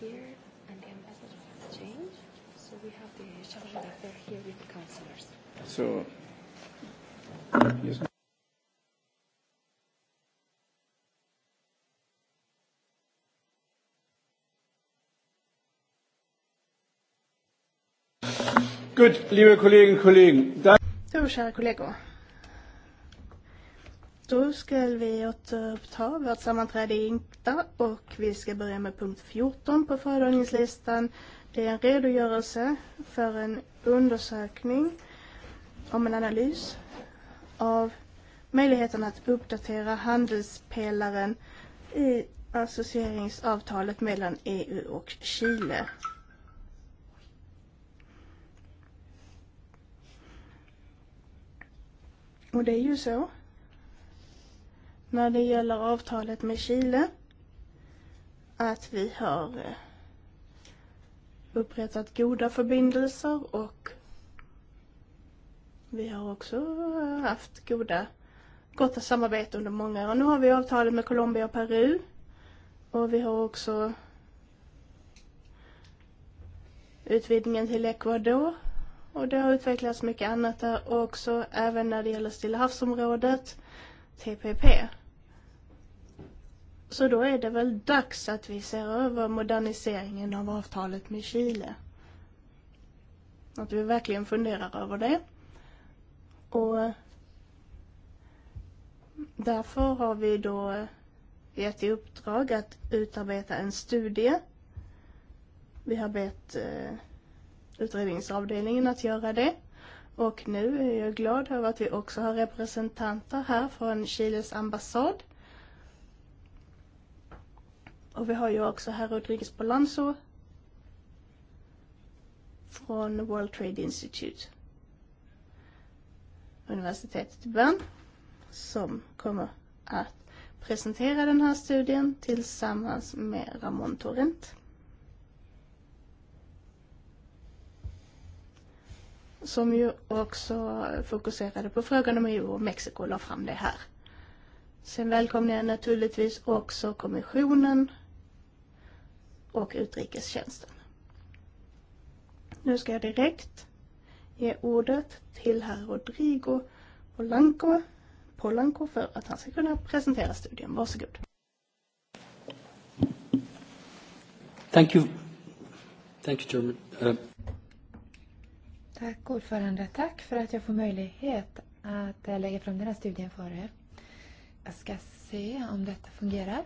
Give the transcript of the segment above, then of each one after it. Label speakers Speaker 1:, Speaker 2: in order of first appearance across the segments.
Speaker 1: here and the ambassador has changed. So we have the charge d'affaires here with the counselors.
Speaker 2: So, yes. Good, liebe Kolleginnen und Kollegen. Dann
Speaker 3: Dobrze, kolego. Då ska vi återuppta vårt sammanträde i INKTA och vi ska börja med punkt 14 på föredragningslistan. Det är en redogörelse för en undersökning om en analys av möjligheten att uppdatera handelspelaren i associeringsavtalet mellan EU och Chile. Och det är ju så när det gäller avtalet med Chile att vi har eh, upprättat goda förbindelser och vi har också haft goda, gott samarbete under många år. Nu har vi avtalet med Colombia och Peru och vi har också utvidgningen till Ecuador och det har utvecklats mycket annat där också, även när det gäller Stilla havsområdet. TPP. Så då är det väl dags att vi ser över moderniseringen av avtalet med Chile. Att vi verkligen funderar över det. Och därför har vi då gett i uppdrag att utarbeta en studie. Vi har bett eh, utredningsavdelningen att göra det. Och nu är jag glad över att vi också har representanter här från Chiles ambassad. Och vi har ju också herr Rodriguez Polanzo från World Trade Institute, universitetet i Bern, som kommer att presentera den här studien tillsammans med Ramon Torrent. som ju också fokuserade på frågan om EU och Mexiko och la fram det här. Sen välkomnar jag naturligtvis också kommissionen och utrikestjänsten. Nu ska jag direkt ge ordet till herr Rodrigo Polanco, Polanco för att han ska kunna presentera studien. Varsågod.
Speaker 2: Thank you. Thank you, Chairman. Uh...
Speaker 1: Tack ordförande. Tack för att jag får möjlighet att eh, lägga fram den här studien för er. Jag ska se om detta fungerar.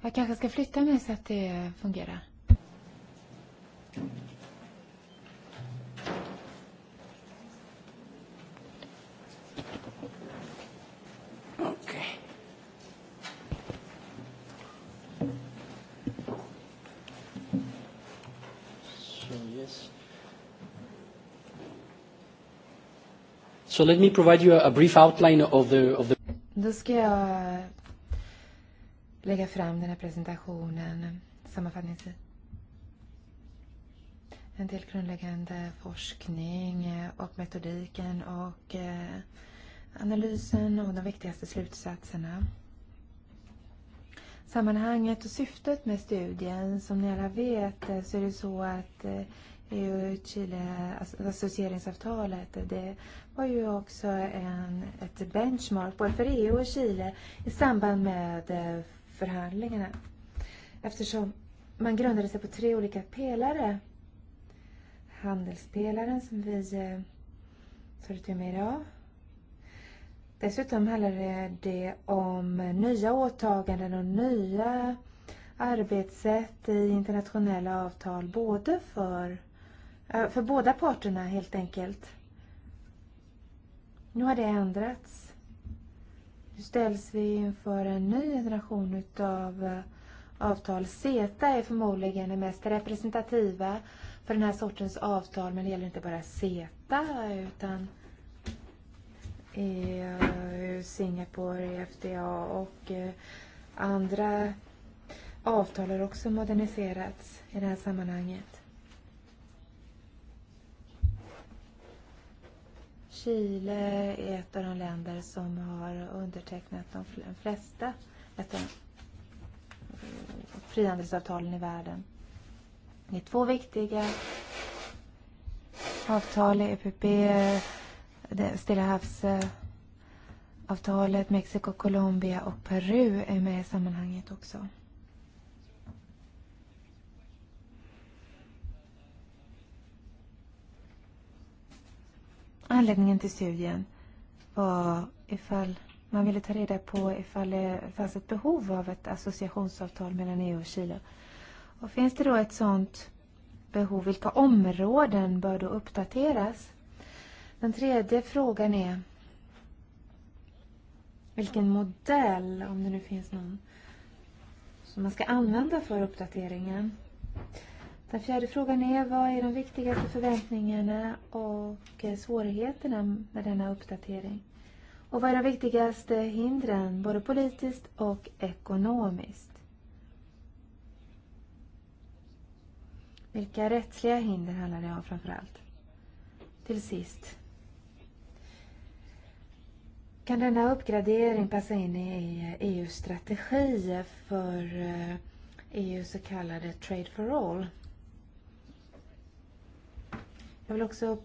Speaker 1: Jag kanske ska flytta mig så att det fungerar.
Speaker 2: this. So let me provide you a brief outline of the... Of the...
Speaker 1: Då ska jag lägga fram den här presentationen sammanfattningsvis. En del grundläggande forskning eh, och metodiken och eh, analysen och de viktigaste slutsatserna. Sammanhanget och syftet med studien, som ni alla vet, eh, så är det så att EU-Chile-associeringsavtalet, det var ju också en, ett benchmark både för EU och Chile i samband med eh, förhandlingarna. Eftersom man grundade sig på tre olika pelare. Handelspelaren som vi eh, tar itu med idag. Dessutom handlar det om nya åtaganden och nya arbetssätt i internationella avtal både för Eh, för båda parterna helt enkelt. Nu har det ändrats. Nu ställs vi inför en ny generation av eh, avtal. CETA är förmodligen det mest representativa för den här sortens avtal. Men det gäller inte bara CETA utan EU, eh, Singapore, FTA och andra avtal har också moderniserats i det här sammanhanget. Chile är ett av de länder som har undertecknat de flesta ett av eh, frihandelsavtalen i världen. Det är två viktiga avtal, EPP, Stilla havsavtalet, Mexiko, Colombia och Peru är med i sammanhanget också. Anledningen till studien var ifall man ville ta reda på ifall det fanns ett behov av ett associationsavtal mellan EU och Kina. Och finns det då ett sådant behov, vilka områden bör då uppdateras? Den tredje frågan är vilken modell, om det nu finns någon, som man ska använda för uppdateringen. Den fjärde frågan är vad är de viktigaste förväntningarna och eh, svårigheterna med denna uppdatering? Och vad är de viktigaste hindren, både politiskt och ekonomiskt? Vilka rättsliga hinder handlar det om framförallt? Till sist. Kan denna uppgradering passa in i EUs eh, e strategi för EUs eh, e så kallade Trade for All? Jag vill också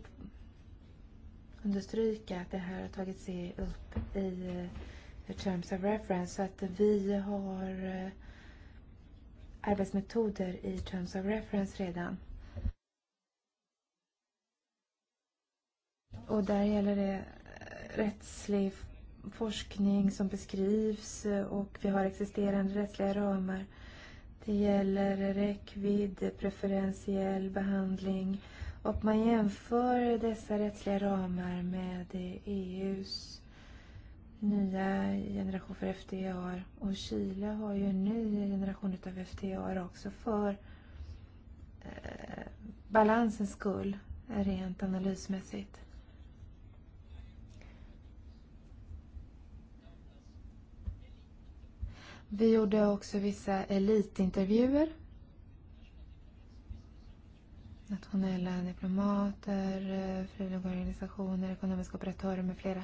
Speaker 1: understryka att det här har tagits upp i eh, Terms of Reference, Så att vi har eh, arbetsmetoder i Terms of Reference redan. Och där gäller det eh, rättslig forskning som beskrivs och vi har existerande rättsliga ramar. Det gäller räckvidd, preferentiell behandling, Och man jämför dessa rättsliga ramar med EUs nya generation för FDR och Chile har ju en ny generation av FDR också för eh, balansens skull rent analysmässigt. Vi gjorde också vissa elitintervjuer nationella diplomater, frivilliga eh, organisationer, ekonomiska operatörer med flera.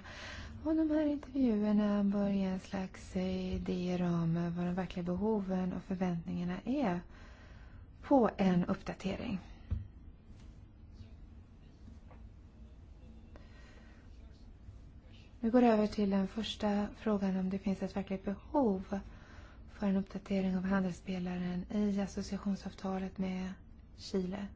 Speaker 1: Och de här intervjuerna bör ge en slags idéer om vad de verkliga behoven och förväntningarna är på en uppdatering. Vi går över till den första frågan om det finns ett verkligt behov för en uppdatering av handelsspelaren i associationsavtalet med Chile.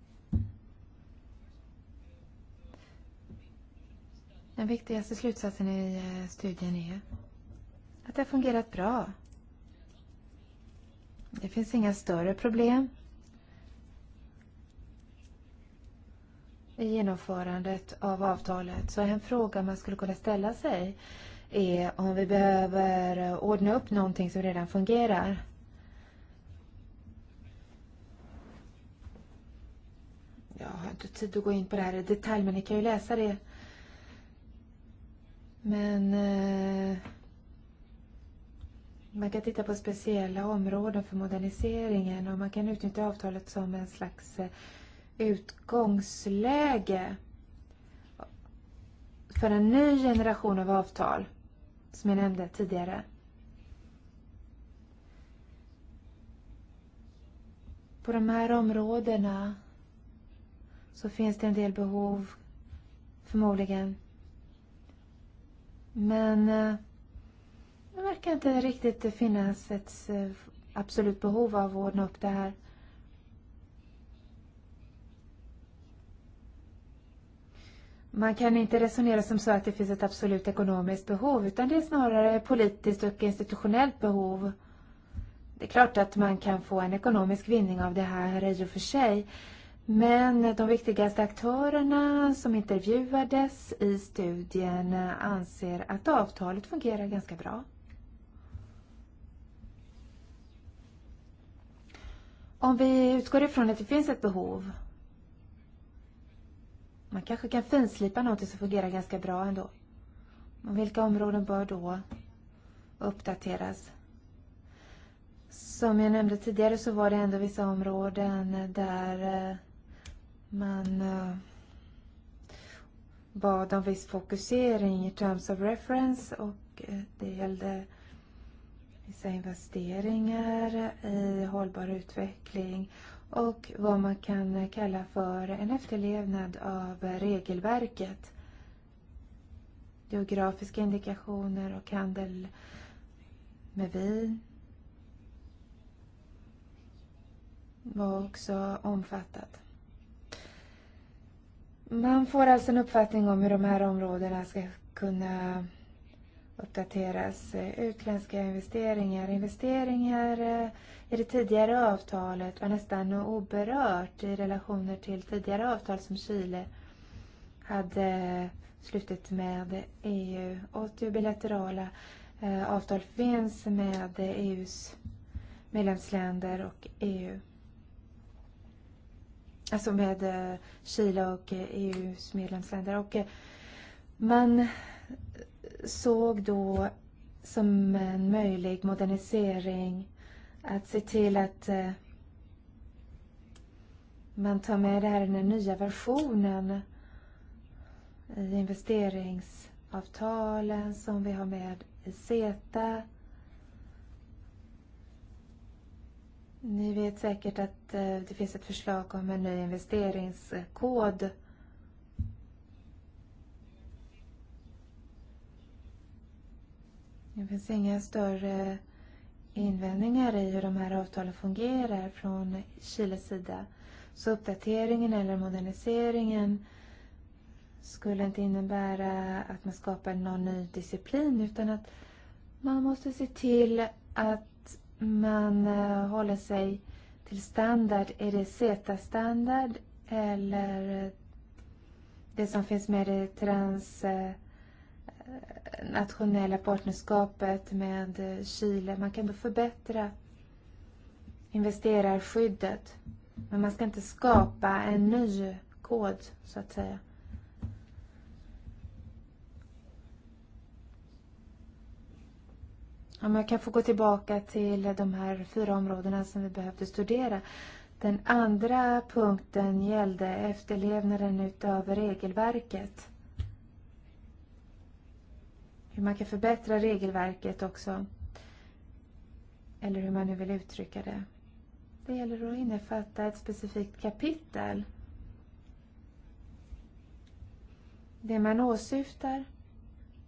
Speaker 1: Den viktigaste slutsatsen i eh, studien är att det har fungerat bra. Det finns inga större problem i genomförandet av avtalet. Så en fråga man skulle kunna ställa sig är om vi behöver eh, ordna upp någonting som redan fungerar. Jag har inte tid att gå in på det här i detalj, men ni kan ju läsa det Men eh, man kan titta på speciella områden för moderniseringen och man kan utnyttja avtalet som en slags eh, utgångsläge för en ny generation av avtal, som jag nämnde tidigare. På de här områdena så finns det en del behov, förmodligen Men det eh, verkar inte riktigt finnas ett eh, absolut behov av att ordna upp det här. Man kan inte resonera som så att det finns ett absolut ekonomiskt behov utan det är snarare politiskt och institutionellt behov. Det är klart att man kan få en ekonomisk vinning av det här i och för sig. Men de viktigaste aktörerna som intervjuades i studien anser att avtalet fungerar ganska bra. Om vi utgår ifrån att det finns ett behov. Man kanske kan finslipa något som fungerar ganska bra ändå. Men vilka områden bör då uppdateras? Som jag nämnde tidigare så var det ändå vissa områden där eh, eh, bad om viss fokusering i terms of reference och eh, det gällde vissa investeringar i hållbar utveckling och vad man kan kalla för en efterlevnad av regelverket. Geografiska indikationer och handel med vin var också omfattat. Man får alltså en uppfattning om hur de här områdena ska kunna uppdateras. Utländska investeringar. Investeringar eh, i det tidigare avtalet var nästan oberört i relationer till tidigare avtal som Chile hade slutit med EU. Och det bilaterala eh, avtal finns med EUs medlemsländer och EU alltså med Chile och EUs medlemsländer. Och eh, man såg då som en möjlig modernisering att se till att eh, man tar med det här den nya versionen i investeringsavtalen som vi har med i CETA Ni vet säkert att eh, det finns ett förslag om en ny investeringskod. Det finns inga större invändningar i hur de här avtalen fungerar från Chiles sida. Så uppdateringen eller moderniseringen skulle inte innebära att man skapar någon ny disciplin utan att man måste se till att man eh, håller sig till standard, är det Z-standard eller det som finns med det transnationella eh, partnerskapet med eh, Chile. Man kan då förbättra investerarskyddet, men man ska inte skapa en ny kod så att säga. Om jag kan få gå tillbaka till de här fyra områdena som vi behövde studera. Den andra punkten gällde efterlevnaden utav regelverket. Hur man kan förbättra regelverket också. Eller hur man nu vill uttrycka det. Det gäller att innefatta ett specifikt kapitel. Det man åsyftar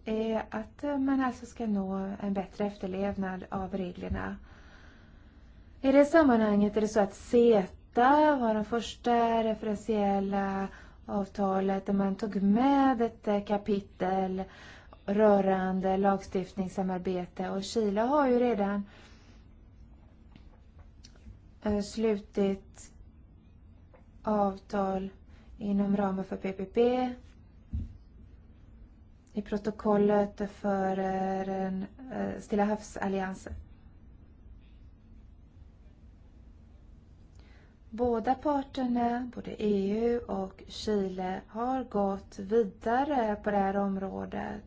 Speaker 1: är att man alltså ska nå en bättre efterlevnad av reglerna. I det sammanhanget är det så att CETA var det första referentiella avtalet där man tog med ett kapitel rörande lagstiftningssamarbete och Chile har ju redan eh, slutit avtal inom ramen för PPP i protokollet för eh, den eh, Stilla havsalliansen. Båda parterna, både EU och Chile, har gått vidare på det här området.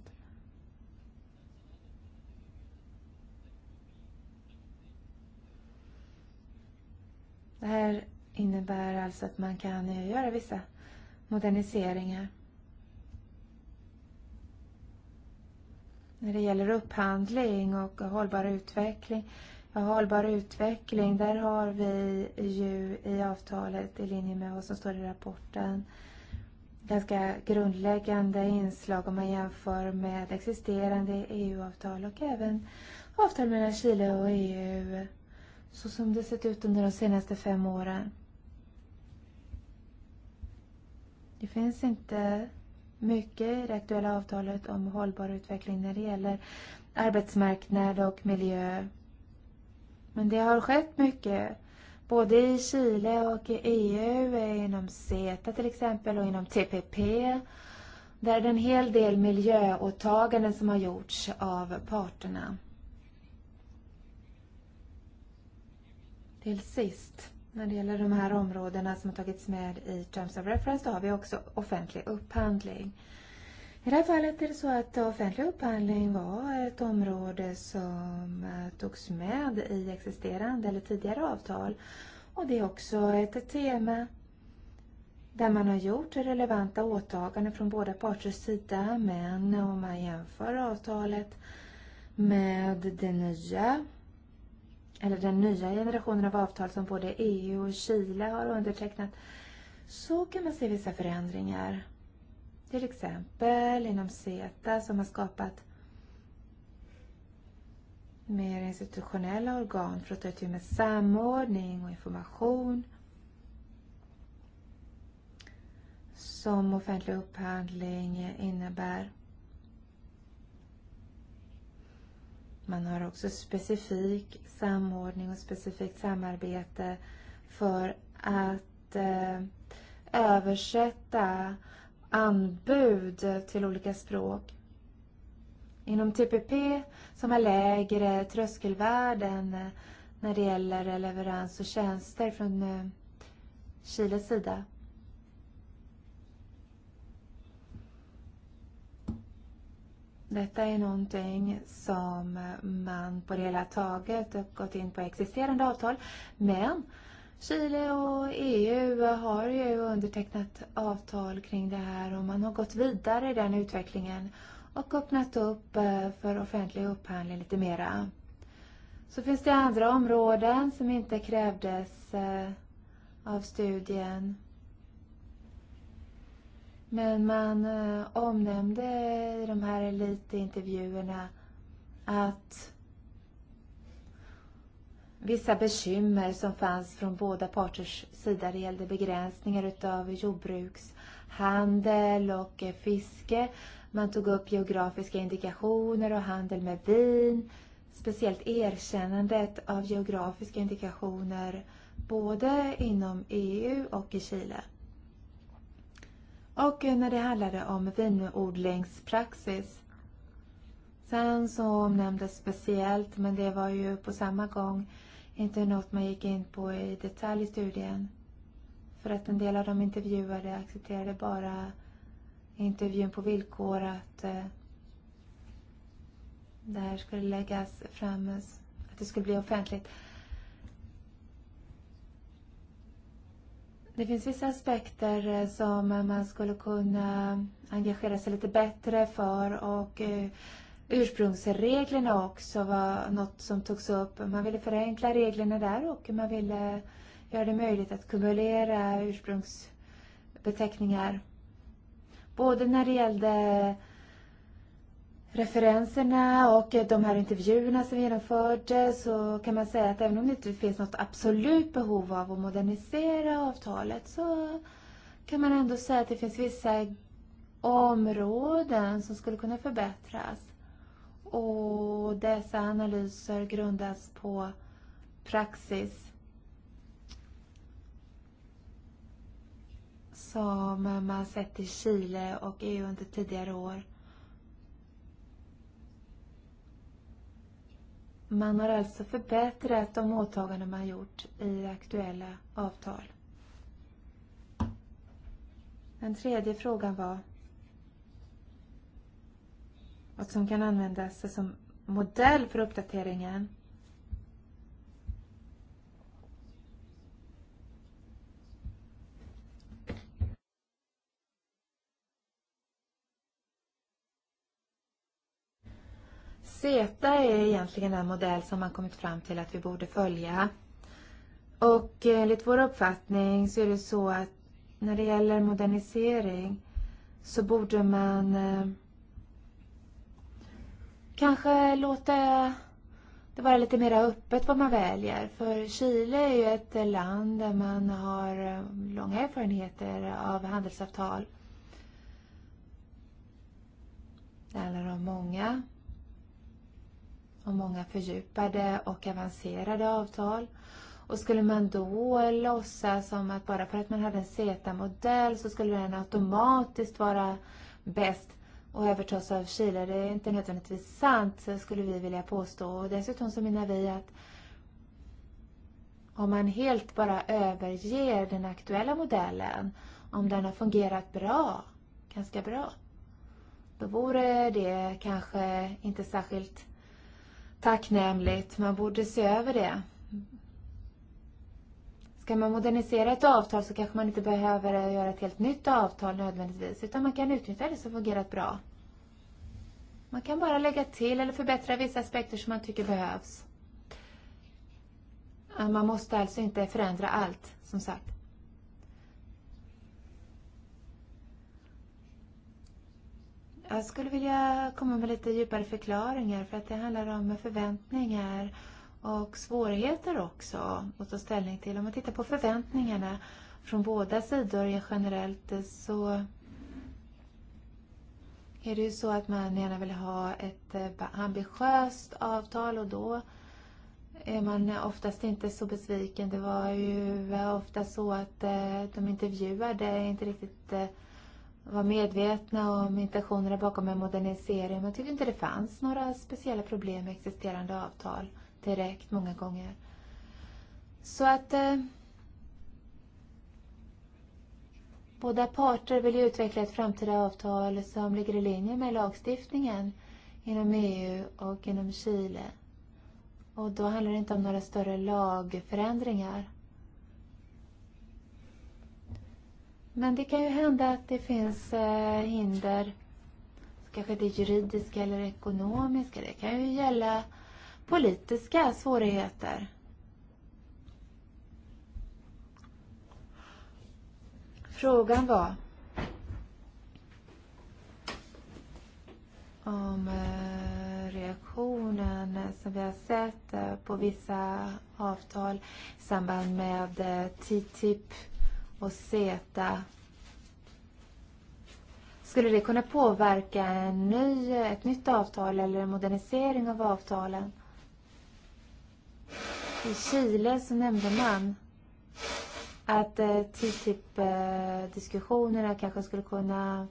Speaker 1: Det här innebär alltså att man kan göra vissa moderniseringar. när det gäller upphandling och hållbar utveckling. Ja, hållbar utveckling, där har vi ju i avtalet i linje med vad som står i rapporten ganska grundläggande inslag om man jämför med existerande EU-avtal och även avtal mellan Chile och EU så som det sett ut under de senaste fem åren. Det finns inte mycket i det aktuella avtalet om hållbar utveckling när det gäller arbetsmarknad och miljö. Men det har skett mycket, både i Chile och i EU, inom CETA till exempel och inom TPP. Där är det en hel del miljöåtaganden som har gjorts av parterna. Till sist när det gäller de här områdena som har tagits med i Terms of Reference, då har vi också offentlig upphandling. I det här fallet är det så att offentlig upphandling var ett område som togs med i existerande eller tidigare avtal. Och det är också ett tema där man har gjort relevanta åtaganden från båda parters sida. Men om man jämför avtalet med det nya eller den nya generationen av avtal som både EU och Chile har undertecknat, så kan man se vissa förändringar. Till exempel inom CETA som har skapat mer institutionella organ för att ta till med samordning och information. Som offentlig upphandling innebär. Man har också specifik samordning och specifikt samarbete för att eh, översätta anbud till olika språk. Inom TPP, som har lägre tröskelvärden eh, när det gäller leverans och tjänster från eh, Chiles sida, Detta är någonting som man på det hela taget gått in på existerande avtal. Men Chile och EU har ju undertecknat avtal kring det här och man har gått vidare i den utvecklingen och öppnat upp eh, för offentlig upphandling lite mera. Så finns det andra områden som inte krävdes eh, av studien. Men man eh, omnämnde i de här elitintervjuerna att vissa bekymmer som fanns från båda parters sida. Det gällde begränsningar utav jordbrukshandel och eh, fiske. Man tog upp geografiska indikationer och handel med vin. Speciellt erkännandet av geografiska indikationer både inom EU och i Chile. Och när det handlade om vinodlingspraxis. Sen så omnämndes speciellt, men det var ju på samma gång inte något man gick in på i detalj i studien. För att en del av de intervjuade accepterade bara intervjun på villkor att eh, det här skulle läggas fram, att det skulle bli offentligt. Det finns vissa aspekter som man skulle kunna engagera sig lite bättre för och eh, ursprungsreglerna också var något som togs upp. Man ville förenkla reglerna där och man ville göra det möjligt att kumulera ursprungsbeteckningar. Både när det gällde referenserna och de här intervjuerna som genomfördes så kan man säga att även om det inte finns något absolut behov av att modernisera avtalet så kan man ändå säga att det finns vissa områden som skulle kunna förbättras. Och dessa analyser grundas på praxis som man sett i Chile och EU under tidigare år. Man har alltså förbättrat de åtaganden man gjort i aktuella avtal. Den tredje frågan var vad som kan användas som modell för uppdateringen. Zeta är egentligen den modell som man kommit fram till att vi borde följa. Och eh, enligt vår uppfattning så är det så att när det gäller modernisering så borde man eh, kanske låta det vara lite mer öppet vad man väljer. För Chile är ju ett land där man har eh, långa erfarenheter av handelsavtal. Det handlar om många och många fördjupade och avancerade avtal. Och skulle man då låtsas som att bara för att man hade en Z-modell så skulle den automatiskt vara bäst och övertas av Chile. Det är inte nödvändigtvis sant, skulle vi vilja påstå. Och dessutom så menar vi att om man helt bara överger den aktuella modellen, om den har fungerat bra, ganska bra, då vore det kanske inte särskilt tacknämligt. Man borde se över det. Ska man modernisera ett avtal så kanske man inte behöver göra ett helt nytt avtal nödvändigtvis, utan man kan utnyttja det som fungerat bra. Man kan bara lägga till eller förbättra vissa aspekter som man tycker behövs. Man måste alltså inte förändra allt, som sagt. Jag skulle vilja komma med lite djupare förklaringar för att det handlar om förväntningar och svårigheter också att ta ställning till. Om man tittar på förväntningarna från båda sidor generellt så är det ju så att man gärna vill ha ett eh, ambitiöst avtal och då är man oftast inte så besviken. Det var ju eh, ofta så att eh, de intervjuade inte riktigt var medvetna om intentioner bakom en modernisering. Man tyckte inte det fanns några speciella problem med existerande avtal direkt många gånger. Så att eh, båda parter vill utveckla ett framtida avtal som ligger i linje med lagstiftningen inom EU och inom Chile. Och då handlar det inte om några större lagförändringar. Men det kan ju hända att det finns eh, hinder. Kanske det juridiska eller ekonomiska. Det kan ju gälla politiska svårigheter. Frågan var om eh, reaktionen som vi har sett eh, på vissa avtal i samband med eh, TTIP och CETA. Eh, skulle det kunna påverka en ny, ett nytt avtal eller en modernisering av avtalen? I Chile så nämnde man att eh, TTIP-diskussionerna eh, kanske skulle kunna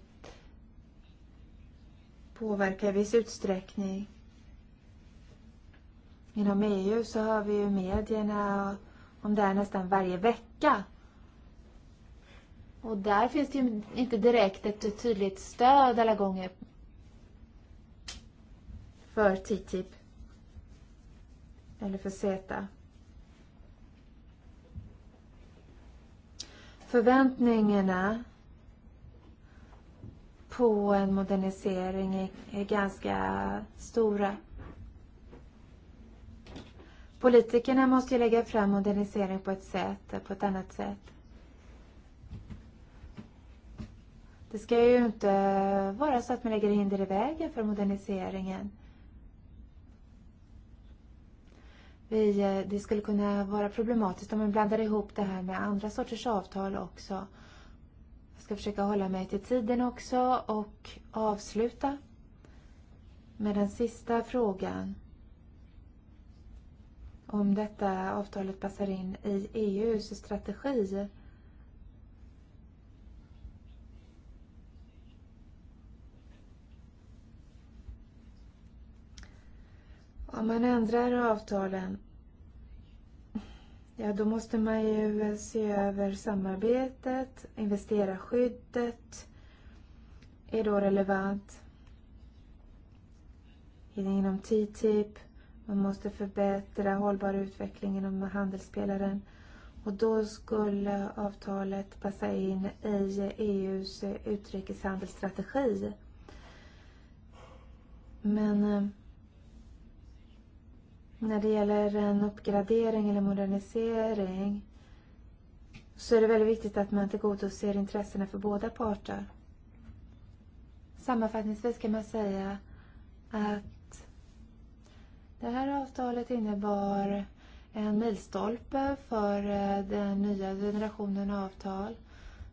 Speaker 1: påverka i viss utsträckning. Inom EU så har vi ju medierna om det här nästan varje vecka. Och där finns det ju inte direkt ett tydligt stöd alla gånger för TTIP eller för CETA. Förväntningarna på en modernisering är, är ganska stora. Politikerna måste ju lägga fram modernisering på ett sätt, på ett annat sätt. Det ska ju inte vara så att man lägger hinder i vägen för moderniseringen. Vi, eh, det skulle kunna vara problematiskt om man blandar ihop det här med andra sorters avtal också. Jag ska försöka hålla mig till tiden också och avsluta med den sista frågan. Om detta avtalet passar in i EUs strategi. Om man ändrar e avtalen, ja då måste man ju se över samarbetet, investera skyddet är då relevant inom TTIP, man måste förbättra hållbar utveckling inom handelsspelaren och då skulle avtalet passa in i EUs utrikeshandelsstrategi. Men eh, när det gäller en uppgradering eller modernisering så är det väldigt viktigt att man tillgodoser intressena för båda parter. Sammanfattningsvis kan man säga att det här avtalet innebar en milstolpe för eh, den nya generationen avtal.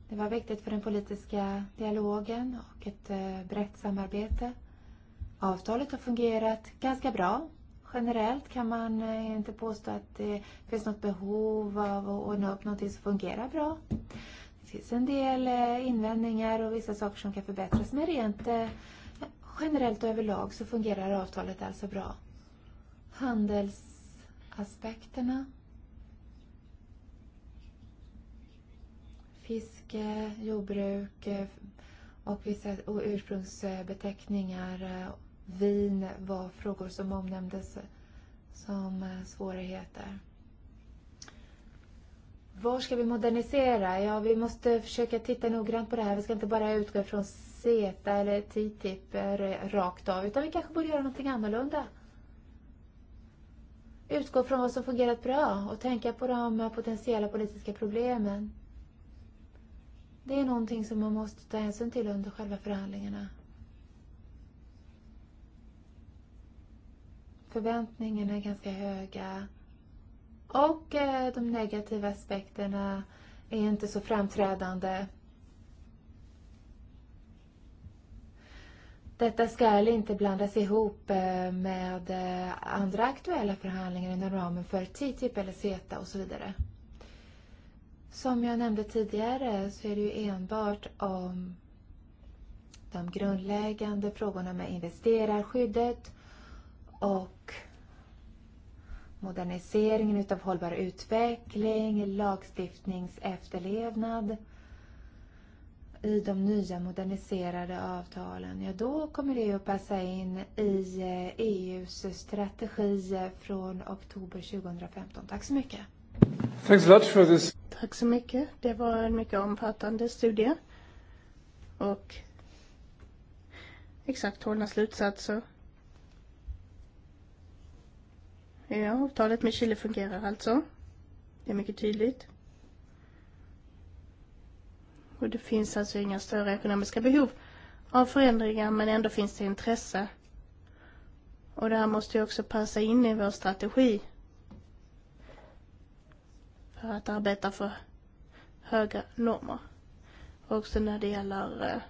Speaker 1: Det var viktigt för den politiska dialogen och ett eh, brett samarbete. Avtalet har fungerat ganska bra Generellt kan man eh, inte påstå att det finns något behov av att ordna upp något som fungerar bra. Det finns en del eh, invändningar och vissa saker som kan förbättras, men rent eh, generellt och överlag så fungerar avtalet alltså bra. Handelsaspekterna. Fiske, jordbruk och vissa ursprungsbeteckningar vin var frågor som omnämndes som svårigheter. Var ska vi modernisera? Ja, vi måste försöka titta noggrant på det här. Vi ska inte bara utgå från CETA eller TTIP rakt av, utan vi kanske borde göra någonting annorlunda. Utgå från vad som fungerat bra och tänka på de potentiella politiska problemen. Det är någonting som man måste ta hänsyn till under själva förhandlingarna. Förväntningarna är ganska höga. Och eh, de negativa aspekterna är inte så framträdande. Detta ska inte blandas ihop eh, med eh, andra aktuella förhandlingar inom ramen för TTIP eller CETA och så vidare. Som jag nämnde tidigare så är det ju enbart om de grundläggande frågorna med investerarskyddet och moderniseringen av hållbar utveckling, lagstiftningsefterlevnad i de nya moderniserade avtalen, ja då kommer det att passa in i EUs eh, e strategi från oktober 2015. Tack så mycket.
Speaker 2: Thanks a lot for this.
Speaker 1: Tack så mycket. Det var en mycket omfattande
Speaker 3: studie och exakt hållna slutsatser Ja, talet med Chile fungerar alltså. Det är mycket tydligt. Och det finns alltså inga större ekonomiska behov av förändringar men ändå finns det intresse. Och det här måste ju också passa in i vår strategi för att arbeta för höga normer. Och också när det gäller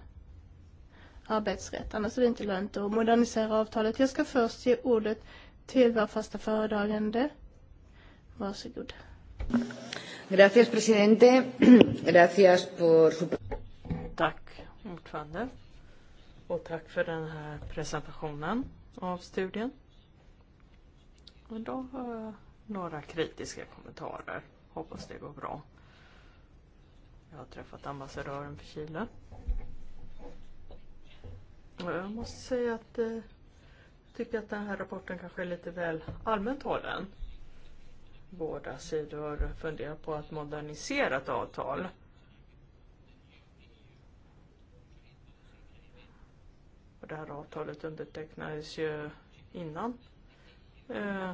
Speaker 3: arbetsrätten, så alltså det är inte lönt att modernisera avtalet. Jag ska först ge ordet till vår första föredragande. Varsågod.
Speaker 1: Gracias, presidente. Gracias por
Speaker 2: su... Tack, ordförande. Och tack för den här presentationen av studien. Och då har jag några kritiska kommentarer. Hoppas det går bra. Jag har träffat ambassadören för Chile. Och jag måste säga att eh, tycker att den här rapporten kanske är lite väl allmänt hållen. Båda sidor funderar på att modernisera ett avtal. Och det här avtalet undertecknades ju innan EU eh,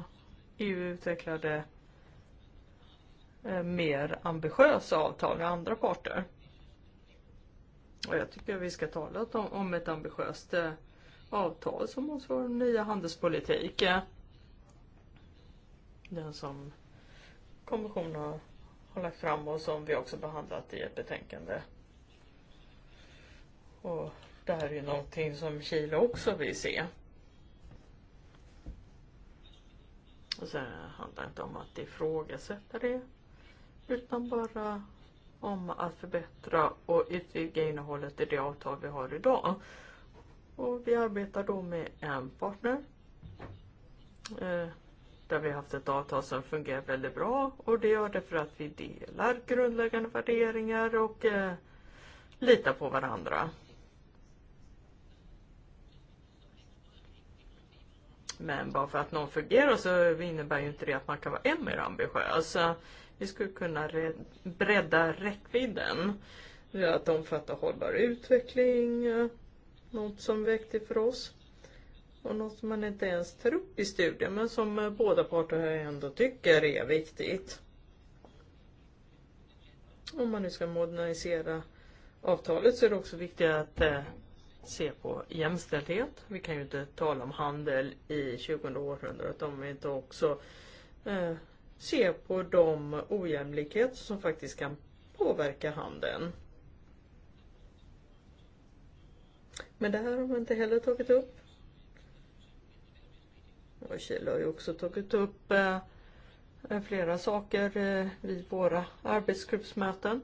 Speaker 2: e utvecklade eh, mer ambitiösa avtal med andra parter. Och jag tycker att vi ska tala om, ett ambitiöst eh, avtal som motsvarar den nya handelspolitik. Den som kommissionen har lagt fram och som vi också behandlat i ett betänkande. Och det här är ju någonting som Chile också vill se. Och sen handlar det inte om att ifrågasätta det, utan bara om att förbättra och utvidga innehållet i det avtal vi har idag Och vi arbetar då med en partner där vi har haft ett avtal som fungerar väldigt bra och det gör det för att vi delar grundläggande värderingar och eh, litar på varandra. Men bara för att någon fungerar så innebär ju inte det att man kan vara ännu mer ambitiös. Vi skulle kunna bredda räckvidden. Att omfatta hållbar utveckling, No, något som väckte för oss och något man inte ens tar upp i studien men som eh, båda parter ändå tycker är viktigt. Om man nu ska modernisera avtalet så är det också viktigt att eh, se på jämställdhet. Vi kan ju inte tala om handel i 20 århundradet om vi inte också eh, ser på de ojämlikheter som faktiskt kan påverka handeln. Men det här har man inte heller tagit upp. Och Kjell har ju också tagit upp eh, flera saker eh, vid våra arbetsgruppsmöten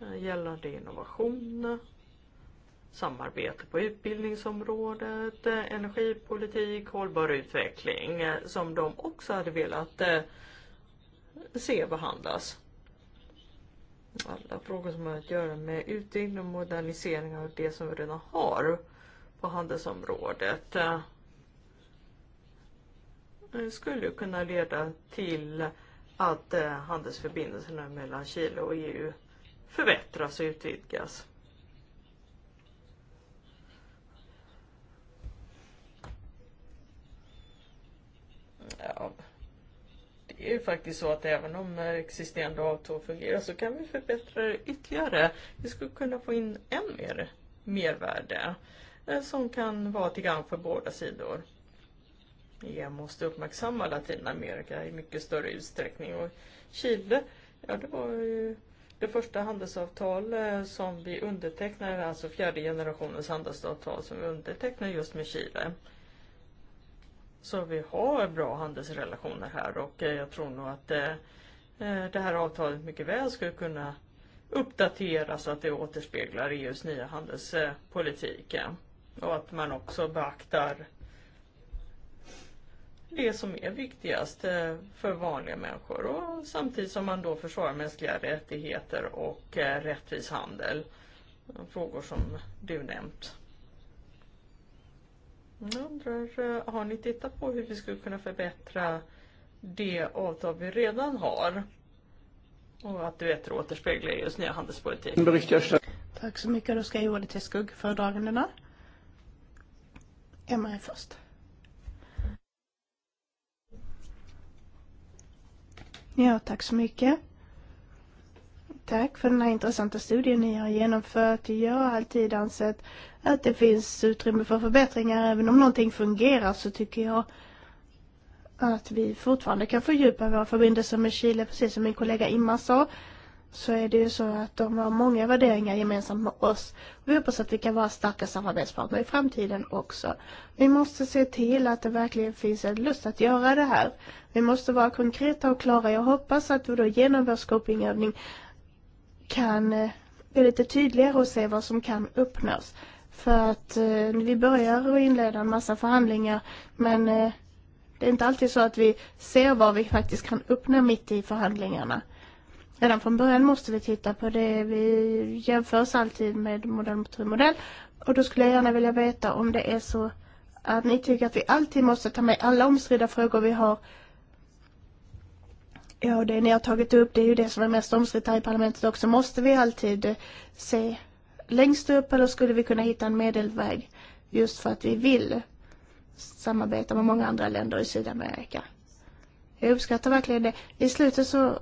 Speaker 2: eh, gällande innovation, samarbete på utbildningsområdet, eh, energipolitik, hållbar utveckling eh, som de också hade velat eh, se behandlas alla frågor som har att göra med utbyggnad och modernisering av det som vi redan har på handelsområdet skulle kunna leda till att eh, handelsförbindelserna mellan Chile och EU förbättras och utvidgas. Ja det är ju faktiskt så att även om existerande avtal fungerar så kan vi förbättra det ytterligare. Vi skulle kunna få in än mer mervärde eh, som kan vara till gang för båda sidor. EU måste uppmärksamma Latinamerika i mycket större utsträckning. Och Chile, ja det var ju det första handelsavtal eh, som vi undertecknade, alltså fjärde generationens handelsavtal som vi undertecknade just med Chile. Så vi har bra handelsrelationer här och eh, jag tror nog att eh, eh, det här avtalet mycket väl skulle kunna uppdateras så att det återspeglar EUs nya handelspolitik. Och att man också beaktar det som är viktigast för vanliga människor och samtidigt som man då försvarar mänskliga rättigheter och rättvis handel. Frågor som du nämnt. Jag undrar, eh, har ni tittat på hur vi skulle kunna förbättra det avtal vi redan har? Och att du vet återspeglar EUs nya handelspolitik.
Speaker 3: Tack så mycket. Då ska jag ge ordet till skuggföredragandena. Emma är först. Ja, tack så mycket. Tack för den här intressanta studien ni har genomfört. Jag har alltid ansett att det finns utrymme för förbättringar. Även om någonting fungerar så tycker jag att vi fortfarande kan fördjupa våra förbindelser med Chile. Precis som min kollega Imma sa så är det ju så att de har många värderingar gemensamt med oss. Vi hoppas att vi kan vara starka samarbetspartner i framtiden också. Vi måste se till att det verkligen finns en lust att göra det här. Vi måste vara konkreta och klara. Jag hoppas att vi då genom vår scopingövning kan eh, bli lite tydligare och se vad som kan uppnås. För att eh, vi börjar och inleda en massa förhandlingar men eh, det är inte alltid så att vi ser vad vi faktiskt kan uppnå mitt i förhandlingarna. Redan från början måste vi titta på det. Vi jämför oss alltid med modell mot modell. Och då skulle jag gärna vilja veta om det är så att ni tycker att vi alltid måste ta med alla omstridda frågor vi har Ja, det ni har tagit upp det är ju det som är mest omstritt i parlamentet också. Måste vi alltid se längst upp eller skulle vi kunna hitta en medelväg just för att vi vill samarbeta med många andra länder i Sydamerika? Jag uppskattar verkligen det. I slutet så eh,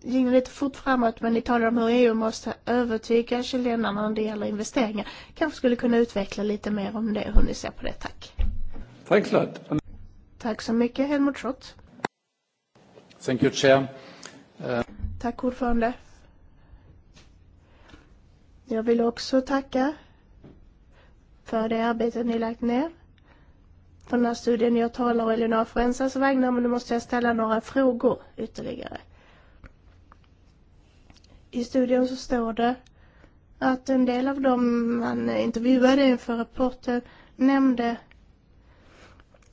Speaker 3: gick ni lite fort framåt men ni talar om hur EU måste övertyga chilenarna när det gäller investeringar. Kanske skulle kunna utveckla lite mer om det, hur ni ser på det. Tack. Tack så mycket, Helmut Schott.
Speaker 1: Thank you, Chair.
Speaker 3: Tack ordförande. Jag vill också tacka för det arbete ni lagt ner För den här studien. Jag talar å Elinor Frensas vägnar men nu måste jag ställa några frågor ytterligare. I studien så står det att en del av dem man intervjuade inför rapporten nämnde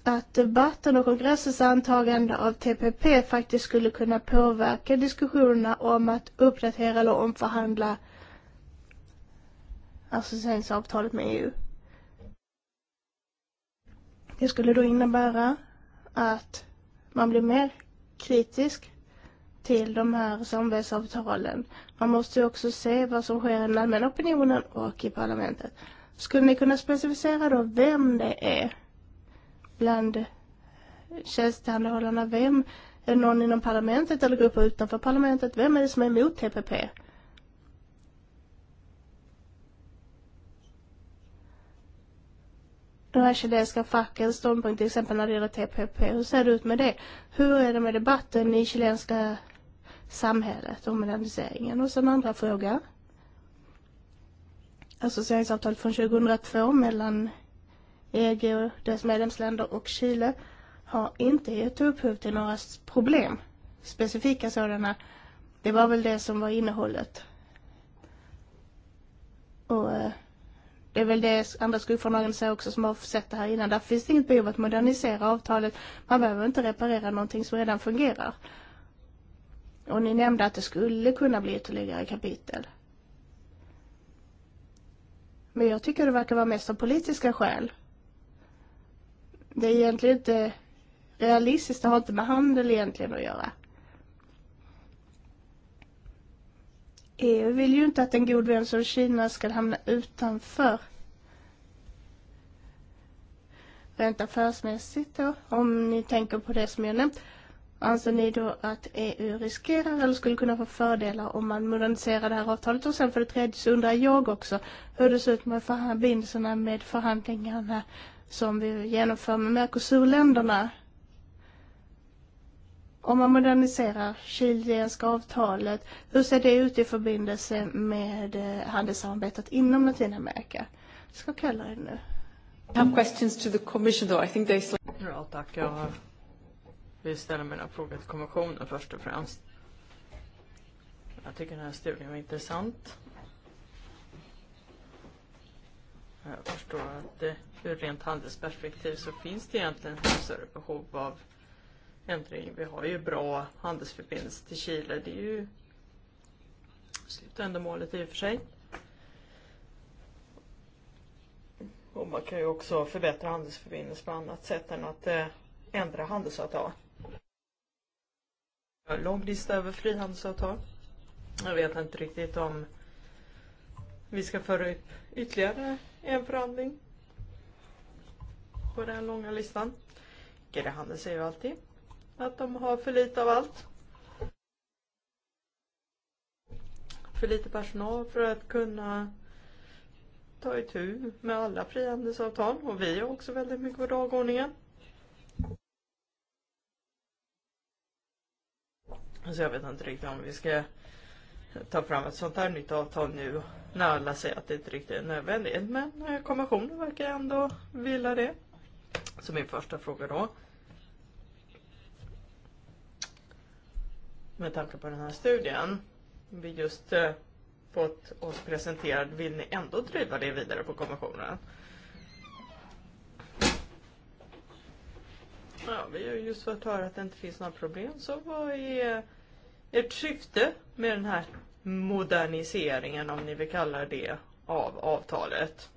Speaker 3: att debatten och kongressens antagande av TPP faktiskt skulle kunna påverka diskussionerna om att uppdatera eller omförhandla associeringsavtalet med EU. Det skulle då innebära att man blir mer kritisk till de här samarbetsavtalen. Man måste också se vad som sker i den allmänna opinionen och i parlamentet. Skulle ni kunna specificera då vem det är bland tjänstehandhållarna? Vem? Är det någon inom parlamentet eller grupper utanför parlamentet? Vem är det som är emot TPP? De här kinesiska fackens ståndpunkt till exempel när det gäller TPP. Hur ser det ut med det? Hur är det med debatten i chilenska samhället om moderniseringen? Och sen andra fråga. Associeringsavtalet från 2002 mellan EG och dess medlemsländer och Chile har inte gett upphov till några problem, specifika sådana. Det var väl det som var innehållet. Och eh, det är väl det andra skuggförlagen säger också som har sett det här innan. Där finns det inget behov att modernisera avtalet. Man behöver inte reparera någonting som redan fungerar. Och ni nämnde att det skulle kunna bli ytterligare kapitel. Men jag tycker det verkar vara mest av politiska skäl. Det är egentligen inte realistiskt, det har inte med handel egentligen att göra. EU vill ju inte att en god vän som Kina ska hamna utanför. Rent affärsmässigt då, om ni tänker på det som jag nämnt. Anser ni då att EU riskerar eller skulle kunna få fördelar om man moderniserar det här avtalet? Och sen för det tredje så undrar jag också hur det ser ut med förbindelserna med förhandlingarna som vi genomför med Mercosurländerna. Om man moderniserar chilenska avtalet, hur ser det ut i förbindelse med eh, handelssamarbetet inom Latinamerika? Jag ska kalla det er nu.
Speaker 2: Jag har frågor till kommissionen. commission though. I think they... Ja, tack. Jag vill ställa mina frågor till kommissionen först och främst. Jag tycker den här studien var intressant. Jag förstår att eh, ur rent handelsperspektiv så finns det egentligen ett större behov av ändring. Vi har ju bra handelsförbindelser till Chile. Det är ju slutändamålet i och för sig. Och man kan ju också förbättra handelsförbindelser på annat sätt än att eh, ändra handelsavtal. Lång lista över frihandelsavtal. Jag vet inte riktigt om vi ska föra upp ytterligare en förhandling på den långa listan. Grannhandeln säger ju alltid att de har för lite av allt. För lite personal för att kunna ta i tur med alla frihandelsavtal och vi har också väldigt mycket på dagordningen. Så jag vet inte riktigt om vi ska ta fram ett sånt här nytt avtal nu när alla säger att det inte riktigt är nödvändigt. Men eh, kommissionen verkar ändå vilja det. Så min första fråga då. Med tanke på den här studien vi just eh, fått oss presenterad, vill ni ändå driva det vidare på kommissionen? Ja, vi har just fått höra att det inte finns några problem, så vad är Ert syfte med den här moderniseringen, om ni vill kalla det, av avtalet.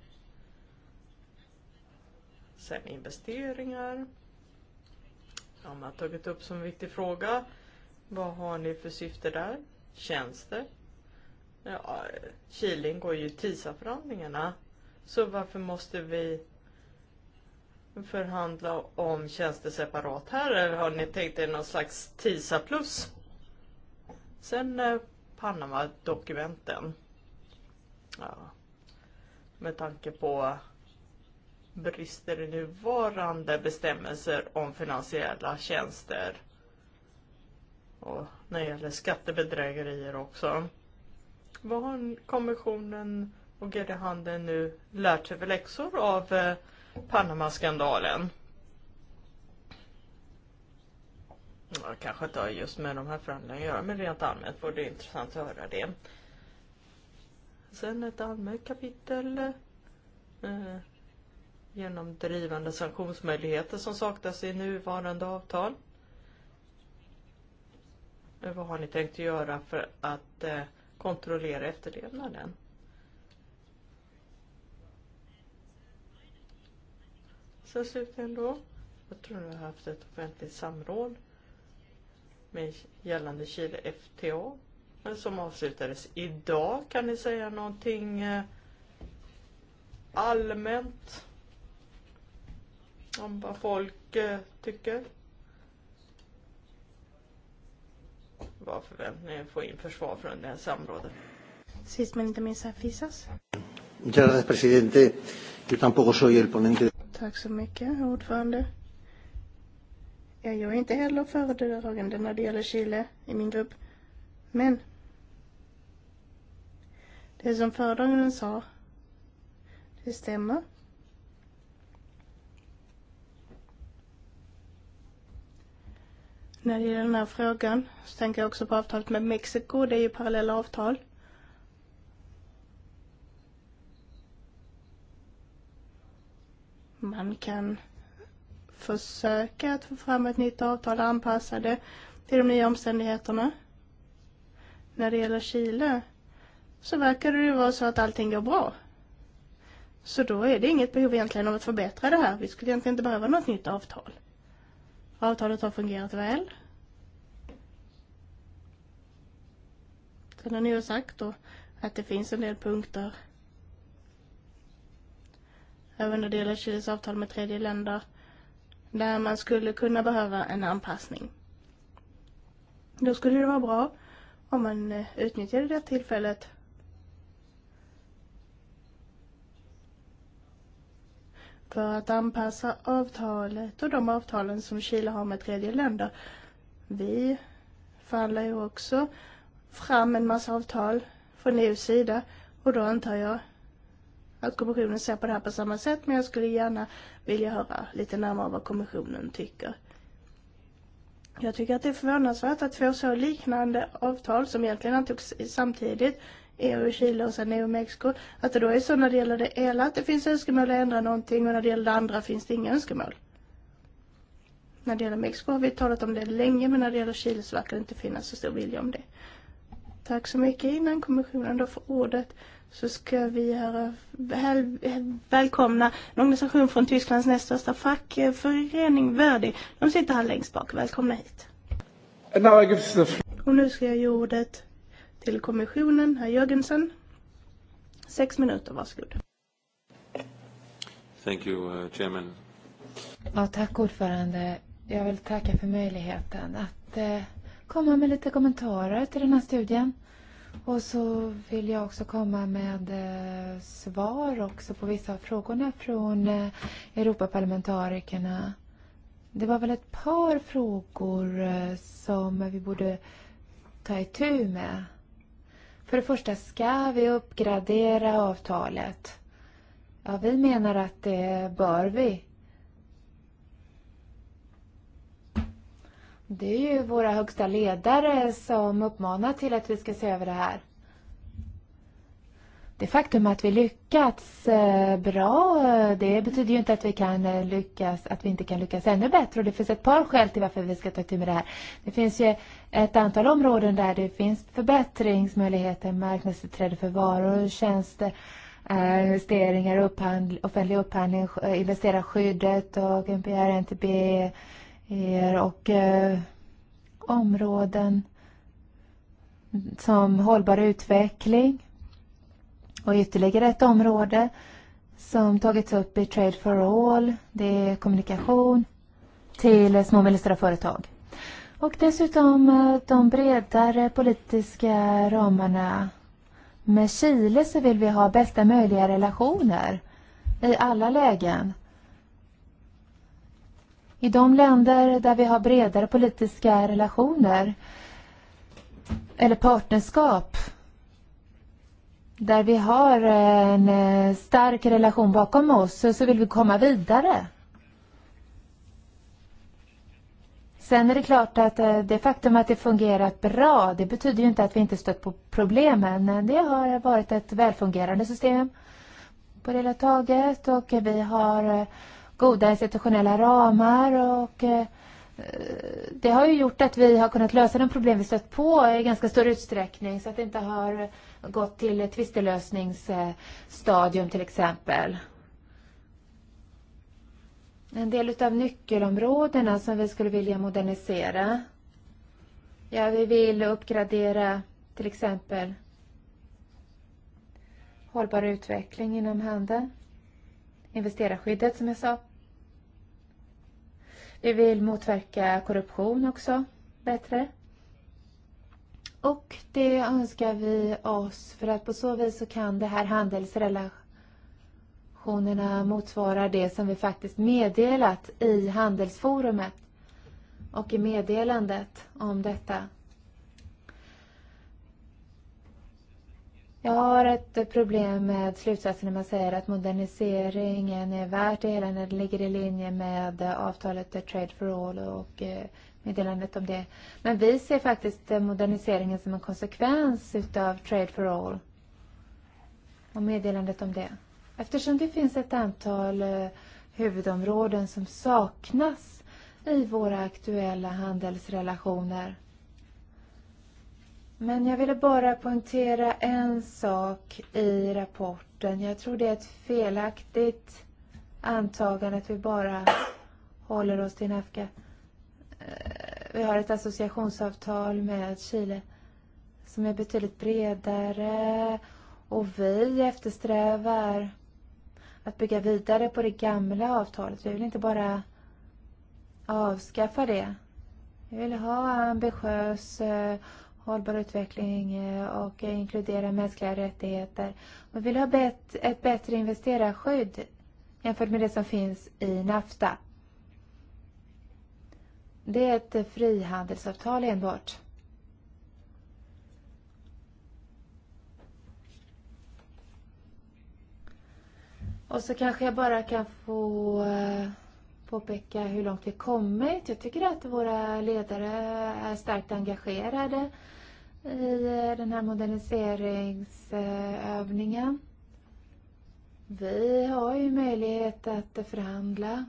Speaker 2: Sen investeringar. De har tagit upp som viktig fråga. Vad har ni för syfte där? Tjänster? Ja, Kiling går ju i TISA-förhandlingarna. Så varför måste vi förhandla om tjänster separat här? Eller har ni tänkt er någon slags TISA plus? Sen eh, Panama-dokumenten. Ja. Med tanke på brister i nuvarande bestämmelser om finansiella tjänster. Och när det gäller skattebedrägerier också. Vad har kommissionen och GD Handeln nu lärt sig för läxor av panama eh, Panamaskandalen? Ja, kanske inte har just med de här förändringarna att göra, men rent allmänt vore det intressant att höra det. Sen ett allmänt kapitel. Eh, genomdrivande sanktionsmöjligheter som saknas i nuvarande avtal. Eh, vad har ni tänkt göra för att eh, kontrollera efterlevnaden? Sen slutligen då, jag tror ni har haft ett offentligt samråd med gällande Chile FTA som avslutades idag. Kan ni säga någonting eh, allmänt om vad folk eh, tycker? Vad förväntar ni er få in försvar från det här samrådet?
Speaker 3: Sist men inte minst, Fisas. Tack så mycket, ordförande. Jag är inte heller föredragande när det gäller Chile i min grupp. Men det som föredraganden sa, det stämmer. När det gäller den här frågan så tänker jag också på avtalet med Mexiko. Det är ju parallella avtal. Man kan försöka att få fram ett nytt avtal anpassade till de nya omständigheterna. När det gäller Chile så verkar det ju vara så att allting går bra. Så då är det inget behov egentligen av att förbättra det här. Vi skulle egentligen inte behöva något nytt avtal. Avtalet har fungerat väl. Sen har ni ju sagt då att det finns en del punkter även när det gäller Chiles avtal med tredje länder där man skulle kunna behöva en anpassning. Då skulle det vara bra om man eh, utnyttjade det tillfället för att anpassa avtalet och de avtalen som Chile har med tredje länder. Vi faller ju också fram en massa avtal från eu sida och då antar jag att kommissionen ser på det här på samma sätt, men jag skulle gärna vilja höra lite närmare vad kommissionen tycker. Jag tycker att det är förvånansvärt att två så liknande avtal som egentligen antogs samtidigt, EU och Chile och sen EU och Mexiko, att det då är så när det gäller det ena att det finns önskemål att ändra någonting och när det gäller det andra finns det inga önskemål. När det gäller Mexiko har vi talat om det länge, men när det gäller Chile så verkar det inte finnas så stor vilja om det. Tack så mycket. Innan kommissionen då får ordet så ska vi här väl, välkomna en organisation från Tysklands näst största fackförening, Verdi. De sitter här längst bak. Välkomna hit. Och nu ska jag ge ordet till kommissionen, herr Jörgensen.
Speaker 1: Sex minuter, varsågod.
Speaker 2: Thank you, uh, chairman.
Speaker 1: Ja, tack ordförande. Jag vill tacka för möjligheten att uh, komma med lite kommentarer till den här studien. Och så vill jag också komma med eh, svar också på vissa av frågorna från eh, Europaparlamentarikerna. Det var väl ett par frågor eh, som vi borde ta i tur med. För det första, ska vi uppgradera avtalet? Ja, vi menar att det bör vi. Det är ju våra högsta ledare som uppmanar till att vi ska se över det här. Det faktum att vi lyckats eh, bra, eh, det betyder ju inte att vi, kan eh, lyckas, att vi inte kan lyckas ännu bättre. Och det finns ett par skäl till varför vi ska ta till med det här. Det finns ju ett antal områden där det finns förbättringsmöjligheter, Marknadsutträde för varor och tjänster, investeringar, upphandl offentlig upphandling, investerarskyddet och NPR, NTB, er och eh, områden som hållbar utveckling och ytterligare ett område som tagits upp i Trade for All, det är kommunikation till små och medelstora företag. Och dessutom eh, de bredare politiska ramarna. Med Chile så vill vi ha bästa möjliga relationer i alla lägen. I de länder där vi har bredare politiska relationer eller partnerskap där vi har en eh, stark relation bakom oss så vill vi komma vidare. Sen är det klart att eh, det faktum att det fungerat bra, det betyder ju inte att vi inte stött på problemen. Eh, det har varit ett välfungerande system på det hela taget och vi har goda institutionella ramar och eh, det har ju gjort att vi har kunnat lösa de problem vi stött på i ganska stor utsträckning så att det inte har gått till tvistelösningsstadium till exempel. En del av nyckelområdena som vi skulle vilja modernisera. Ja, vi vill uppgradera till exempel hållbar utveckling inom handeln. Investerarskyddet som jag sa. Vi vill motverka korruption också bättre. Och det önskar vi oss för att på så vis så kan det här handelsrelationerna motsvara det som vi faktiskt meddelat i handelsforumet och i meddelandet om detta. Jag har ett problem med slutsatsen när man säger att moderniseringen är värt det hela när det ligger i linje med avtalet Trade for All och meddelandet om det. Men vi ser faktiskt moderniseringen som en konsekvens av Trade for All och meddelandet om det. Eftersom det finns ett antal huvudområden som saknas i våra aktuella handelsrelationer Men jag ville bara poängtera en sak i rapporten. Jag tror det är ett felaktigt antagande att vi bara håller oss till Nafka. Eh, vi har ett associationsavtal med Chile som är betydligt bredare och vi eftersträvar att bygga vidare på det gamla avtalet. Vi vill inte bara avskaffa det. Vi vill ha ambitiös eh, hållbar utveckling eh, och inkludera mänskliga rättigheter. Man vill ha ett bättre investerarskydd jämfört med det som finns i NAFTA. Det är ett frihandelsavtal enbart. Och så kanske jag bara kan få eh, påpeka hur långt vi kommit. Jag tycker att våra ledare är starkt engagerade i den här moderniseringsövningen. Eh, eh, vi har ju möjlighet att förhandla.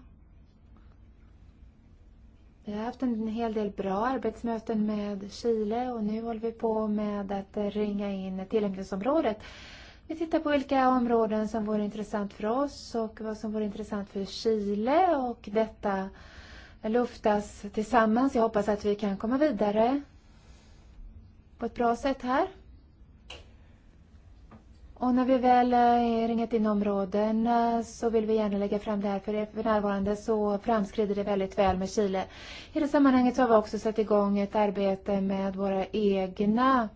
Speaker 1: Vi har haft en hel del bra arbetsmöten med Chile och nu håller vi på med att ringa in tillämpningsområdet. Vi tittar på vilka områden som vore intressant för oss och vad som vore intressant för Chile och detta luftas tillsammans. Jag hoppas att vi kan komma vidare på ett bra sätt här. Och när vi väl eh, ringat in områden eh, så vill vi gärna lägga fram det här för för närvarande så framskrider det väldigt väl med Chile. I det sammanhanget har vi också satt igång ett arbete med våra egna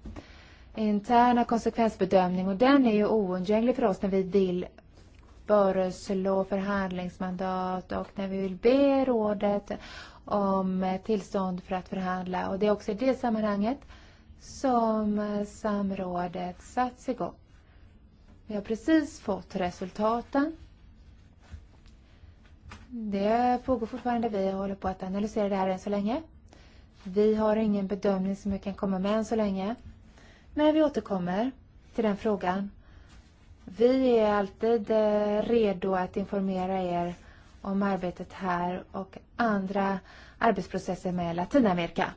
Speaker 1: interna konsekvensbedömning och den är ju oundgänglig för oss när vi vill föreslå förhandlingsmandat och när vi vill be rådet om tillstånd för att förhandla. Och det är också i det sammanhanget som eh, samrådet satts igång. Vi har precis fått resultaten. Det pågår fortfarande. Vi håller på att analysera det här än så länge. Vi har ingen bedömning som vi kan komma med än så länge. Men vi återkommer till den frågan. Vi är alltid eh, redo att informera er om arbetet här och andra arbetsprocesser med Latinamerika.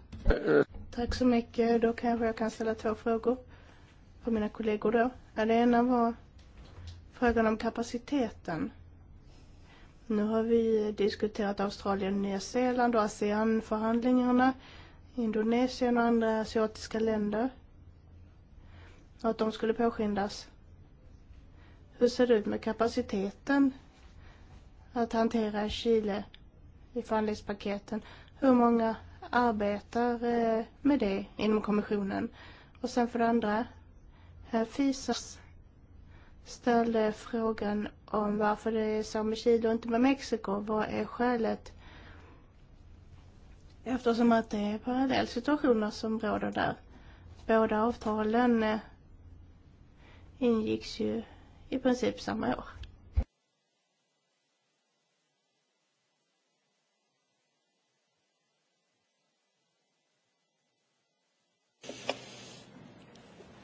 Speaker 1: Tack så mycket. Då kanske jag kan ställa två frågor på mina kollegor då. Det
Speaker 3: ena var frågan om kapaciteten. Nu har vi diskuterat Australien, Nya Zeeland och ASEAN-förhandlingarna, Indonesien och andra asiatiska länder och att de skulle påskyndas. Hur ser det ut med kapaciteten att hantera Chile i förhandlingspaketen? Hur många arbetar eh, med er det inom kommissionen. Och sen för det andra, Fisas ställde frågan om varför det är er så med Chile och inte med Mexiko. Vad är er skälet? Eftersom att det är parallellsituationer som råder där. Båda avtalen eh, ingicks ju i princip samma år.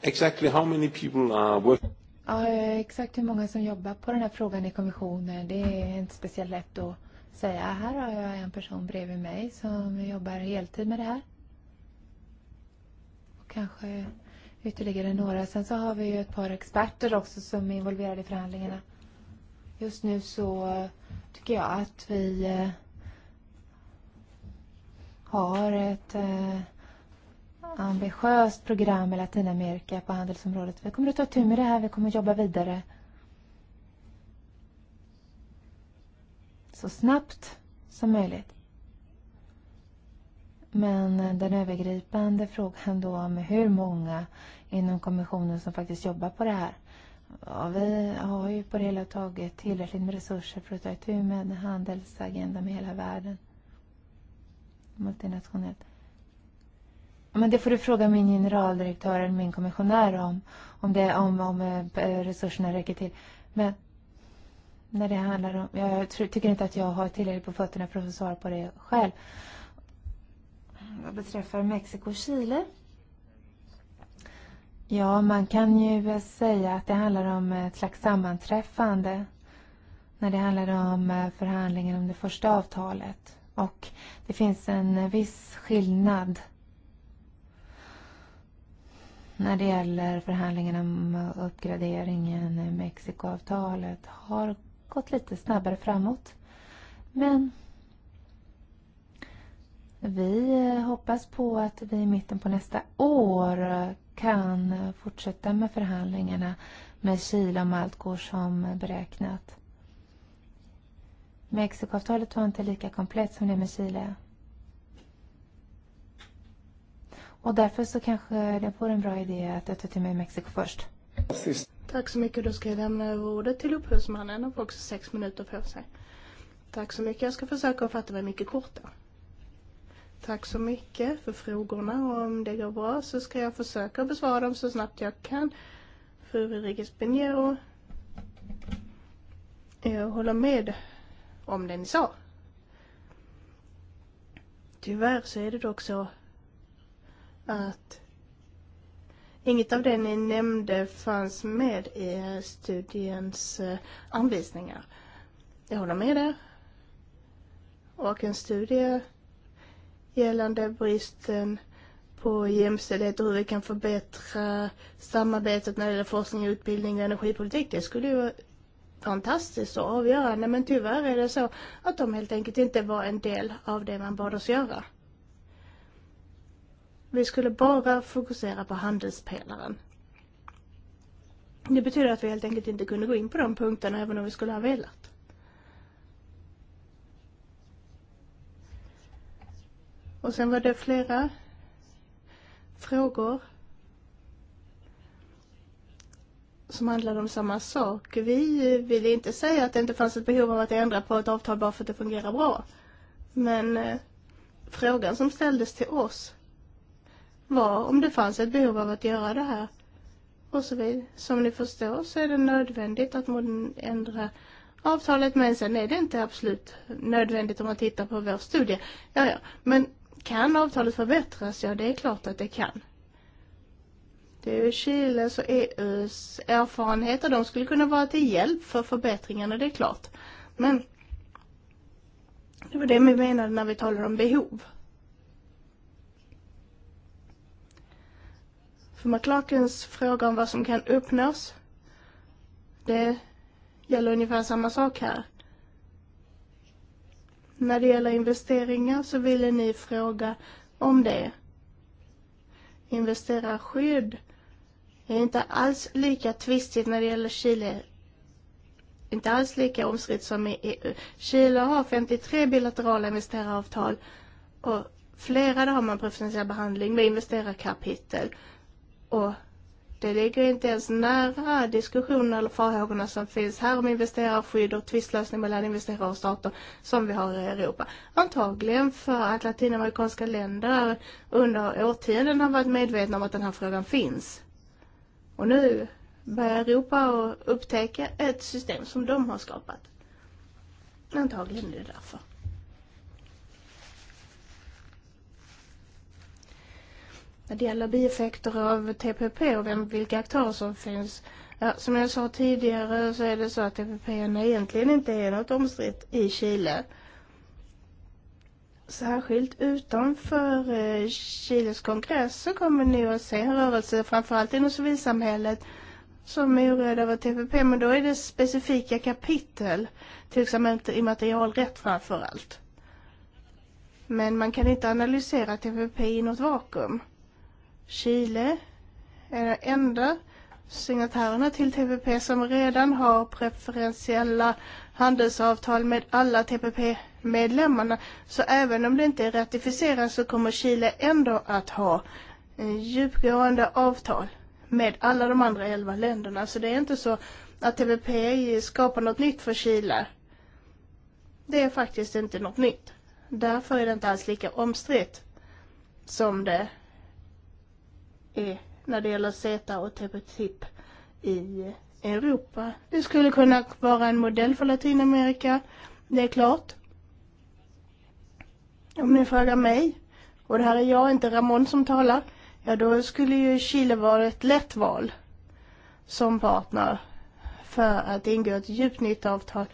Speaker 2: exactly how many people are working?
Speaker 1: Ja, exakt hur många som jobbar på den här frågan i kommissionen, det är inte speciellt lätt att säga. Här har jag en person bredvid mig som jobbar heltid med det här. Och kanske ytterligare några. Sen så har vi ju ett par experter också som är involverade i förhandlingarna. Just nu så tycker jag att vi eh, har ett eh, ambitiöst program i Latinamerika på handelsområdet. Vi kommer att ta tur med det här, vi kommer att jobba vidare. Så snabbt som möjligt. Men den övergripande frågan då om hur många inom kommissionen som faktiskt jobbar på det här. Ja, vi har ju på det hela taget tillräckligt med resurser för att ta tur med handelsagenda med hela världen. Multinationellt. Men det får du fråga min generaldirektör eller min kommissionär om. Om, det, om, om eh, resurserna räcker till. Men när det handlar om... Jag tror, tycker inte att jag har tillräckligt på fötterna för att svara på det själv. Vad beträffar Mexiko och Chile? Ja, man kan ju säga att det handlar om ett slags sammanträffande när det handlar om eh, förhandlingen om det första avtalet. Och det finns en viss skillnad när det gäller förhandlingarna om uppgraderingen, i Mexikoavtalet, har gått lite snabbare framåt. Men vi hoppas på att vi i mitten på nästa år kan fortsätta med förhandlingarna med Chile om allt går som beräknat. Mexikoavtalet var inte lika komplett som det med Chile. Och därför så kanske jag får en bra idé att jag tar till mig Mexiko först.
Speaker 2: Sist.
Speaker 3: Tack så mycket. Då ska jag lämna över ordet till upphovsmannen och får också sex minuter på sig. Tack så mycket. Jag ska försöka fatta mig mycket kort då. Tack så mycket för frågorna och om det går bra så ska jag försöka besvara dem så snabbt jag kan. Fru Rigis Pinheiro, jag håller med om det ni sa. Tyvärr så är det dock så att inget av det ni nämnde fanns med i studiens eh, anvisningar. Jag håller med er. Och en studie gällande bristen på jämställdhet och hur vi kan förbättra samarbetet när det gäller forskning, utbildning och energipolitik. Det skulle ju vara fantastiskt och avgörande men tyvärr är det så att de helt enkelt inte var en del av det man bad oss göra. Vi skulle bara fokusera på handelspelaren. Det betyder att vi helt enkelt inte kunde gå in på de punkterna även om vi skulle ha velat. Och sen var det flera frågor som handlade om samma sak. Vi ville inte säga att det inte fanns ett behov av att ändra på ett avtal bara för att det fungerar bra. Men eh, frågan som ställdes till oss var om det fanns ett behov av att göra det här. Och så vidare. Som ni förstår så är det nödvändigt att man ändrar avtalet men sen är det inte absolut nödvändigt om man tittar på vår studie. Ja, ja. Men kan avtalet förbättras? Ja, det är klart att det kan. Det är ju Chiles och EUs erfarenheter. De skulle kunna vara till hjälp för förbättringarna, det är klart. Men det var det vi menade när vi talade om behov. För McLarkins fråga om vad som kan uppnås, det gäller ungefär samma sak här. När det gäller investeringar så ville ni fråga om det. Investerarskydd är inte alls lika tvistigt när det gäller Chile. Inte alls lika omstritt som i EU. Chile har 53 bilaterala investeraravtal och flera där har man preferentiell behandling med investerarkapitel. Och det ligger inte ens er nära diskussionerna eller farhågorna som finns här om investerarskydd och tvistlösning mellan investerare och stater som vi har i Europa. Antagligen för att latinamerikanska länder under årtionden har varit medvetna om att den här frågan finns. Och nu börjar Europa upptäcka ett system som de har skapat. Antagligen är det därför. när det gäller bieffekter av TPP och vem, vilka aktörer som finns. Ja, som jag sa tidigare så är det så att TPP egentligen inte är något omstritt i Chile. Särskilt utanför eh, Chiles kongress så kommer ni att se rörelser framförallt inom civilsamhället, som är oroade över TPP. Men då är det specifika kapitel, till exempel immaterialrätt framförallt. Men man kan inte analysera TPP i något vakuum. Chile eh, är den enda signatärerna till TPP som redan har preferentiella handelsavtal med alla TPP-medlemmarna. Så även om det inte är ratificerat så kommer Chile ändå att ha eh, djupgående avtal med alla de andra elva länderna. Så det är inte så att TPP skapar något nytt för Chile. Det är faktiskt inte något nytt. Därför är det inte alls lika omstritt som det är när det gäller CETA och TP-TIP i Europa. Det skulle kunna vara en modell för Latinamerika, det är klart. Om ni frågar mig, och det här är jag, inte Ramon som talar, ja då skulle ju Chile vara ett lätt val som partner för att ingå ett djupt nytt avtal.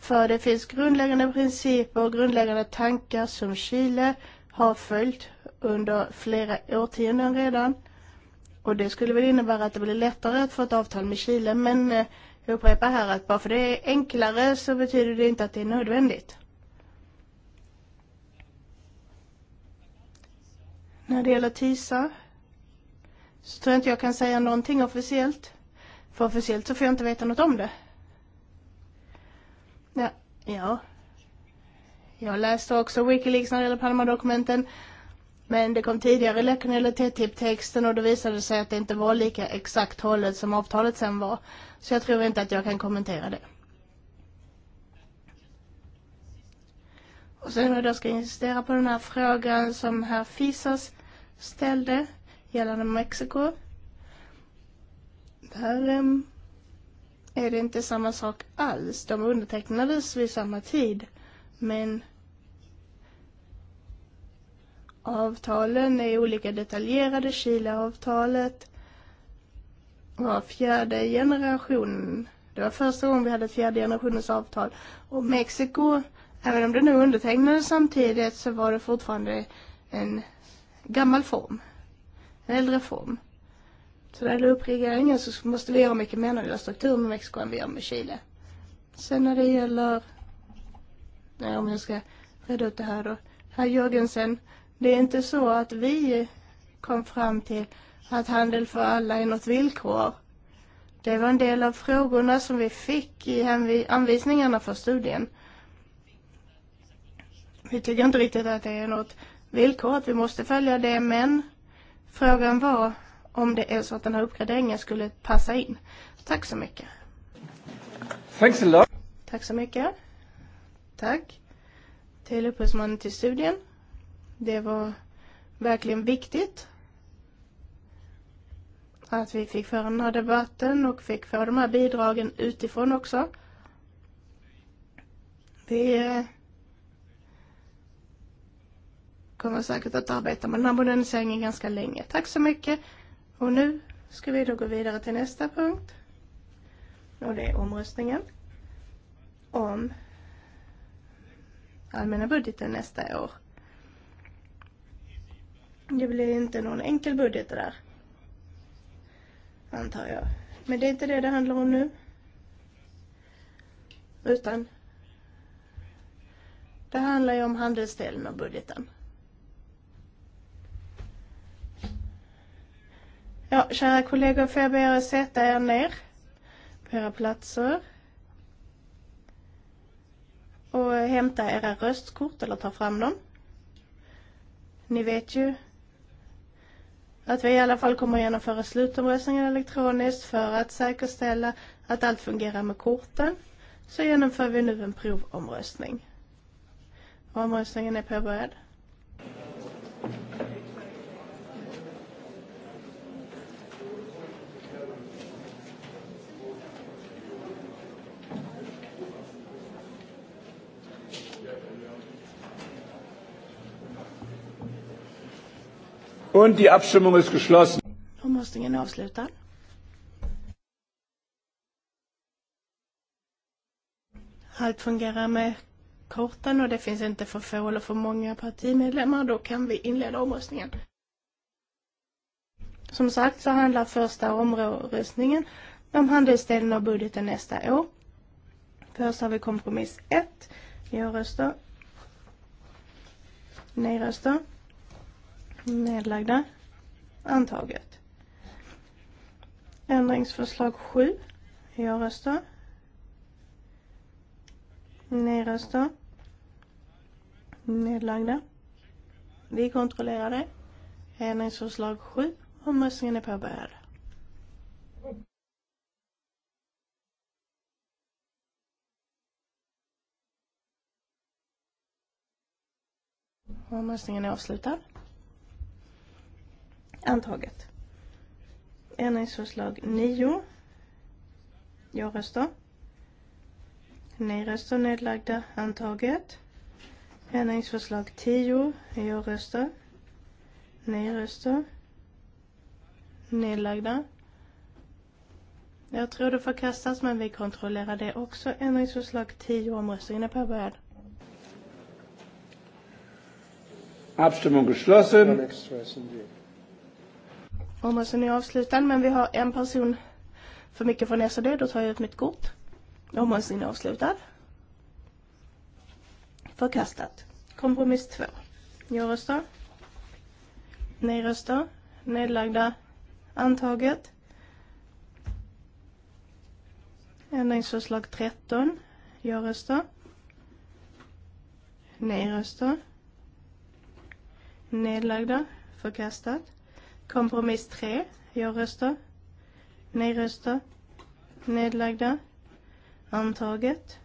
Speaker 3: För det finns grundläggande principer och grundläggande tankar som Chile har följt under flera årtionden redan. Och det skulle väl innebära att det blir lättare att få ett avtal med Chile, men eh, jag upprepar här att bara för det är enklare så betyder det inte att det är nödvändigt. När det gäller TISA så tror jag inte jag kan säga någonting officiellt. För officiellt så får jag inte veta något om det. Ja, ja. Jag läste också Wikileaks när det gäller Panama-dokumenten. Men det kom tidigare läckan eller TTIP-texten och då visade det sig att det inte var lika exakt hållet som avtalet sen var. Så jag tror inte att jag kan kommentera det. Och sen om jag då ska insistera på den här frågan som herr Fisas ställde gällande Mexiko. Där um, är det inte samma sak alls. De undertecknades vid samma tid. Men avtalen i olika detaljerade, Chileavtalet var fjärde generationen. Det var första gången vi hade ett fjärde generationens avtal. Och Mexiko, även om det nu undertecknades samtidigt, så var det fortfarande en gammal form. En äldre form. Så när det upp regeringen så måste vi göra mycket mer när vi har struktur med Mexiko än vi gör med Chile. Sen när det gäller, nej, om jag ska reda ut det här då, herr Jörgensen, Det är inte så att vi kom fram till att handel för alla är något villkor. Det var en del av frågorna som vi fick i anvisningarna för studien. Vi tycker inte riktigt att det är något villkor att vi måste följa det, men frågan var om det är så att den här uppgraderingen skulle passa in. Tack så mycket. Thanks a lot. Tack så mycket. Tack till upphovsmannen till studien. Det var verkligen viktigt att vi fick föra den här debatten och fick få de här bidragen utifrån också. Vi eh, kommer säkert att arbeta med den här moderniseringen ganska länge. Tack så mycket. Och nu ska vi då gå vidare till nästa punkt. Och det är omröstningen om allmänna budgeten nästa år. Det blir inte någon enkel budget det där. Antar jag. Men det är inte det det handlar om nu. Utan det handlar ju om handelsdelen av budgeten. Ja, kära kollegor, får jag be er sätta er ner på era platser och hämta era röstkort eller ta fram dem. Ni vet ju att vi i alla fall kommer att genomföra slutomröstningen elektroniskt för att säkerställa att allt fungerar med korten så genomför vi nu en provomröstning. Omröstningen är påbörjad.
Speaker 2: Und die Abstimmung ist geschlossen.
Speaker 3: Omröstningen är avslutad. Allt fungerar med korten och det finns inte för få eller för många partimedlemmar. Då kan vi inleda omröstningen. Som sagt så handlar första omröstningen om handelsdelen av budgeten nästa år. Först har vi kompromiss 1. Jag röstar. nej röstar. Nedlagda. Antaget. Ändringsförslag 7. Jag röstar. Ni röstar. Nedlagda. Vi kontrollerar det. Ändringsförslag 7. Omröstningen är påbörjad. Omröstningen är avslutad. Antaget. Ändringsförslag 9. Jag röstar. Nej röstar nedlagda. Antaget. Ändringsförslag 10. Jag röstar. Nej röstar. Nedlagda. Jag tror det förkastas men vi kontrollerar det också. Ändringsförslag 10. Omröstningen är påbörjad.
Speaker 1: Abstimmung geschlossen.
Speaker 3: Om man sen är avslutad men vi har en person för mycket från SAD. Då tar jag ut mitt kort. Om man sen är avslutad. Förkastat. Kompromiss 2. Jag röstar. Nej röstar. Nedlagda. Antaget. Ändringsförslag 13. Jag röstar. Nej röstar. Nedlagda. Förkastat. Kompromiss 3. Ja-röster. Nej-röster. Nedlagda. Antaget.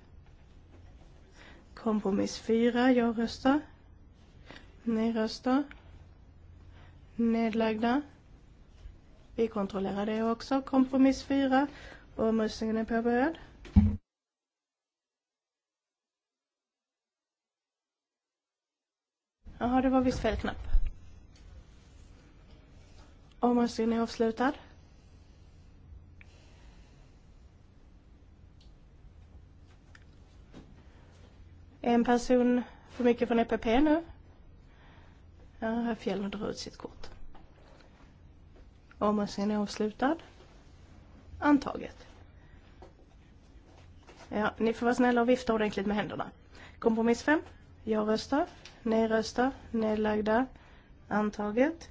Speaker 3: Kompromiss 4. Ja-röster. Nej-röster. Nedlagda. Vi kontrollerar det också. Kompromiss 4. Omröstningen är påbörjad. Jaha, det var visst fel knapp. Omröstningen är avslutad. En person för mycket från EPP nu. Ja, herr Fjällner drar ut sitt kort. Omröstningen är avslutad. Antaget. Ja, ni får vara snälla och vifta ordentligt med händerna. Kompromiss 5. Jag röstar. Ni röstar. Nedlagda. Antaget.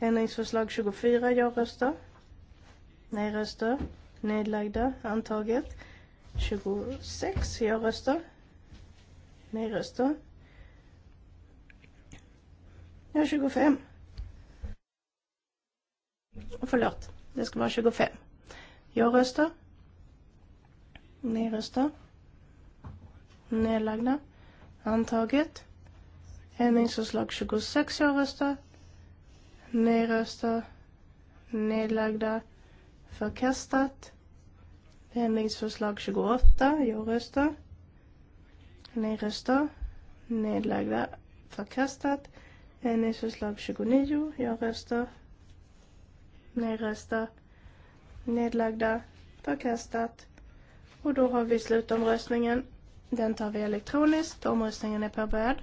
Speaker 3: Ändringsförslag 24, ja-röster. Nej-röster. Nedlagda, antaget. 26, ja-röster. Nej-röster. Ja, 25. Förlåt, det ska vara 25. Jag röstar. nej röstar. Nedlagda, antaget. Ändringsförslag 26, Jag röstar nedröstad, Nedlagda. Förkastat. Ändringsförslag 28. Jag röstar. Nedröstad, Nedlagda. Förkastat. Ändringsförslag 29. Jag röstar. Nedröstad, Nedlagda. Förkastat. Och då har vi slutomröstningen. Den tar vi elektroniskt. Omröstningen är påbörjad.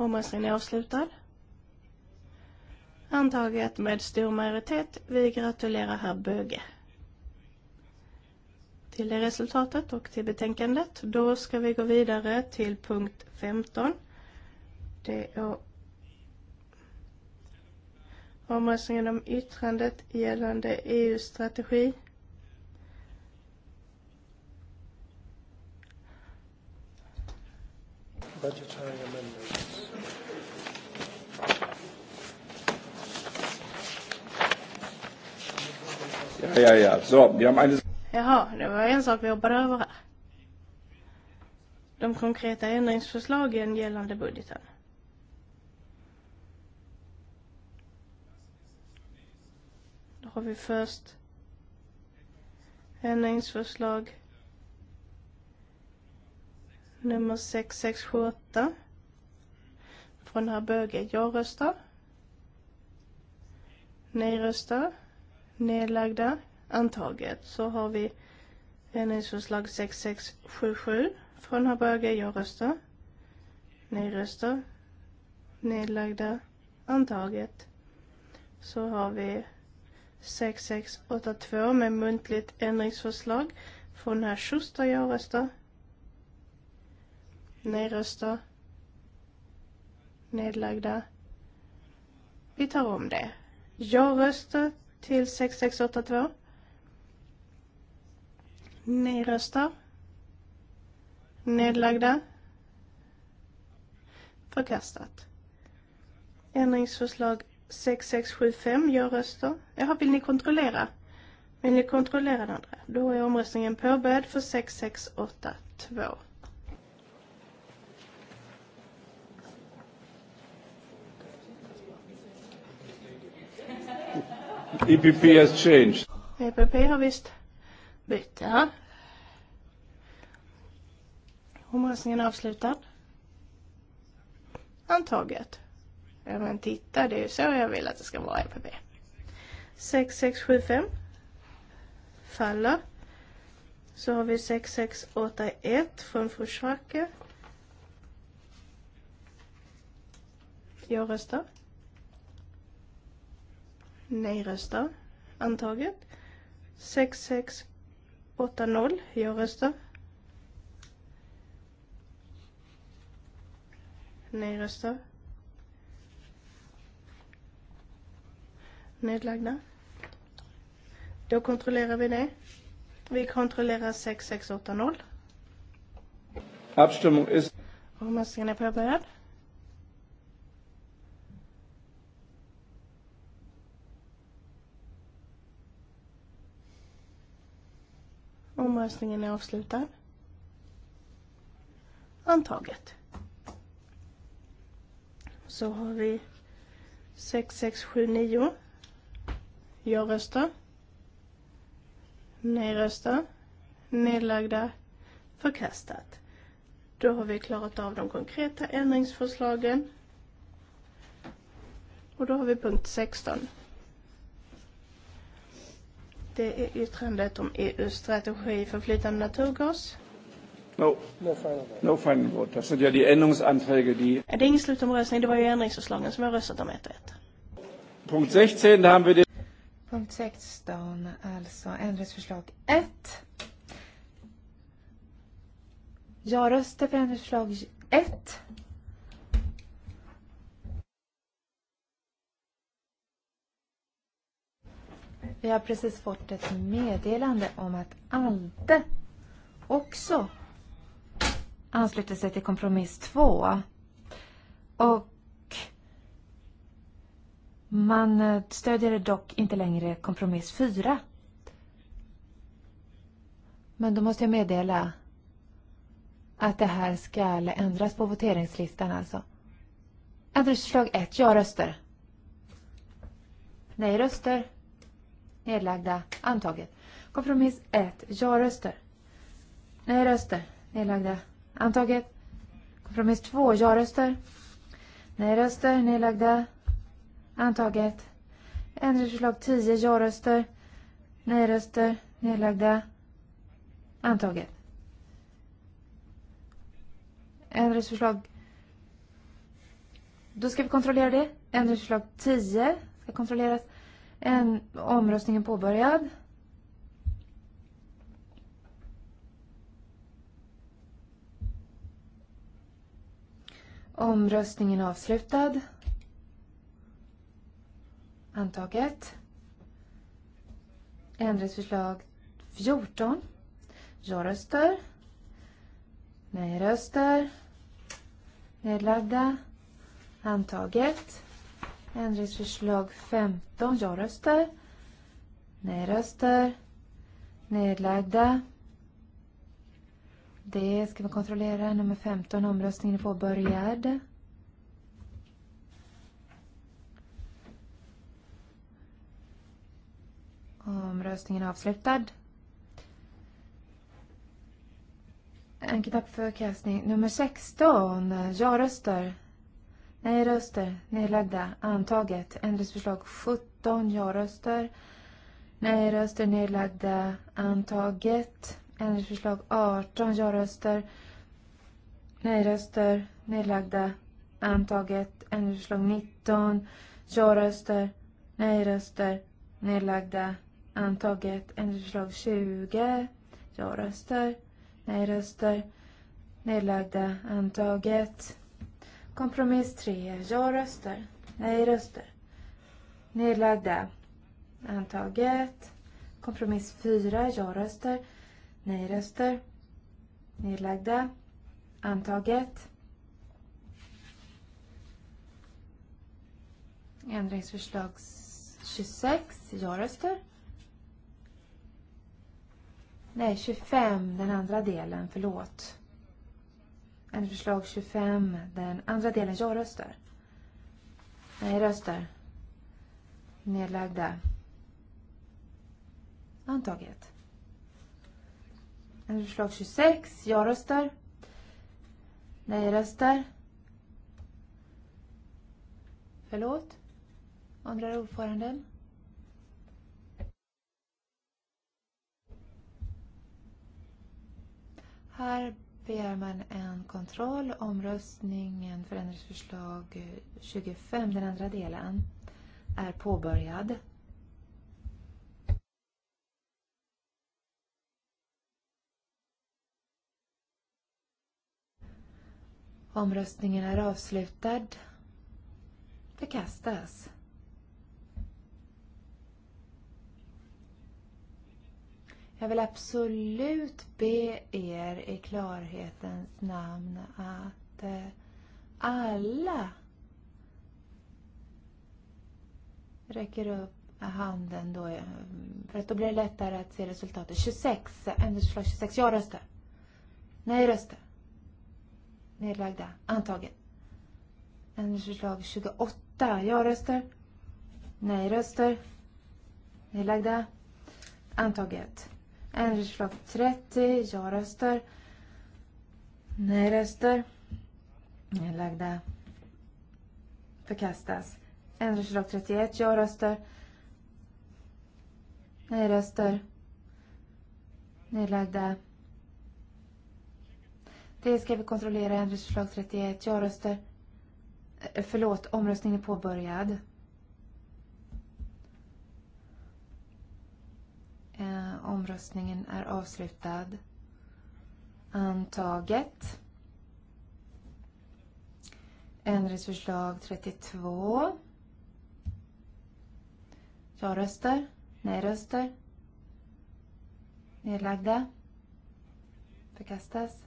Speaker 3: Omröstningen är avslutad. Antaget med stor majoritet. Vi gratulerar herr Böge till det resultatet och till betänkandet. Då ska vi gå vidare till punkt 15. Det är omröstningen om yttrandet gällande EUs strategi
Speaker 1: budgetary amendment.
Speaker 2: Ja, ja, ja. So, wir haben eine...
Speaker 3: Jaha, det var en sak vi hoppade över här. De konkreta ändringsförslagen gällande budgeten. Då har vi först ändringsförslag nummer 6678 från herr Böge. Jag röstar. Nej röstar nedlagda. Antaget så har vi ändringsförslag 6677 från Haberge. Jag röstar. Nej röstar. Nedlagda. Antaget. Så har vi 6682 med muntligt ändringsförslag från herr Schuster. Jag röstar. Nej röstar. Nedlagda. Vi tar om det. Jag röstar till 6682. Ni röstar. Nedlagda. Förkastat. Ändringsförslag 6675 gör röster. Jaha, vill ni kontrollera? Vill ni kontrollera den andra? Då är omröstningen påbörjad för 6682. EPP has changed. EPP har visst bytt, ja. Omröstningen är avslutad. Antaget. Ja men titta, det är ju så jag vill att det ska vara EPP. 6675 faller. Så har vi 6681 från Forsvacke. Jag röstar nej-röster. Antaget. 6680, jag röster Nej-röster. Nedlagda. Då kontrollerar vi det. Vi kontrollerar 6680.
Speaker 2: Abstimmung ist...
Speaker 3: Omröstningen är påbörjad. Omröstningen är avslutad. Antaget. Så har vi 6679. Jag röstar. Nej röstar. Nedlagda. Förkastat. Då har vi klarat av de konkreta ändringsförslagen. Och då har vi punkt 16 det är er yttrandet er om EU-strategi er för flytande naturgas. No. No final
Speaker 2: vote. No final vote. Das sind Det
Speaker 3: är ingen slutomröstning, det var ju ändringsförslagen som jag
Speaker 1: röstat om ett och ett. Punkt 16, där har vi det... Punkt 16, alltså ändringsförslag 1. Jag röstar för ändringsförslag 1. Vi har precis fått ett meddelande om att ALDE också ansluter sig till kompromiss 2. Och man eh, stödjer dock inte längre kompromiss 4. Men då måste jag meddela att det här ska ändras på voteringslistan alltså. Ändringsförslag 1, ja-röster. Nej-röster nedlagda, antaget. Kompromiss 1, ja-röster. Nej-röster, nedlagda, antaget. Kompromiss 2, ja-röster. Nej-röster, nedlagda, antaget. Ändringsförslag 10, ja-röster. Nej-röster, nedlagda, antaget. Ändringsförslag då ska vi kontrollera det. Ändringsförslag 10 ska kontrolleras. En omröstningen påbörjad. Omröstningen avslutad. Antaget. Ändringsförslag 14. Jag röstar. Nej-röster. Nedlagda. Antaget. Ändringsförslag 15. Jag röstar. Nej-röster. Nedlagda. Det ska vi kontrollera. Nummer 15. Omröstningen är påbörjad. Omröstningen är avslutad. En kastning. Nummer 16. Jag röstar. Nej röster. Nedlagda. Antaget. Ändringsförslag 17. Ja-röster. Nej röster. Nedlagda. Antaget. Ändringsförslag 18. Ja-röster. Nej röster. Nedlagda. Antaget. Ändringsförslag 19. Ja-röster. Nej röster. Nedlagda. Antaget. Ändringsförslag 20. Ja-röster. Nej röster. Nedlagda. Antaget. Kompromiss 3. Ja röster. Nej röster. Nedlagda. Antaget. Kompromiss 4. Ja röster. Nej röster. Nedlagda. Antaget. Ändringsförslag 26. Ja röster. Nej, 25, den andra delen, förlåt. Eller förslag 25, den andra delen. Jag röstar. Nej, röstar. Nedlagda. Antaget. Eller förslag 26, jag röstar. Nej, röstar. Förlåt? Andra ordföranden. Här begär man en kontroll, omröstningen, förändringsförslag 25, den andra delen, är påbörjad. Omröstningen är avslutad. Förkastas. Jag vill absolut be er i klarhetens namn att eh, alla räcker upp handen då. Eh, för att då blir det lättare att se resultatet. 26, ändringsförslag 26. Jag röstar. Nej röstar. Nedlagda. Antagen. Ändringsförslag 28. Jag röstar. Nej röstar. Nedlagda. Antaget. Ändringsförslag 30. Jag röstar. Nej-röster. Nedlagda. Förkastas. Ändringsförslag 31. Jag röstar. Nej-röster. Nedlagda. Det ska vi kontrollera. Ändringsförslag 31. Jag röstar. Eh, förlåt, omröstningen är påbörjad. Omröstningen är avslutad. Antaget. Ändringsförslag 32. Ja-röster. Nej-röster. Nedlagda. Förkastas.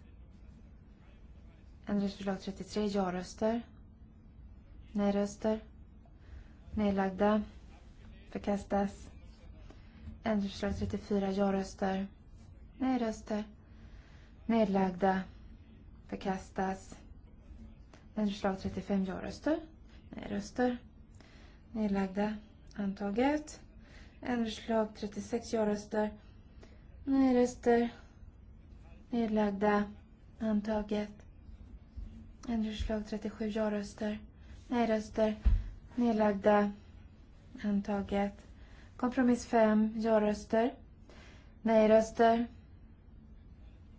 Speaker 1: Ändringsförslag 33. Ja-röster. Nej-röster. Nedlagda. Förkastas förslag 34. E Ja-röster. Nej-röster. Nedlagda. Förkastas. förslag 35. E Ja-röster. Nej-röster. Nedlagda. Antaget. förslag 36. E Ja-röster. Nej-röster. Nedlagda. Antaget. förslag 37. Ja-röster. Nej-röster. Nedlagda. Antaget. Kompromiss 5, ja-röster. Nej-röster.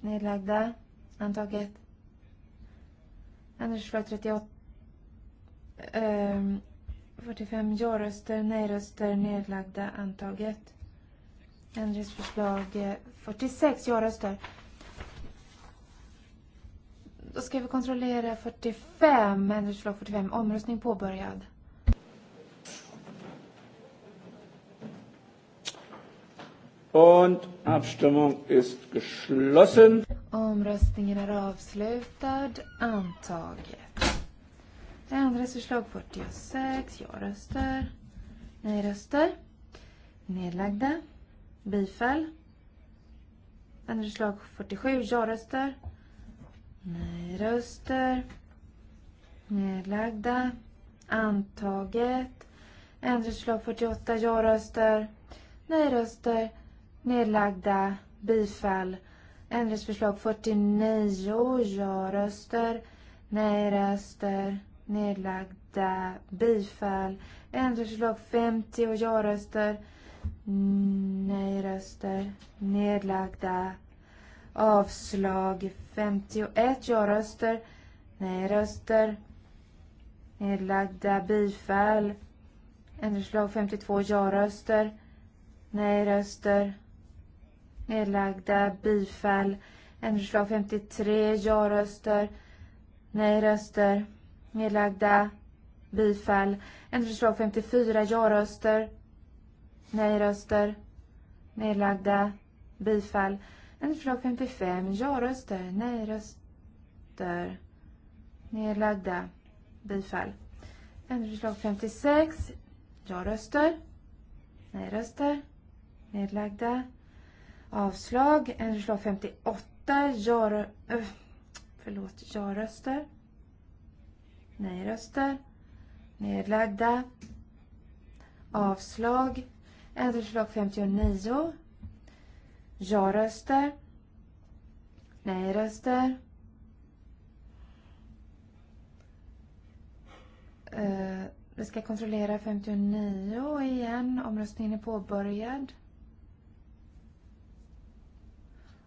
Speaker 1: Nedlagda. Antaget. Ändringsförslag 38. Um, ehm, 45 ja-röster, nej-röster, nedlagda, antaget. förslag 46 eh, ja-röster. Då ska vi kontrollera 45, ändringsförslag 45, omröstning påbörjad.
Speaker 2: Und Abstimmung ist geschlossen.
Speaker 1: Omröstningen är avslutad. Antaget. Ändras förslag 46. Ja röster. Nej röster. Nedlagda. Bifall. Ändras förslag 47. Ja röster. Nej röster. Nedlagda. Antaget. Ändras förslag 48. Ja röster. Nej röster nedlagda bifall. Ändringsförslag 49, ja-röster, nej-röster, nedlagda bifall. Ändringsförslag 50 och ja-röster, nej-röster, nedlagda avslag. 51 ja-röster, nej-röster, nedlagda bifall. Ändringsförslag 52 ja-röster, nej-röster, nedlagda, bifall, ändringsförslag 53, ja-röster, nej-röster, nedlagda, bifall, ändringsförslag 54, ja-röster, nej-röster, nedlagda, bifall, ändringsförslag 55, ja-röster, nej-röster, nedlagda, bifall, ändringsförslag 56, ja-röster, nej-röster, nedlagda, Avslag. En av 58. Ja, förlåt, ja-röster. Nej-röster. Nedlagda. Avslag. Ändringsförslag 59. Ja-röster. Nej-röster. Eh, vi ska kontrollera 59 igen. Omröstningen är påbörjad.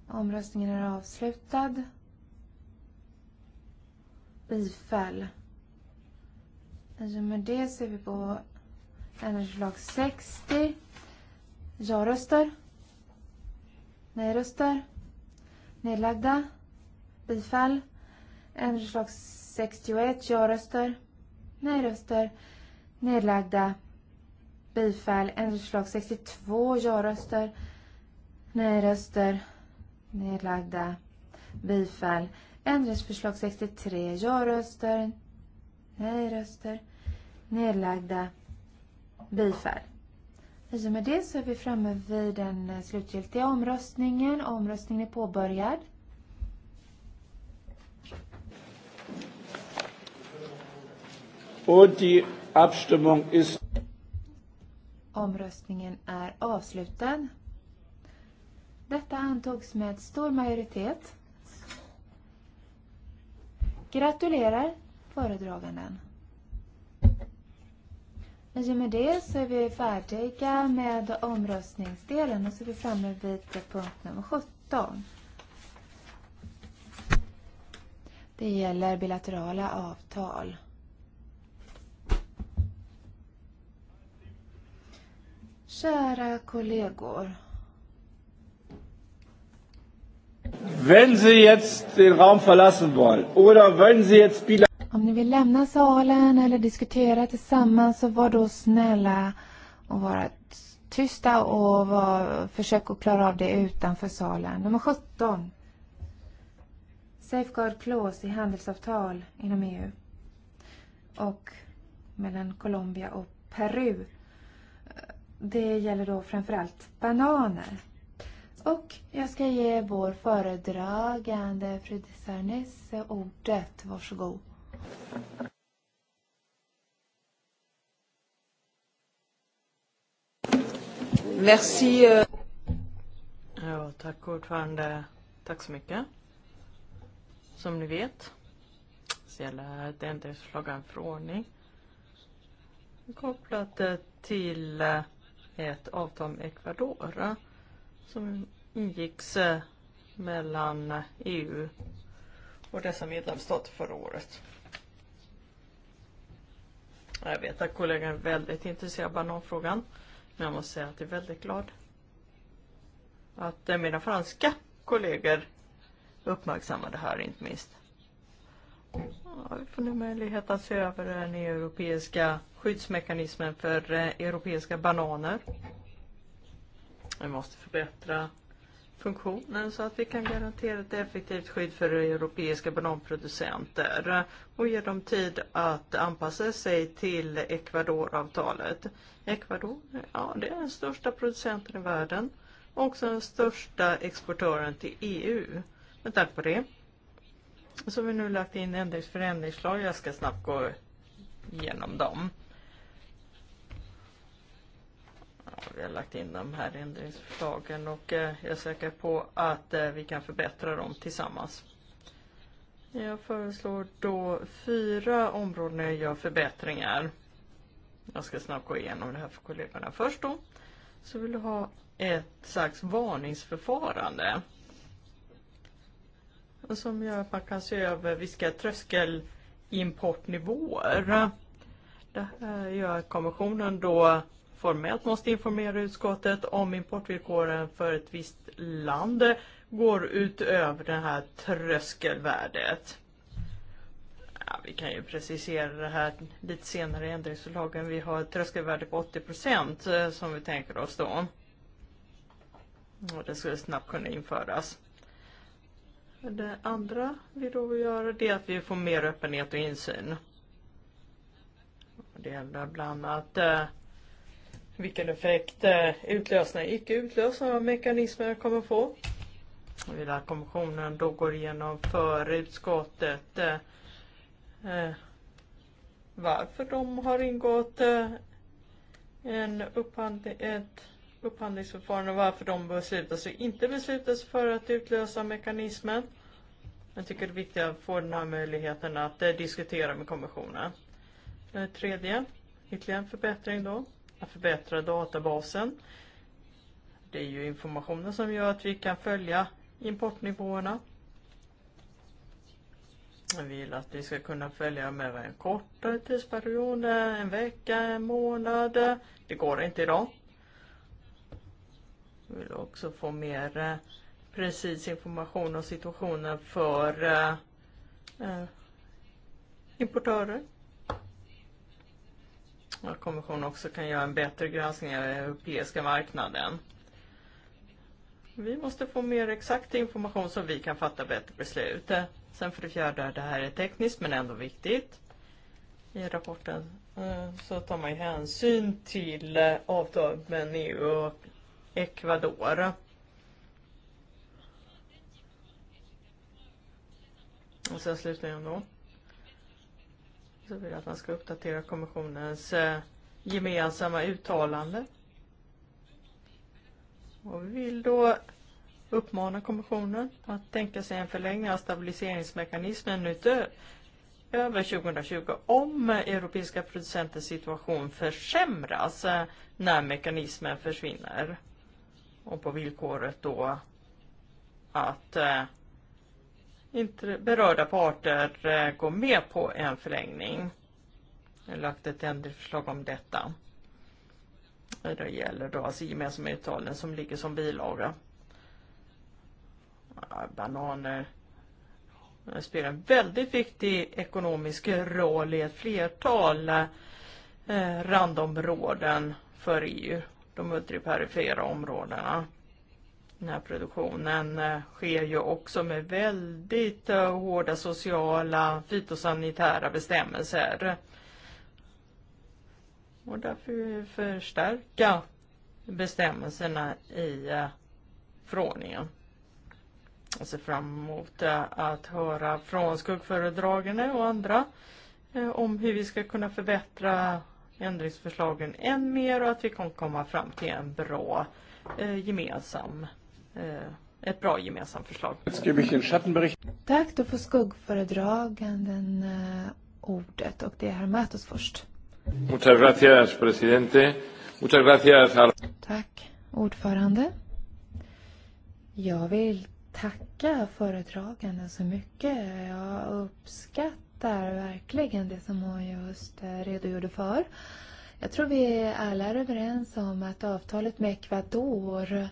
Speaker 1: Omröstningen är avslutad. Bifall. Alltså med det ser vi på ändringslag 60. Jag röstar. Nej-röster. Nedlagda. Bifall. Ändringslag 61. Jag röstar. Nej-röster. Nedlagda. Bifall. Ändringslag 62. Jag röstar. Nej-röster nedlagda bifall. Ändringsförslag 63. Ja-röster. Nej-röster. Nedlagda bifall. I och med det så är vi framme vid den slutgiltiga omröstningen. Omröstningen är påbörjad.
Speaker 2: Och die Abstimmung ist...
Speaker 1: Omröstningen är avslutad. Detta antogs med stor majoritet. Gratulerar föredraganden. I och med det så är vi färdiga med omröstningsdelen och så är vi framme vid punkt nummer 17. Det gäller bilaterala avtal. Kära kollegor.
Speaker 2: Wenn Sie jetzt den Raum verlassen wollen oder wenn Sie jetzt
Speaker 1: Om ni vill lämna salen eller diskutera tillsammans så var då snälla och vara tysta och var, försök att klara av det utanför salen. Nummer 17. Safeguard clause i handelsavtal inom EU och mellan Colombia och Peru. Det gäller då framförallt bananer. Och jag ska ge vår föredragande Fredrik Sarnes ordet. Varsågod.
Speaker 2: Merci. Eh. Ja, tack ordförande. Tack så mycket. Som ni vet så gäller det ändringsförslag en förordning kopplat till eh, ett avtal med Ecuador eh, som ingicks mellan EU och dessa medlemsstater förra året. Jag vet att kollegan är väldigt intresserad av bananfrågan, men jag måste säga att jag är väldigt glad att eh, mina franska kollegor uppmärksammar det här inte minst. Ja, vi får nu möjlighet att se över den europeiska skyddsmekanismen för eh, europeiska bananer. Vi måste förbättra funktionen så att vi kan garantera ett effektivt skydd för europeiska bananproducenter och ge dem tid att anpassa sig till Ecuador-avtalet. Ecuador ja, det är den största producenten i världen och också den största exportören till EU. Men tack på det så har vi nu lagt in ändringsförändringslag. Jag ska snabbt gå igenom dem. vi har lagt in de här ändringsförslagen och eh, jag är säker på att eh, vi kan förbättra dem tillsammans. Jag föreslår då fyra områden där jag gör förbättringar. Jag ska snabbt gå igenom det här för kollegorna. Först då så vill du ha ett slags varningsförfarande som gör att man kan se över vilka tröskelimportnivåer. Det här gör att kommissionen då formellt måste informera utskottet om importvillkoren för ett visst land går utöver det här tröskelvärdet. Ja, vi kan ju precisera det här lite senare i ändringslagen. Vi har ett tröskelvärde på 80 procent eh, som vi tänker oss då. Och det skulle snabbt kunna införas. Det andra vi då vill göra det är att vi får mer öppenhet och insyn. Det gäller bland annat eh, vilken effekt eh, utlösna och icke utlösande eh, mekanismer kommer få. Huruvida kommissionen då går igenom för utskottet eh, eh, varför de har ingått eh, en upphandli ett upphandlingsförfarande och varför de beslutas sig inte beslutas för att utlösa mekanismen. Jag tycker det är viktigt att få den här möjligheten att eh, diskutera med kommissionen. Eh, tredje, ytterligare en förbättring då att förbättra databasen. Det är ju informationen som gör att vi kan följa importnivåerna. Vi vill att vi ska kunna följa med en kortare tidsperiod, en vecka, en månad. Det går inte idag. Vi vill också få mer eh, precis information om situationen för eh, eh, importörer att kommissionen också kan göra en bättre granskning av den europeiska marknaden. Vi måste få mer exakt information så vi kan fatta bättre beslut. Sen för det fjärde, det här är tekniskt men ändå viktigt. I rapporten eh, så tar man hänsyn till eh, avtalet med EU och Ecuador. Och sen slutligen då. Så vill jag att man ska uppdatera kommissionens eh, gemensamma uttalande. Och vi vill då uppmana kommissionen att tänka sig en förlängning av stabiliseringsmekanismen utöver över 2020 om europeiska producenters situation försämras eh, när mekanismen försvinner. Och på villkoret då att eh, inte berörda parter eh, gå med på en förlängning. Jag har lagt ett ändringsförslag om detta. Det gäller då alltså gemensamma uttalanden som ligger som bilaga. Bananer spelar en väldigt viktig ekonomisk roll i ett flertal eh, randområden för EU, de ultraperifera områdena. Den här produktionen eh, sker ju också med väldigt eh, hårda sociala fytosanitära bestämmelser. Och därför vi förstärka bestämmelserna i eh, förordningen. Jag ser fram emot att höra från skuggföredragande och andra om hur vi ska kunna förbättra ändringsförslagen än mer och att vi kan komma fram till en bra gemensam Eh, ett bra gemensamt förslag.
Speaker 1: Tack, då får skuggföredraganden eh, ordet och det är Hermatos först.
Speaker 3: Muchas gracias, presidente. Muchas gracias. A...
Speaker 1: Tack, ordförande. Jag vill tacka föredraganden så mycket. Jag uppskattar verkligen det som hon just eh, redogjorde för. Jag tror vi alla är överens om att avtalet med Ecuador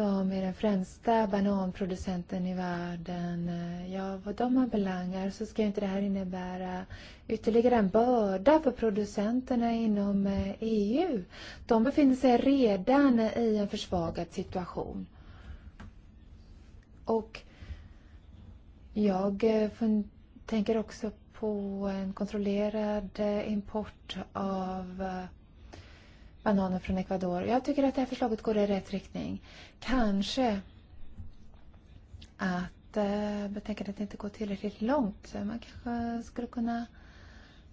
Speaker 1: som är den främsta bananproducenten i världen, ja, vad de har belangar så ska inte det här innebära ytterligare en börda för producenterna inom EU. Eh, e de befinner sig redan i en försvagad situation. Och jag eh, tänker också på en kontrollerad eh, import av bananer från Ecuador. Jag tycker att det här förslaget går i rätt riktning. Kanske att eh, betänkandet inte går tillräckligt långt. Man kanske skulle kunna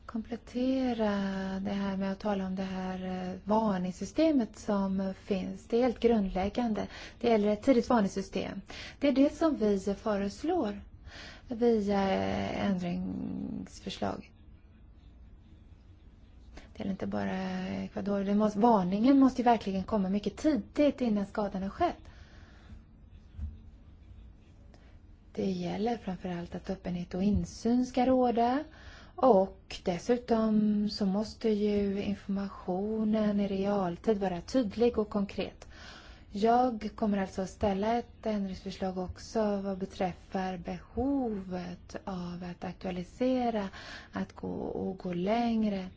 Speaker 1: komplettera det här med att tala om det här eh, varningssystemet som finns. Det är helt grundläggande. Det gäller ett tidigt varningssystem. Det är det som vi föreslår via eh, ändringsförslag. Det gäller inte bara Ecuador. Det måste, varningen måste ju verkligen komma mycket tidigt innan skadan har skett. Det gäller framförallt att öppenhet och insyn ska råda. Och dessutom så måste ju informationen i realtid vara tydlig och konkret. Jag kommer alltså att ställa ett ändringsförslag också vad beträffar behovet av att aktualisera, att gå och gå längre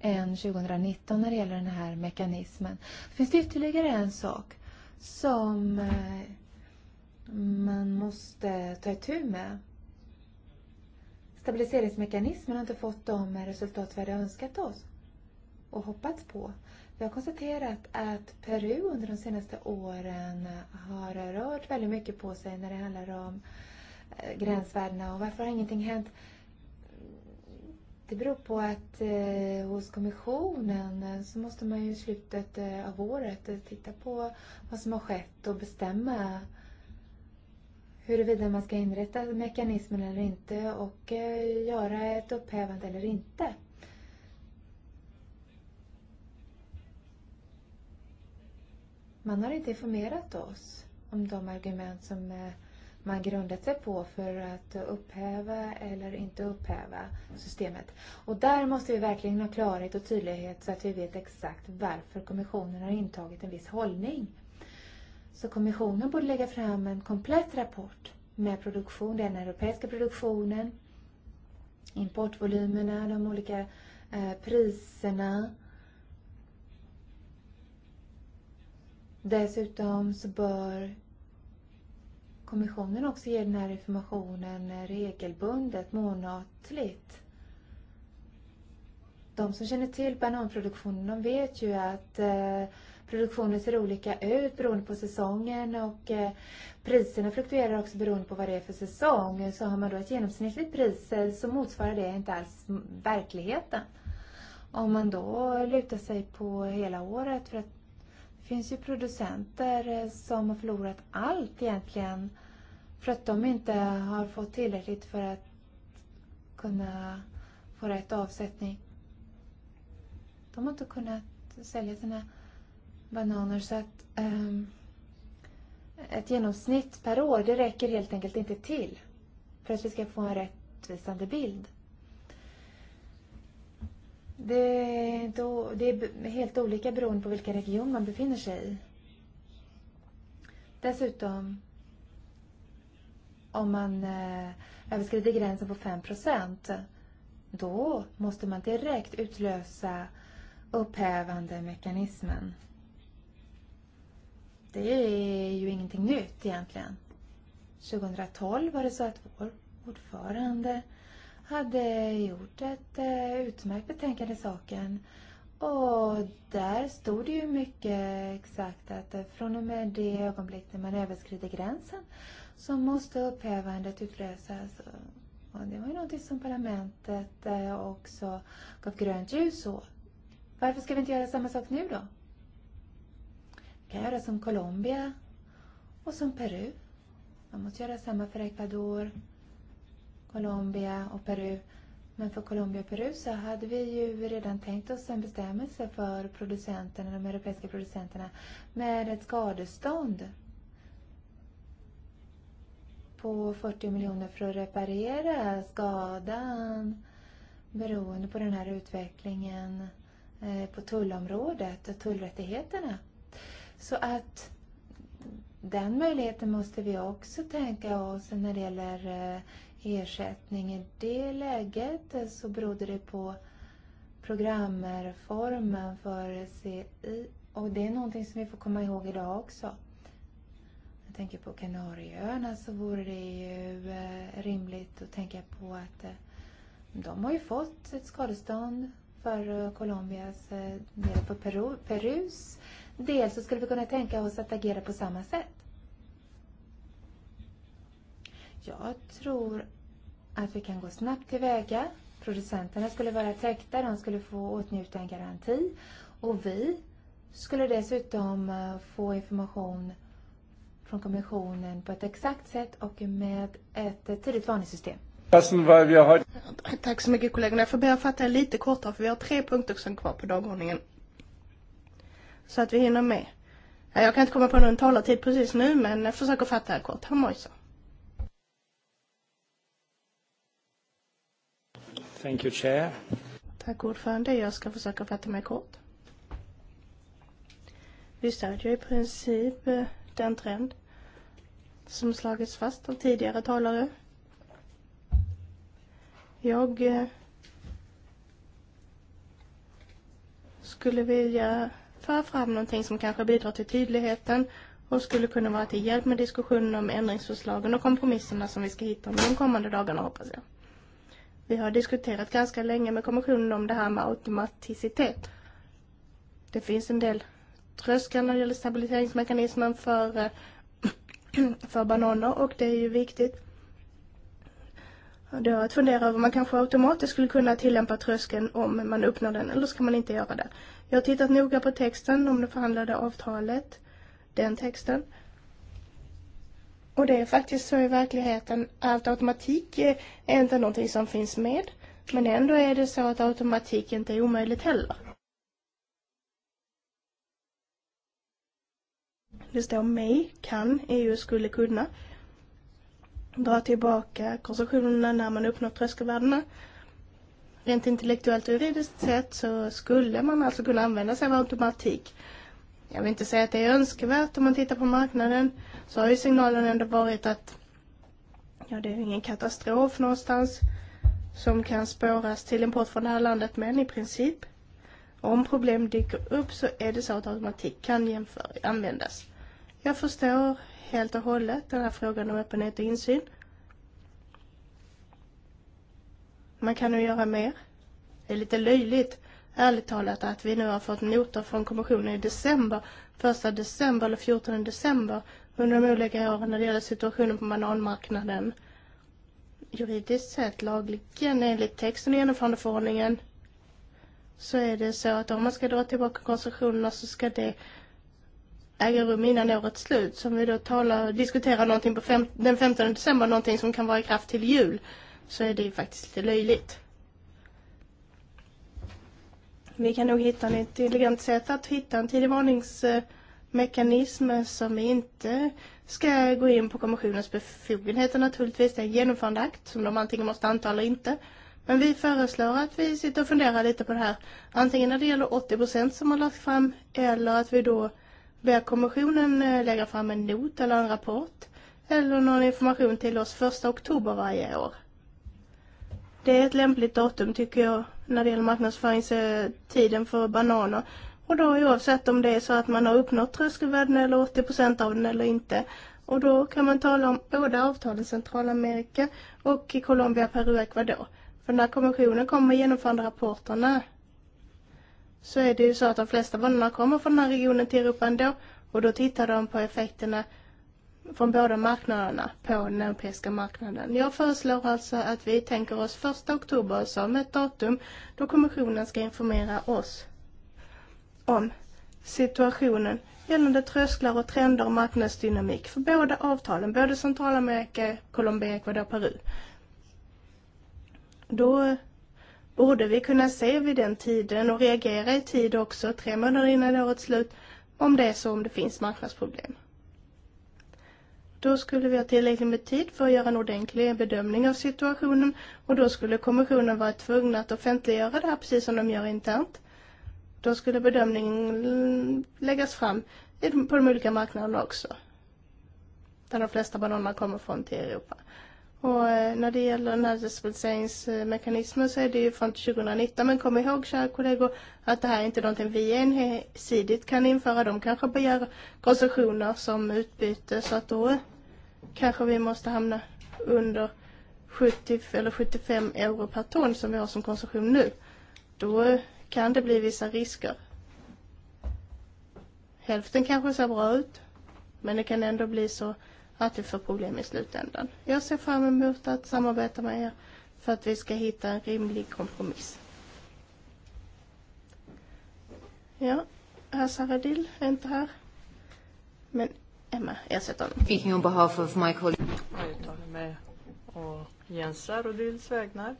Speaker 1: än 2019 när det gäller den här mekanismen. Det finns ytterligare en sak som eh, man måste ta itu med. Stabiliseringsmekanismen har inte fått de resultat vi hade önskat oss och hoppats på. Vi har konstaterat att Peru under de senaste åren har rört väldigt mycket på sig när det handlar om eh, gränsvärdena och varför har ingenting hänt? Det beror på att eh, hos kommissionen eh, så måste man ju i slutet eh, av året eh, titta på vad som har skett och bestämma huruvida man ska inrätta mekanismen eller inte och eh, göra ett upphävande eller inte. Man har inte informerat oss om de argument som eh, man grundat sig på för att upphäva eller inte upphäva systemet. Och där måste vi verkligen ha klarhet och tydlighet så att vi vet exakt varför kommissionen har intagit en viss hållning. Så kommissionen borde lägga fram en komplett rapport med produktion, den europeiska produktionen, importvolymerna, de olika eh, priserna. Dessutom så bör kommissionen också ger den här informationen regelbundet, månatligt. De som känner till bananproduktionen de vet ju att eh, produktionen ser olika ut beroende på säsongen och eh, priserna fluktuerar också beroende på vad det är för säsong. Så har man då ett genomsnittligt pris så motsvarar det inte alls verkligheten. Om man då lutar sig på hela året för att finns ju producenter som har förlorat allt egentligen för att de inte har fått tillräckligt för att kunna få rätt avsättning. De har inte kunnat sälja sina bananer så att um, ett genomsnitt per år det räcker helt enkelt inte till för att vi ska få en rättvisande bild. Det, är, då, det är helt olika beroende på vilken region man befinner sig i. Dessutom, om man eh, överskrider gränsen på 5 då måste man direkt utlösa upphävande mekanismen. Det är ju ingenting nytt egentligen. 2012 var det så att vår ordförande hade gjort ett eh, utmärkt betänkande i saken. Och där stod det ju mycket exakt att eh, från och med det ögonblick när man överskrider gränsen så måste upphävandet utlösas. Och det var ju någonting som parlamentet eh, också gav grönt ljus åt. Varför ska vi inte göra samma sak nu då? Vi kan göra som Colombia och som Peru. Man måste göra samma för Ecuador Colombia och Peru. Men för Colombia och Peru så hade vi ju redan tänkt oss en bestämmelse för producenterna, de europeiska producenterna med ett skadestånd på 40 miljoner för att reparera skadan beroende på den här utvecklingen eh, på tullområdet och tullrättigheterna. Så att den möjligheten måste vi också tänka oss när det gäller eh, ersättning. I det läget så berodde det på programreformen för CI och det är någonting som vi får komma ihåg idag också. Jag tänker på Kanarieöarna så vore det ju eh, rimligt att tänka på att eh, de har ju fått ett skadestånd för eh, Colombias del, på Peru, Perus del så skulle vi kunna tänka oss att agera på samma sätt. Jag tror att vi kan gå snabbt tillväga. Producenterna skulle vara täckta, de skulle få åtnjuta en garanti och vi skulle dessutom få information från Kommissionen på ett exakt sätt och med ett tidigt varningssystem. Tack så mycket kollegorna. Jag får börja fatta er lite kortare för vi har tre punkter som kvar på
Speaker 3: dagordningen. Så att vi hinner med. Jag kan inte komma på någon talartid precis nu men jag försöker fatta er kort. Herr Mojsa.
Speaker 2: Thank you, Chair.
Speaker 3: Tack ordförande, jag ska försöka fatta mig kort. Vi stödjer i princip den trend som slagits fast av tidigare talare. Jag skulle vilja föra fram någonting som kanske bidrar till tydligheten och skulle kunna vara till hjälp med diskussionen no, om ändringsförslagen och kompromisserna no, som vi ska hitta om de kommande dagarna no, hoppas jag. Vi har diskuterat ganska länge med kommissionen om det här med automaticitet. Det finns en del trösklar när det gäller stabiliseringsmekanismen för, eh, för bananer och det är ju viktigt. Det har att fundera över om man kanske automatiskt skulle kunna tillämpa tröskeln om man uppnår den eller ska man inte göra det. Jag har tittat noga på texten om det förhandlade avtalet, den texten. Och det är faktiskt så i verkligheten att automatik är inte någonting som finns med. Men ändå är det så att automatik inte är omöjligt heller. Det står mig, kan, EU skulle kunna dra tillbaka koncessionerna när man uppnår tröskelvärdena. Rent intellektuellt och juridiskt sett så skulle man alltså kunna använda sig av automatik jag vill inte säga att det är önskvärt om man tittar på marknaden, så har ju signalen ändå varit att ja, det är ingen katastrof någonstans som kan spåras till import från det här landet, men i princip om problem dyker upp så är det så att automatik kan jämför, användas. Jag förstår helt och hållet den här frågan om öppenhet och insyn. Man kan ju göra mer. Det är lite löjligt ärligt talat att vi nu har fått noter från kommissionen i december, 1 december eller 14 december under de olika åren när det gäller situationen på bananmarknaden. Juridiskt sett, lagligen, enligt texten i genomförandeförordningen så är det så att om man ska dra tillbaka koncessionerna så ska det äga rum innan årets slut. Så om vi då talar, diskuterar någonting på fem, den 15 december, någonting som kan vara i kraft till jul, så är det ju faktiskt lite löjligt. Vi kan nog hitta ett intelligent sätt att hitta en tidig varningsmekanism som inte ska gå in på kommissionens befogenheter naturligtvis. Det är en genomförande akt som de antingen måste anta eller inte. Men vi föreslår att vi sitter och funderar lite på det här. Antingen när det gäller 80% procent som har lagt fram eller att vi då ber kommissionen eh, lägga fram en not eller en rapport eller någon information till oss första oktober varje år. Det är ett lämpligt datum tycker jag när det gäller marknadsföringstiden för bananer. Och då oavsett om det är så att man har uppnått tröskelvärden eller 80 av den eller inte. Och då kan man tala om båda avtalen i Centralamerika och i Colombia, Peru, och Ecuador. För när kommissionen kommer genomförande rapporterna så är det ju så att de flesta bananer kommer från den här regionen till Europa ändå. Och då tittar de på effekterna från båda marknaderna på den europeiska marknaden. Jag föreslår alltså att vi tänker oss 1 oktober som ett datum då kommissionen ska informera oss om situationen gällande trösklar och trender och marknadsdynamik för båda avtalen, både Centralamerika, Colombia, Ecuador och Peru. Då borde vi kunna se vid den tiden och reagera i tid också, tre månader innan årets slut, om det är så om det finns marknadsproblem. Då skulle vi ha tillräckligt med tid för att göra en ordentlig bedömning av situationen och då skulle kommissionen vara tvungen att offentliggöra det här precis som de gör internt. Då skulle bedömningen läggas fram på de olika marknaderna också. Där de flesta bananerna kommer från till Europa. Och eh, när det gäller närdisposeringsmekanismen så är det ju från 2019. Men kom ihåg, kära kollegor, att det här är inte någonting vi ensidigt kan införa. De kanske begär koncessioner som utbyte, så att då kanske vi måste hamna under 70 eller 75 euro per ton som vi har som konsumtion nu. Då kan det bli vissa risker. Hälften kanske ser bra ut, men det kan ändå bli så att vi får problem i slutändan. Jag ser fram emot att samarbeta med er för att vi ska hitta en rimlig kompromiss. Ja, här är Dill, är inte här. Men Emma
Speaker 1: ersätter honom. Speaking on behalf of my colleague.
Speaker 2: Jag uttalar mig och Jens Saradils vägnar.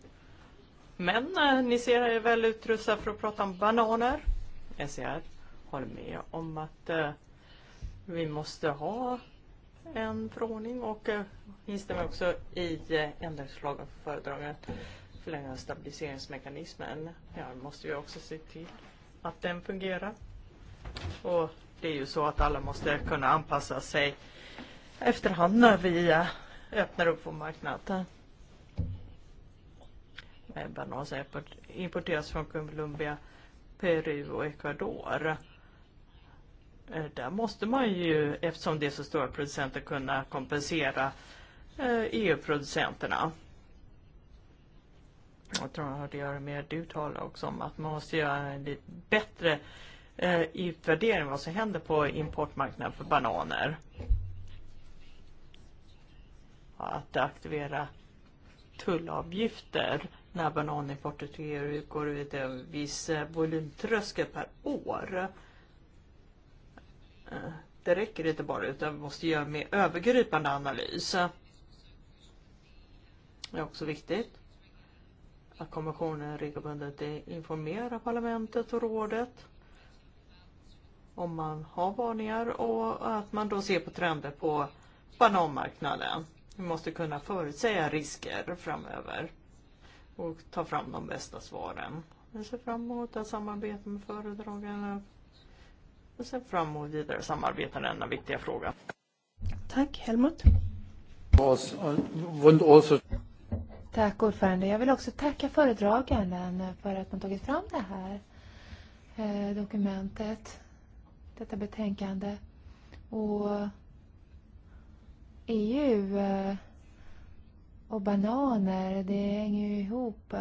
Speaker 2: Men äh, ni ser er väl utrustade för att prata om bananer. Jag SCR håller med om att äh, vi måste ha en förordning och eh, instämmer också i eh, ändringsförslagen för föredragen förlänga stabiliseringsmekanismen. Ja, måste vi också se till att den fungerar. Och det är ju så att alla måste kunna anpassa sig efterhand när vi eh, öppnar upp på marknaden. Banan importeras från Colombia, Peru och Ecuador där måste man ju, eftersom det är så stora producenter, kunna kompensera EU-producenterna. Eh, e Jag tror att det gör mer du talar också om att man måste göra en lite bättre eh, utvärdering vad som händer på importmarknaden för bananer. Att aktivera tullavgifter när bananimportet till EU går ut en viss eh, volymtröskel per år. Eh, Det räcker inte bara utan vi måste göra en mer övergripande analys. Det är också viktigt att kommissionen regelbundet informerar parlamentet och rådet om man har varningar och att man då ser på trender på bananmarknaden. Vi måste kunna förutsäga risker framöver och ta fram de bästa svaren. Jag ser fram emot att samarbeta med föredragarna och ser fram emot vidare samarbete i denna viktiga fråga.
Speaker 1: Tack, Helmut. Tack ordförande. Jag vill också tacka föredraganden för att man tagit fram det här eh, dokumentet, detta betänkande. Och EU eh, och bananer, det hänger ju ihop.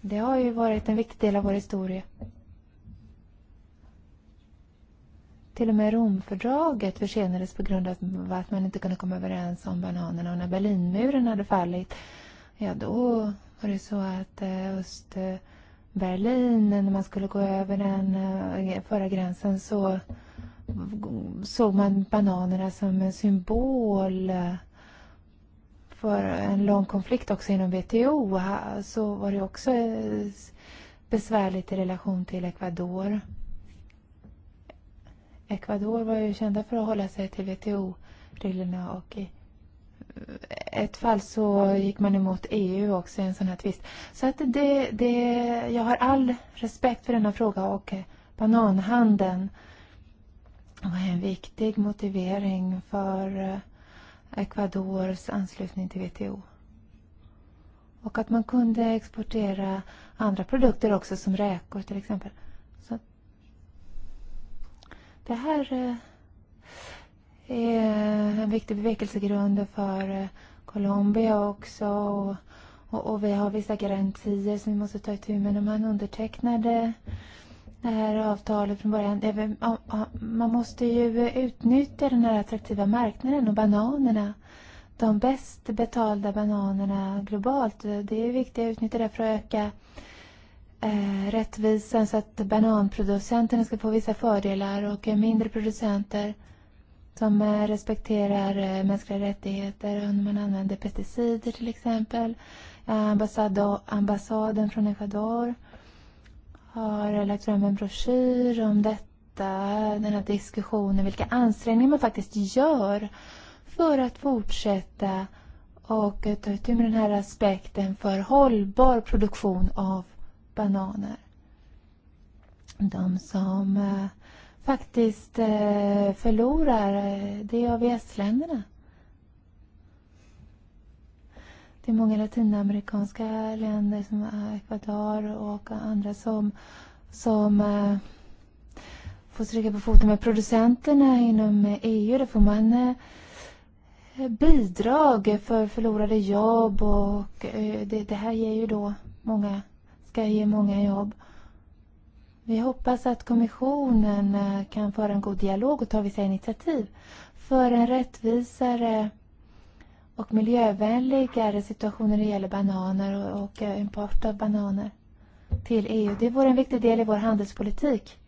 Speaker 1: Det har ju varit en viktig del av vår historia. Till och med Romfördraget försenades på grund av att man inte kunde komma överens om bananerna. Och när Berlinmuren hade fallit, ja då var det så att eh, Östberlin, när man skulle gå över den eh, förra gränsen så såg man bananerna som en symbol eh, för en lång konflikt också inom WTO. Så var det också besvärligt i relation till Ecuador. Ecuador var ju kända för att hålla sig till WTO-reglerna ah, och i ett fall så gick man emot EU också i en sån här tvist. Så att det, det, jag har all respekt för denna n-o fråga och bananhandeln var en viktig motivering för Ecuadors anslutning till WTO. Och att man kunde exportera andra produkter också som räkor till exempel. Det här eh, är en viktig bevekelsegrund för eh, Colombia också. Och, och vi har vissa garantier som vi måste ta itu med när man undertecknade det här avtalet från början. Man måste ju utnyttja den här attraktiva marknaden och bananerna. De bäst betalda bananerna globalt. Det är viktigt att utnyttja det för att öka Eh, rättvisan så att bananproducenterna ska få vissa fördelar och mindre producenter som eh, respekterar eh, mänskliga rättigheter och man använder pesticider till exempel. Ambassaden från Ecuador har lagt fram en broschyr om detta, den här diskussionen, vilka ansträngningar man faktiskt gör för att fortsätta och ta ut med den här aspekten för hållbar produktion av bananer. De som eh, faktiskt eh, förlorar, eh, det är AVS-länderna. Det är många latinamerikanska länder som Ecuador och andra som, som får stryka på foten med producenterna inom EU. Där får man bidrag för förlorade jobb och det, det här ger ju då många ska ge många jobb. Vi hoppas att kommissionen eh, kan föra en god dialog och ta vissa initiativ för en rättvisare och miljövänligare situation när det gäller bananer och, eh, import av bananer till EU. Det vore en viktig del i vår handelspolitik.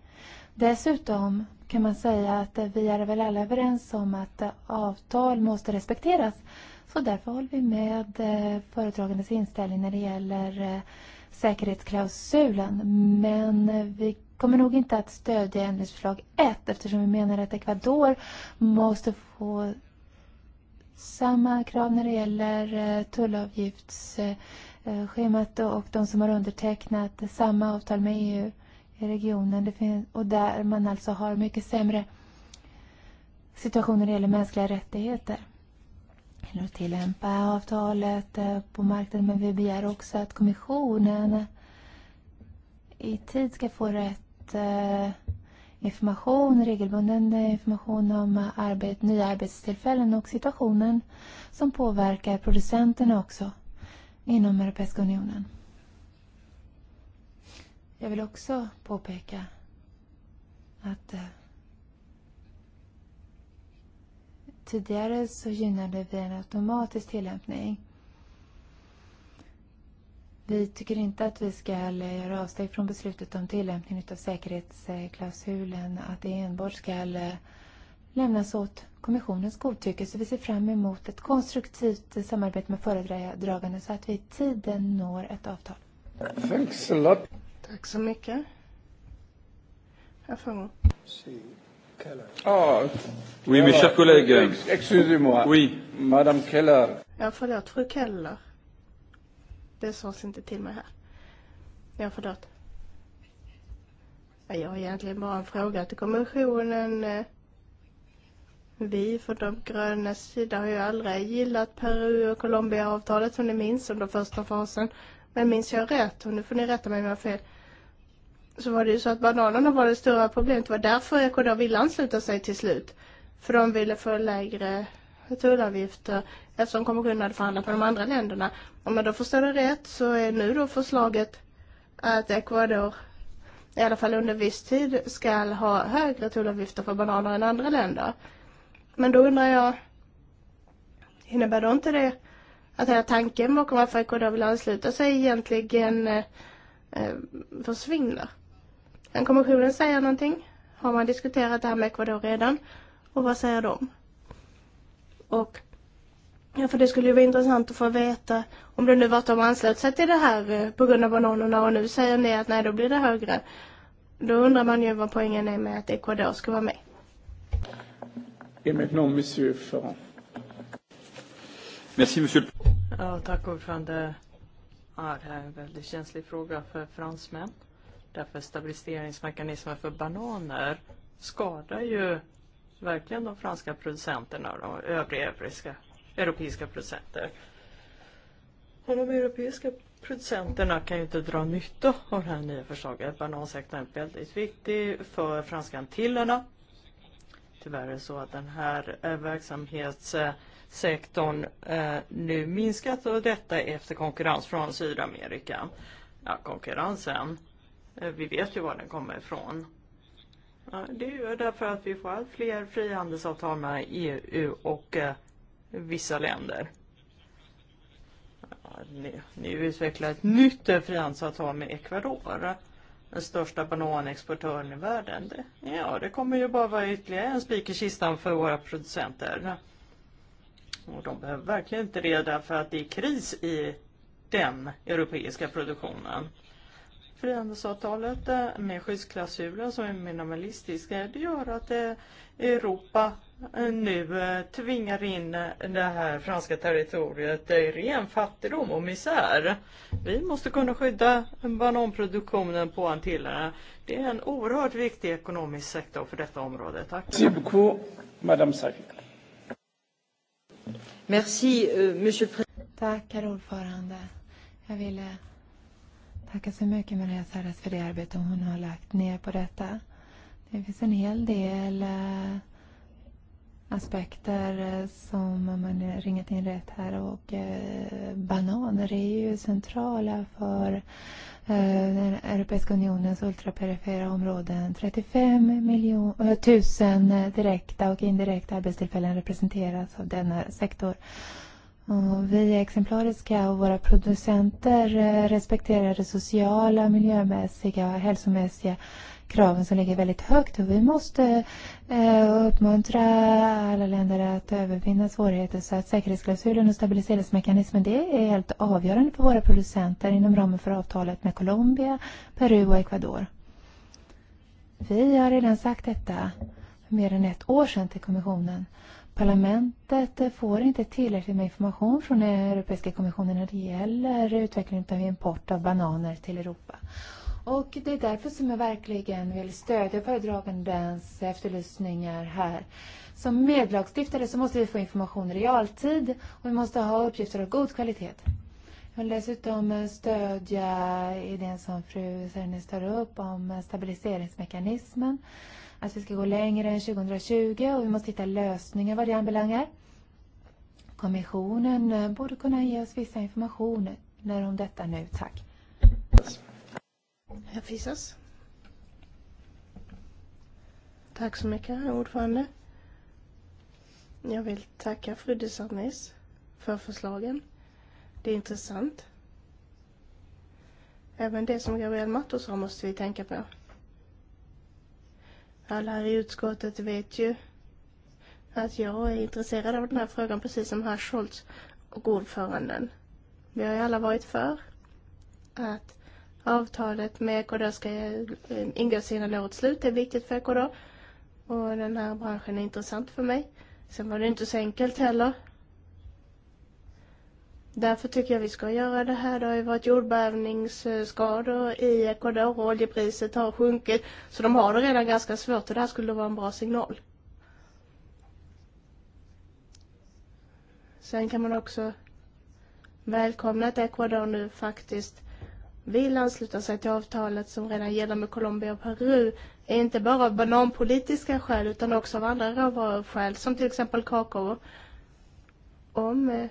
Speaker 1: Dessutom kan man säga att eh, vi är väl alla överens om att avtal måste respekteras. Så därför håller vi med föredragandes inställning när det gäller säkerhetsklausulen, men vi kommer nog inte att stödja ändringsförslag 1 eftersom vi menar att Ecuador måste få samma krav när det gäller eh, tullavgiftsschemat och de som har undertecknat samma avtal med EU i regionen. Det finns, och där man alltså har mycket sämre situationer när det gäller mänskliga rättigheter kunna tillämpa avtalet eh, på marknaden men vi begär också att kommissionen i tid ska få rätt eh, information, regelbunden information om no arbet, nya arbetstillfällen och situationen no som påverkar producenterna no också inom Europeiska unionen. Jag vill också påpeka att Tidigare så gynnade vi en automatisk tillämpning. Vi tycker inte att vi ska göra avsteg från beslutet om tillämpningen av säkerhetsklausulen, att det enbart ska lämnas åt kommissionens godtycke. Så vi ser fram emot ett konstruktivt samarbete med föredragande så att vi i tiden når ett avtal. Thanks a lot. Tack så mycket. Herr Fångå. Oh, oui, mes chers collègues. Excusez-moi. Oui. Madame Keller.
Speaker 3: Jag Ja, förlåt, fru Keller. Det sågs inte till mig här. Jag Ja, förlåt. Jag har egentligen bara en fråga till kommissionen. Vi från de gröna sida har ju aldrig gillat Peru och Colombia-avtalet som ni minns under första fasen. Men minns jag rätt? Och nu får ni rätta mig om jag har fel så var det ju så att bananerna var det stora problemet. Det var därför Ecuador ville ansluta sig till slut. För de ville få lägre tullavgifter eftersom de kommissionen kunna förhandla på de andra länderna. Om jag då förstår det rätt så är nu då förslaget att Ecuador i alla fall under viss tid ska ha högre tullavgifter för bananer än andra länder. Men då undrar jag, innebär då inte det att hela tanken bakom varför Ecuador vill ansluta sig egentligen eh, försvinner? Kan kommissionen säga någonting? Har man diskuterat er det här med Ecuador redan? Och vad säger de? Och Ja, för det skulle ju vara intressant att få veta om det nu var er att de er anslöt sig till det här øh, på grund av bananerna och nu säger ni att nej, då blir det högre. Då undrar man ju vad poängen är med att Ecuador ska vara med.
Speaker 2: Et maintenant, monsieur Ferrand. Merci, monsieur. Ja, tack ordförande. Ja, det här är en väldigt känslig fråga för fransmän. Därför stabiliseringsmekanismen för bananer skadar ju verkligen de franska producenterna och de övriga europeiska, europeiska producenter. Och de europeiska producenterna kan ju inte dra nytta av det här nya förslaget. Banansektorn är väldigt viktig för franska antillerna. Tyvärr är det så att den här eh, verksamhetssektorn eh, nu minskat och detta efter konkurrens från Sydamerika. Ja, konkurrensen Eh, vi vet ju var den kommer ifrån. Ja, det är ju därför att vi får allt fler frihandelsavtal med EU och eh, vissa länder. Ja, nu, nu utvecklar ett nytt frihandelsavtal med Ecuador, den största bananexportören i världen. Det, ja, det kommer ju bara vara ytterligare en spik i kistan för våra producenter. Och de behöver verkligen inte det därför att det är kris i den europeiska produktionen frihandelsavtalet med skyddsklausuler som är minimalistisk, det gör att eh, Europa eh, nu eh, tvingar in det här franska territoriet i ren fattigdom och misär. Vi måste kunna skydda bananproduktionen på Antillerna. Det är en oerhört viktig ekonomisk sektor för detta område. Tack.
Speaker 1: Merci, euh, Tack, herr ordförande. Jag ville tacka så mycket Maria Saras för det arbete hon har lagt ner på detta. Det finns en hel del eh, aspekter eh, som man har ringat in rätt här och eh, bananer är ju centrala för eh, den Europeiska unionens ultraperifera områden. 35 miljon, äh, tusen direkta och indirekta arbetstillfällen representeras av denna sektor. Eh, Vi är exemplariska och våra producenter respekterar de sociala, miljömässiga och hälsomässiga kraven som ligger väldigt högt och vi måste eh, uppmuntra alla länder att övervinna svårigheter så att säkerhetsklausulen och stabiliseringsmekanismen det är helt avgörande för våra producenter inom ramen för avtalet med Colombia, Peru och Ecuador. Vi har redan sagt detta mer än ett år sedan till kommissionen Parlamentet får inte tillräckligt med information från den Europeiska kommissionen när det gäller utvecklingen av import av bananer till Europa. Och det är därför som jag verkligen vill stödja föredragandens efterlysningar här. Som medlagstiftare så måste vi få information i realtid och vi måste ha uppgifter av god kvalitet. Jag vill dessutom stödja idén som fru Sernis tar upp om stabiliseringsmekanismen att vi ska gå längre än 2020 och vi måste hitta lösningar vad det anbelangar. Kommissionen borde kunna ge oss vissa informationer om detta nu, tack.
Speaker 3: Herr Fisas. Tack så mycket, herr ordförande. Jag vill tacka fru Desames för förslagen. Det är intressant. Även det som Gabriel Mattos har, måste vi tänka på. Alla här i utskottet vet ju att jag är intresserad av den här frågan precis som herr Scholz och ordföranden. Vi har ju alla varit för att avtalet med Ecuador ska ingås innan årets slut. Det är viktigt för Ecuador. Och den här branschen är intressant för mig. Sen var det inte så enkelt heller Därför tycker jag vi ska göra det här. Det har ju varit jordbävningsskador i Ecuador jako och oljepriset har sjunkit. Så de har det redan ganska svårt och det här skulle vara en bra signal. Sen kan man också välkomna att Ecuador nu faktiskt vill ansluta sig till avtalet som redan gäller med Colombia och Peru. Inte bara av bananpolitiska skäl utan också av andra råvaruskäl som till exempel kakao. Om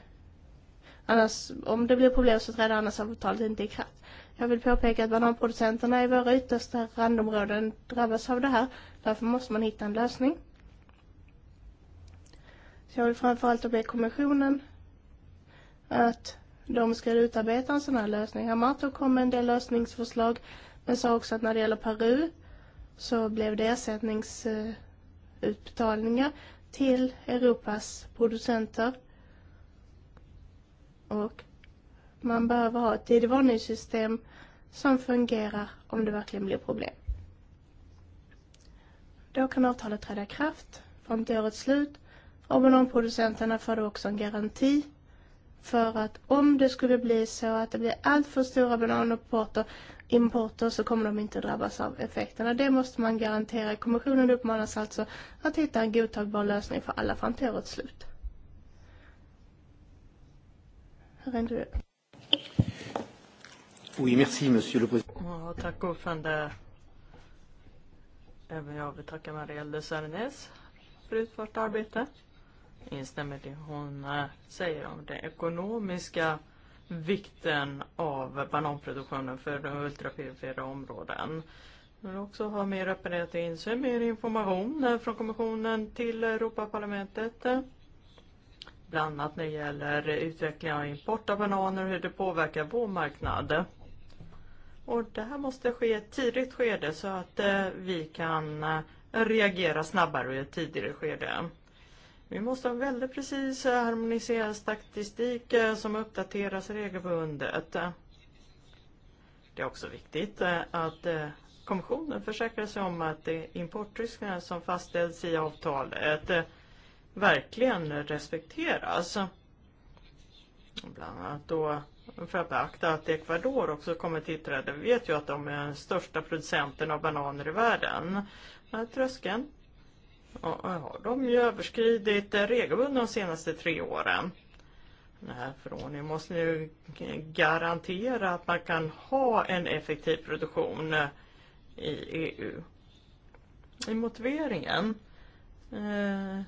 Speaker 3: Annars, om det blir problem så träder annars avtalet inte i kraft. Jag vill påpeka att bananproducenterna i våra yttersta randområden drabbas av det här. Därför måste man hitta en lösning. Så jag vill framförallt be kommissionen att de ska utarbeta en sån här lösning. Hamato kom med en del lösningsförslag men sa också att när det gäller Peru så blev det ersättningsutbetalningar till Europas producenter och man behöver ha ett tidvarningssystem som fungerar om det verkligen blir problem. Då kan avtalet träda i kraft fram till årets slut Abonnentproducenterna får då också en garanti för att om det skulle bli så att det blir allt för stora bananimporter importer så kommer de inte drabbas av effekterna. Det måste man garantera. Kommissionen uppmanas alltså att hitta en godtagbar lösning för alla fram till årets slut.
Speaker 2: Rendel. Oui, merci, monsieur le président. tack ordförande. Även jag vill tacka Marielle de Sarnes för utfört arbete. Instämmer det hon eh, säger om den ekonomiska vikten av bananproduktionen för de ultraperifera områden. Vi vill också ha mer öppenhet och insyn, mer information eh, från kommissionen till Europaparlamentet bland annat när det gäller utveckling av import av bananer och hur det påverkar vår marknad. Och det här måste ske i ett tidigt skede så att eh, vi kan eh, reagera snabbare i ett tidigare skede. Vi måste ha väldigt precis harmoniserad statistik eh, som uppdateras regelbundet. Det är också viktigt att kommissionen försäkrar sig om att importriskerna som fastställs i avtalet verkligen respekteras. Bland annat då för att beakta att Ecuador också kommer tillträde. Vi vet ju att de är den största producenten av bananer i världen. Den här tröskeln och, ja, de ju överskridit regelbundet de senaste tre åren. Den här förordningen måste nu garantera att man kan ha en effektiv produktion i EU. I motiveringen eh,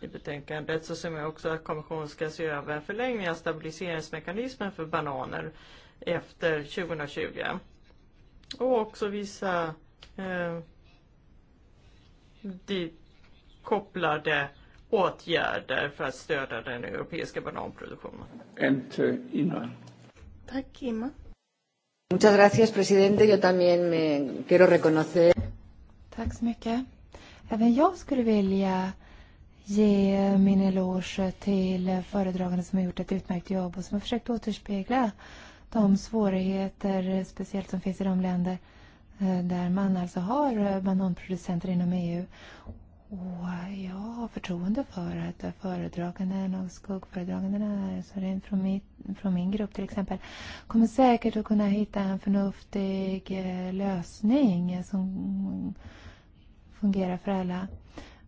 Speaker 2: i betänkandet så ser man också att kommissionen ska se över en förlängning av stabiliseringsmekanismen för bananer efter 2020. Och också vissa eh, de kopplade åtgärder för att stödja den europeiska bananproduktionen. Enter Inma.
Speaker 3: Tack Inma.
Speaker 1: Muchas gracias, presidente. Yo también me quiero reconocer. Tack så mycket. Även jag skulle vilja ge eh, min eloge till föredragande som har gjort ett utmärkt jobb och som har försökt återspegla de svårigheter, eh, speciellt som finns i de länder eh, där man alltså har bananproducenter inom EU. Och jag har förtroende för att föredraganden och skuggföredraganden Sören från, mitt, från min grupp till exempel kommer säkert att kunna hitta en förnuftig lösning som fungerar för alla.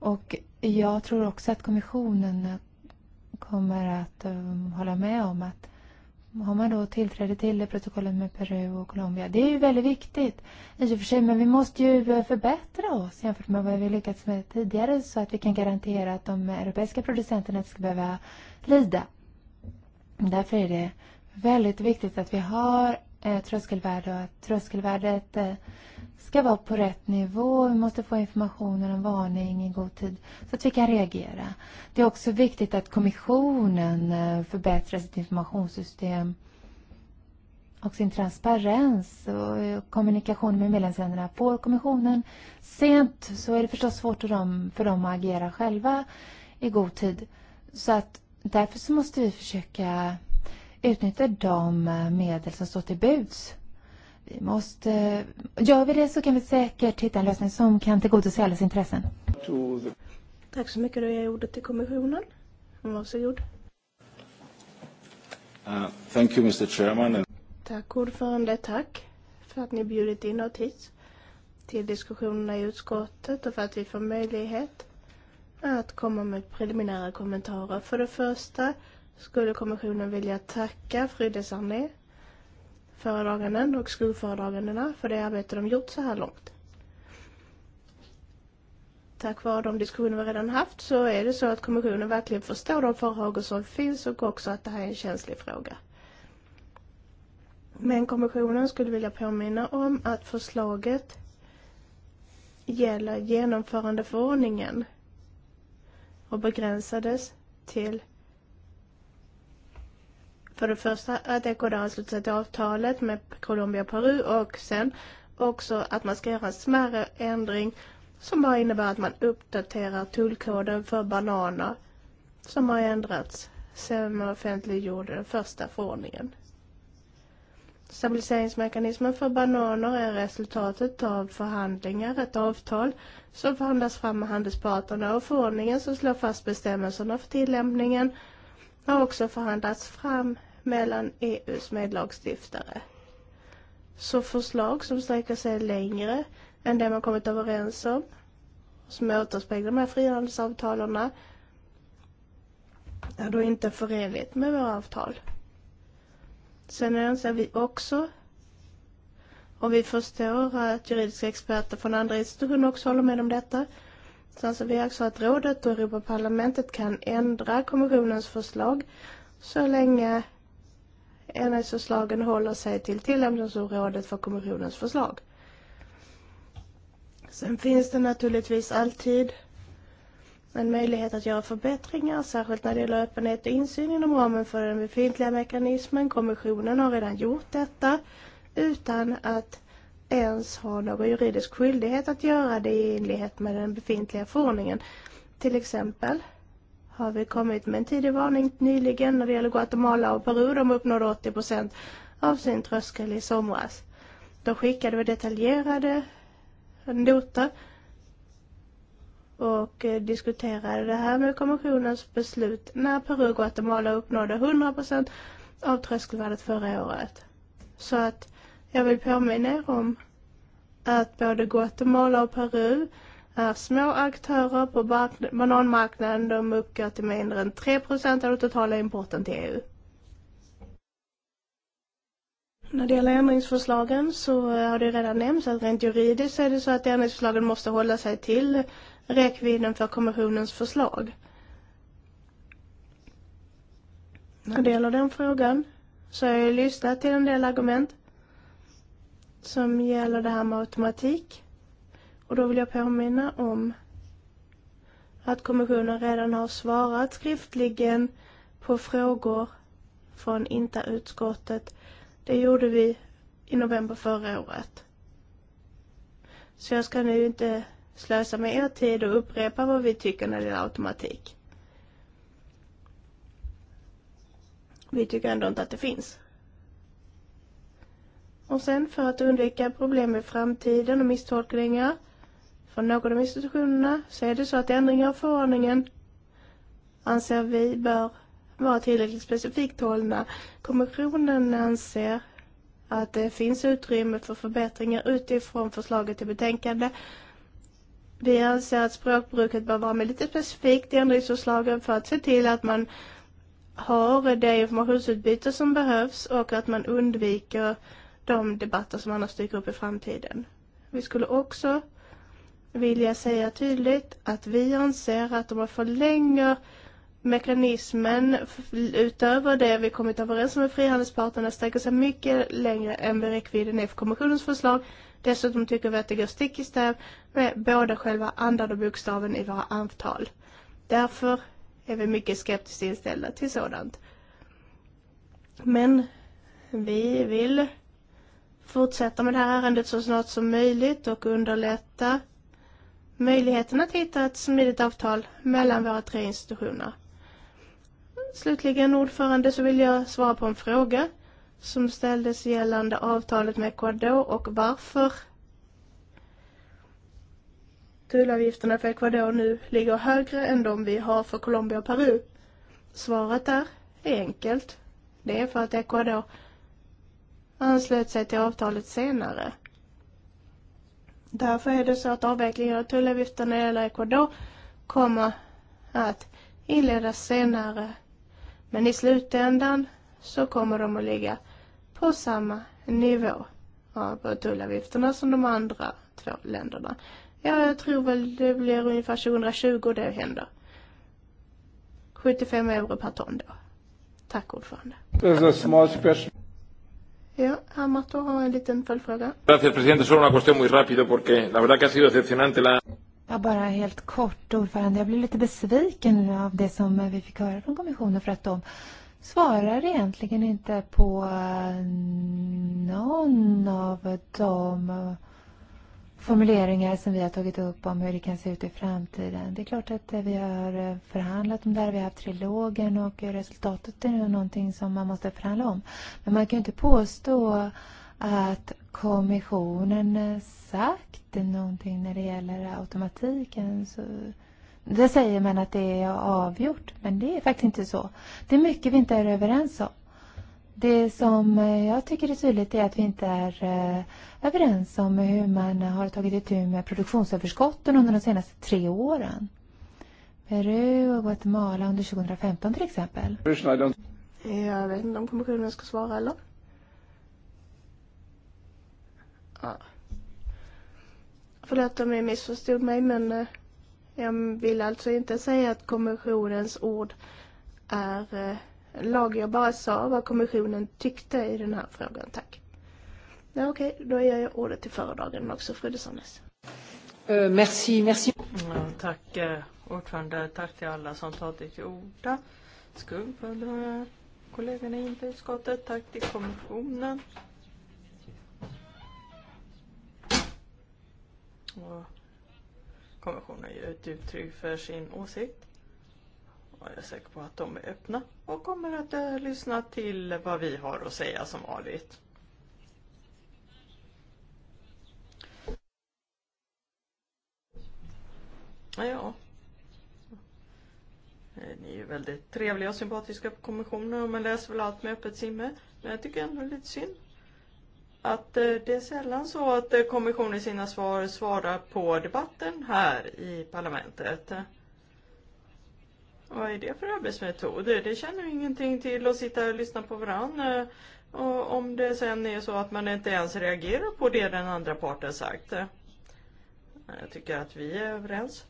Speaker 1: Och jag tror också att kommissionen kommer att um, hålla med om att har man då tillträde till protokollet med Peru och Colombia. Det är ju väldigt viktigt i och för sig, men vi måste ju eh, förbättra oss jämfört med vad vi lyckats med tidigare så att vi kan garantera att de europeiska producenterna inte ska behöva lida. Därför är det väldigt viktigt att vi har tröskelvärde och att tröskelvärdet eh, ska vara på rätt nivå. Vi måste få informationen om varning i god tid så att vi kan reagera. Det är också viktigt att kommissionen eh, förbättrar sitt informationssystem och sin transparens och eh, kommunikation med medlemsländerna. Får kommissionen sent så är det förstås svårt för dem, för dem att agera själva i god tid. Så att därför så måste vi försöka utnyttja de medel som står till buds. Vi måste, gör vi det så kan vi säkert hitta en lösning som kan tillgodose allas intressen. Tack så
Speaker 3: mycket. Då ger jag ordet till kommissionen. Varsågod.
Speaker 2: Uh, thank you, Mr.
Speaker 3: Chairman. Tack ordförande, tack för att ni bjudit in oss hit till diskussionerna i utskottet och för att vi får möjlighet att komma med preliminära kommentarer. För det första skulle kommissionen vilja tacka Fride Sanné, föredraganden och skolföredragandena för det arbete de gjort så här långt. Tack vare de diskussioner vi redan haft så är det så att kommissionen verkligen förstår de farhågor som finns och också att det här är en känslig fråga. Men kommissionen skulle vilja påminna om att förslaget gäller genomförandeförordningen och begränsades till För det första att Ecuador har slutit avtalet med Colombia och Peru och sen också att man ska göra en smärre ändring som bara innebär att man uppdaterar tullkoden för bananer som har ändrats sedan man offentliggjorde den första förordningen. Stabiliseringsmekanismen för bananer är resultatet av förhandlingar, ett avtal som förhandlas fram med handelsparterna och förordningen som slår fast bestämmelserna för tillämpningen har också förhandlats fram mellan EUs medlagstiftare. Så förslag som sträcker sig längre än det man kommit överens om, som återspeglar de här frihandelsavtalarna, är då inte förenligt med våra avtal. Sen önskar vi också, och vi förstår att juridiska experter från andra institutioner också håller med om detta, så anser vi också att rådet och Europaparlamentet kan ändra kommissionens förslag så länge Enhetsförslagen håller sig till tillämpningsområdet för kommissionens förslag. Sen finns det naturligtvis alltid en möjlighet att göra förbättringar, särskilt när det gäller öppenhet och insyn inom ramen för den befintliga mekanismen. Kommissionen har redan gjort detta utan att ens ha någon juridisk skyldighet att göra det i enlighet med den befintliga förordningen. Till exempel har vi kommit med en tidig varning nyligen när det gäller Guatemala och Peru. De uppnådde 80 procent av sin tröskel i somras. Då skickade vi detaljerade noter och eh, diskuterade det här med kommissionens beslut när Peru och Guatemala uppnådde 100 procent av tröskelvärdet förra året. Så att jag vill påminna er om att både Guatemala och Peru Uh, små aktörer på bananmarknaden de uppgår till mindre än 3 av den totala importen till EU. När det gäller ändringsförslagen så uh, har det redan nämnts att rent juridiskt är det så att ändringsförslagen måste hålla sig till räckvidden för kommissionens förslag. När det gäller den frågan så har jag lyssnat till en del argument som gäller det här med automatik. Och då vill jag påminna om att kommissionen redan har svarat skriftligen på frågor från INTA-utskottet. Det gjorde vi i november förra året. Så jag ska nu inte slösa med er tid och upprepa vad vi tycker när det gäller automatik. Vi tycker ändå inte att det finns. Och sen för att undvika problem i framtiden och misstolkningar Från någon av institutionerna så är det så att ändringar av förordningen anser vi bör vara tillräckligt specifikt hållna. Kommissionen anser att det finns utrymme för förbättringar utifrån förslaget till betänkande. Vi anser att språkbruket bör vara med lite specifikt i ändringsförslagen för att se till att man har det informationsutbyte som behövs och att man undviker de debatter som annars dyker upp i framtiden. Vi skulle också vill jag säga tydligt att vi anser att om man förlänger mekanismen utöver det vi kommit överens med frihandelsparterna sträcker sig mycket längre än räckvidden är för kommissionens förslag. Dessutom tycker vi att det går stick i stäv med båda själva andan och bokstaven i våra antal. Därför är vi mycket skeptiskt inställda till sådant. Men vi vill fortsätta med det här ärendet så snart som möjligt och underlätta möjligheten att hitta ett smidigt avtal mellan våra tre institutioner. Slutligen, ordförande, så vill jag svara på en fråga som ställdes gällande avtalet med Ecuador och varför tullavgifterna för Ecuador nu ligger högre än de vi har för Colombia och Peru. Svaret där är enkelt. Det är för att Ecuador anslöt sig till avtalet senare. Därför är det så att avvecklingen av tullavgifter när det gäller Ecuador kommer att inledas senare. Men i slutändan så kommer de att ligga på samma nivå av tullavgifterna som de andra två länderna. Ja, jag tror väl det blir ungefär 2020 det händer. 75 euro per ton då. Tack ordförande.
Speaker 2: Det är en liten
Speaker 1: Yo amato liten följdfråga.
Speaker 2: Gracias, presidente. Solo una cuestión muy rápido porque la verdad
Speaker 3: que ha sido decepcionante la...
Speaker 1: Ja, bara helt kort, ordförande. Jag blev lite besviken av det som vi fick höra från kommissionen för att de svarar egentligen inte på eh, någon av de formuleringar som vi har tagit upp om hur det kan se ut i framtiden. Det är klart att eh, vi har eh, förhandlat om det här, vi har haft trilogen och resultatet är nu någonting som man måste förhandla om. Men man kan ju inte påstå att kommissionen eh, sagt någonting när det gäller automatiken. Så det säger man att det är avgjort, men det är faktiskt inte så. Det är mycket vi inte är överens om. Det som eh, jag tycker är tydligt är att vi inte är eh, överens om hur man har tagit itu med produktionsöverskotten under de senaste tre åren. Peru och Guatemala under 2015 till exempel. Jag vet inte om kommissionen ska svara eller? Ja.
Speaker 3: Förlåt om jag missförstod mig men eh, jag vill alltså inte säga att kommissionens ord är lag. Jag bara sa vad kommissionen tyckte i den här
Speaker 2: frågan. Tack.
Speaker 3: Ja, okej, okay. då ger jag ordet till föredragen också, fru Desandes.
Speaker 2: Uh, eh, merci, merci. Ja, tack eh, ordförande. Tack till alla som tagit er till orda. Skum för kollegorna i utskottet. Tack till kommissionen. Och kommissionen ger ett uttryck för sin åsikt jag är säker på att de är öppna och kommer att eh, lyssna till vad vi har att säga som vanligt. Ja. Eh, ni är ju väldigt trevliga och sympatiska på kommissionen och man läser väl allt med öppet sinne. Men jag tycker ändå det är lite synd att eh, det är sällan så att eh, kommissionen i sina svar svarar på debatten här i parlamentet. Vad är det för arbetsmetoder? Det känner ingenting till att sitta och lyssna på varandra. Och om det sen är så att man inte ens reagerar på det den andra parten sagt. Jag tycker att vi är överens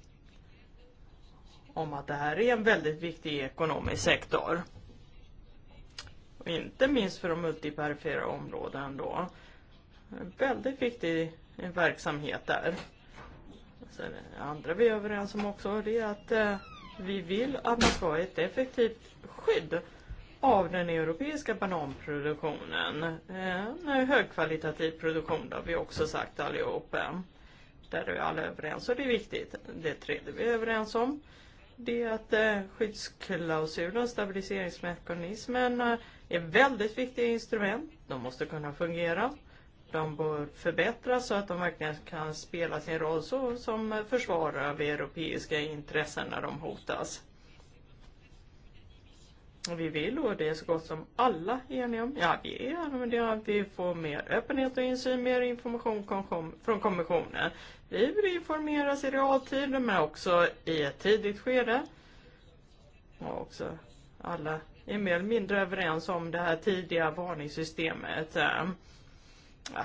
Speaker 2: om att det här är en väldigt viktig ekonomisk sektor. Och inte minst för de multiperifera områden då. En väldigt viktig verksamhet där. Sen det andra vi är överens om också det är att eh, vi vill att man ska ha ett effektivt skydd av den europeiska bananproduktionen. En högkvalitativ produktion, det har vi också sagt allihop. Där är alla överens och det är viktigt. Det tredje vi är överens om det är att eh, skyddsklausulen, stabiliseringsmekanismen, eh, är väldigt viktiga instrument. De måste kunna fungera de bör förbättras så att de verkligen kan spela sin roll så, som försvarare av europeiska intressen när de hotas. Och Vi vill, och det är så gott som alla eniga om, ja vi är eniga om det, att vi får mer öppenhet och insyn, mer information från kommissionen. Vi vill informeras i realtid men också i ett tidigt skede. Och också alla är mer eller mindre överens om det här tidiga varningssystemet. Ja, äh,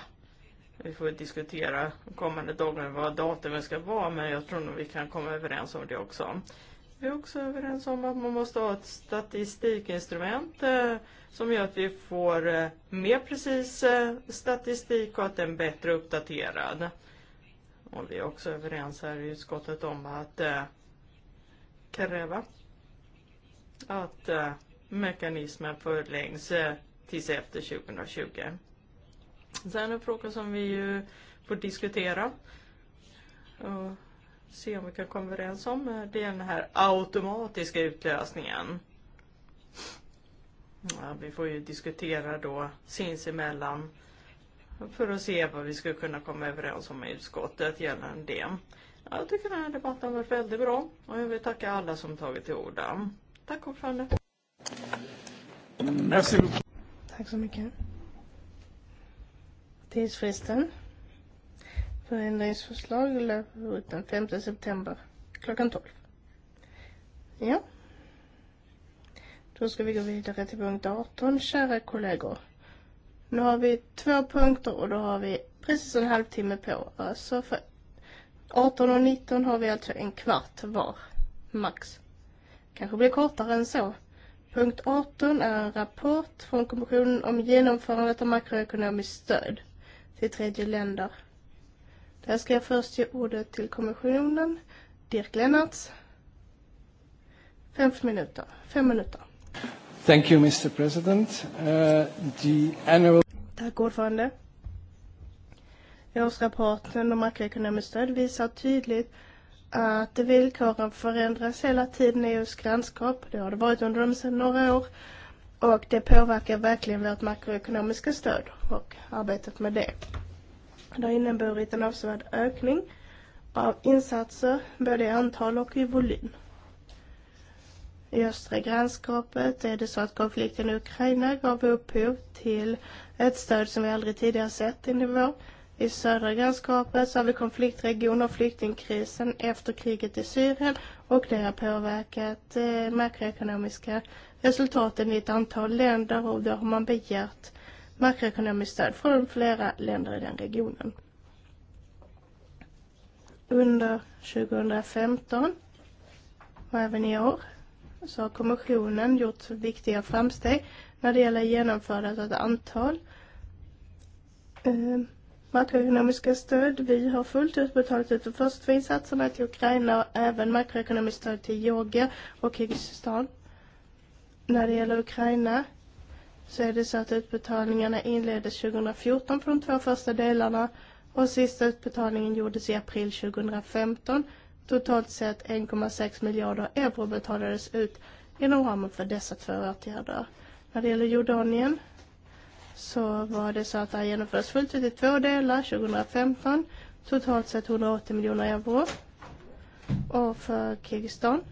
Speaker 2: vi får diskutera kommande dagar vad datumen ska vara, men jag tror nog vi kan komma överens om det också. Vi är också överens om att man måste ha ett statistikinstrument eh, som gör att vi får eh, mer precis eh, statistik och att den är bättre uppdaterad. Och vi är också överens här i utskottet om att eh, kräva att eh, mekanismen förlängs eh, tills efter 2020. Sen en fråga som vi ju øh, får diskutera och se om vi kan komma överens om, øh, det är er den här automatiska utlösningen. Ja, vi får ju diskutera då sinsemellan för att se vad vi skulle kunna komma överens om i utskottet gällande det. Ja, jag tycker den här debatten var er väldigt bra och jag vill tacka alla som tagit till orda. Tack ordförande. Merci. Tack så mycket
Speaker 3: tidsfristen för ändringsförslag löper ut den 5 september klockan 12. Ja. Då ska vi gå vidare till punkt 18, kära kollegor. Nu har vi två punkter och då har vi precis en halvtimme på oss. För 18 och 19 har vi alltså en kvart var, max. Kanske blir kortare än så. Punkt 18 är en rapport från Kommissionen om genomförandet av makroekonomiskt stöd till tredje länder. Där ska jag först ge ordet till kommissionen, Dirk Lennarts. Fem minuter. Fem minuter.
Speaker 2: Thank you, Mr. President. Uh, the annual...
Speaker 3: Tack, ordförande. Årsrapporten om makroekonomiskt stöd visar tydligt att villkoren förändras hela tiden i EUs grannskap. Det har det varit under de senare några år Och det påverkar verkligen vårt makroekonomiska stöd och arbetet med det. Det har inneburit en avsevärd ökning av insatser, både i antal och i volym. I östra grannskapet är det så att konflikten i Ukraina gav upphov till ett stöd som vi aldrig tidigare sett i nivå. I södra grannskapet så har vi konfliktregioner och flyktingkrisen efter kriget i Syrien och det har påverkat eh, makroekonomiska resultaten i ett antal länder och då har man begärt makroekonomiskt stöd från flera länder i den regionen. Under 2015 och även i år så har kommissionen gjort viktiga framsteg när det gäller genomförandet av ett antal eh, makroekonomiska stöd. Vi har fullt ut betalat ut de första insatserna till Ukraina och även makroekonomiskt stöd till Georgia och Kyrgyzstan. När det gäller Ukraina så är det så att utbetalningarna inleddes 2014 för de två första delarna och sista utbetalningen gjordes i april 2015. Totalt sett 1,6 miljarder euro betalades ut inom ramen för dessa två åtgärder. När det gäller Jordanien så var det så att det genomfördes fullt ut i två delar 2015. Totalt sett 180 miljoner euro. Och för Kyrgyzstan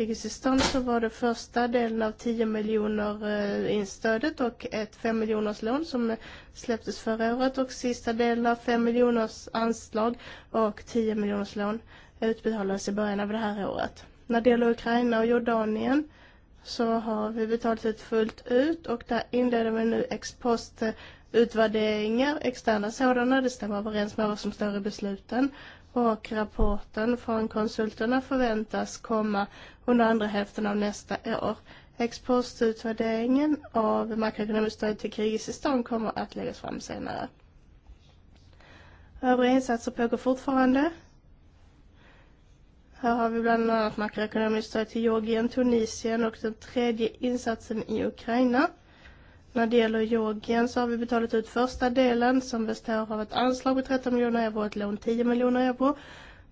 Speaker 3: existens så var det första delen av 10 miljoner eh, instödet och ett 5 miljoners lån som släpptes förra året och sista delen av 5 miljoners anslag och 10 miljoners lån utbetalades i början av det här året. När det gäller Ukraina och Jordanien så har vi betalat ut fullt ut och där inleder vi nu ex post utvärderingar, externa sådana, det stämmer överens med vad som står i besluten och rapporten från konsulterna förväntas komma under andra hälften av nästa år. Exportutvärderingen av makroekonomiskt stöd till Kirgizistan kommer att läggas fram senare. Övriga insatser pågår fortfarande. Här har vi bland annat makroekonomiskt stöd till Georgien, Tunisien och den tredje insatsen i Ukraina. När det gäller Georgien så har vi betalat ut första delen som består av ett anslag på 13 miljoner euro och ett lån 10 miljoner euro.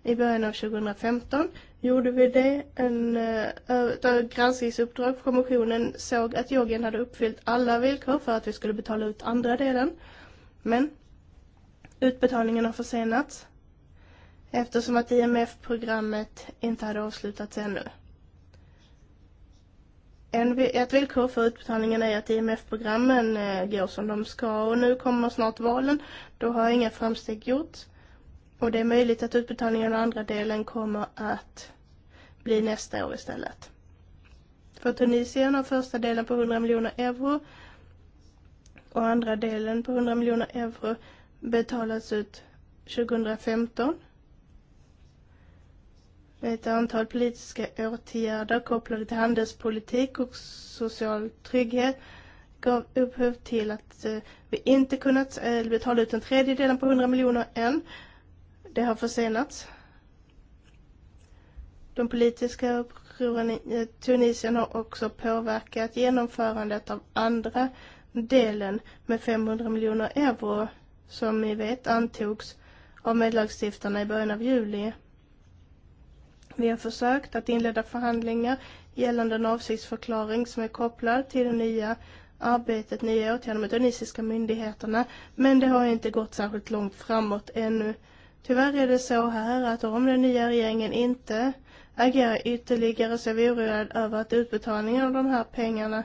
Speaker 3: I början av 2015 gjorde vi det. En, ett eh, granskningsuppdrag för kommissionen såg att Jorgen hade uppfyllt alla villkor för att vi skulle betala ut andra delen. Men utbetalningen har försenats eftersom att IMF-programmet inte hade avslutats ännu. En, ett villkor för utbetalningen är att IMF-programmen eh, går som de ska och nu kommer snart valen. Då har inga framsteg gjorts. Och det är möjligt att utbetalningen av andra delen kommer att bli nästa år istället. För Tunisien har första delen på 100 miljoner euro och andra delen på 100 miljoner euro betalats ut 2015. Ett antal politiska åtgärder kopplade till handelspolitik och social trygghet gav upphov till att eh, vi inte kunnat eh, betala ut en tredjedel på 100 miljoner än Det har försenats. De politiska upproren i Tunisien har också påverkat genomförandet av andra delen med 500 miljoner euro som ni vet antogs av medlagstiftarna i början av juli. Vi har försökt att inleda förhandlingar gällande en avsiktsförklaring som är kopplad till det nya arbetet, nya åtgärder med tunisiska myndigheterna, men det har inte gått särskilt långt framåt ännu. Tyvärr är det så här att om den nya regeringen inte agerar ytterligare så är vi oroade över att utbetalningen av de här pengarna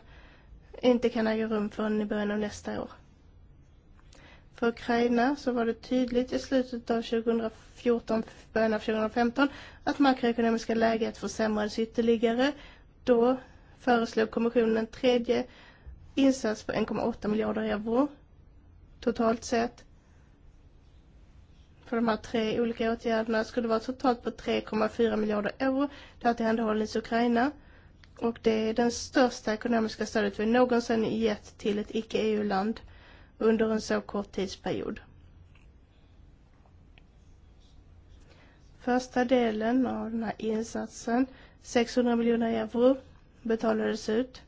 Speaker 3: inte kan äga rum förrän i början av nästa år. För Ukraina så var det tydligt i slutet av 2014, början av 2015 att makroekonomiska läget försämrades ytterligare. Då föreslog kommissionen en tredje insats på 1,8 miljarder euro totalt sett för de här tre olika åtgärderna skulle vara totalt på 3,4 miljarder euro. Det har tillhandahållits Ukraina och det är den största ekonomiska stödet vi någonsin gett till ett icke-EU-land under en så kort tidsperiod. Första delen av den här insatsen, 600 miljoner euro, betalades ut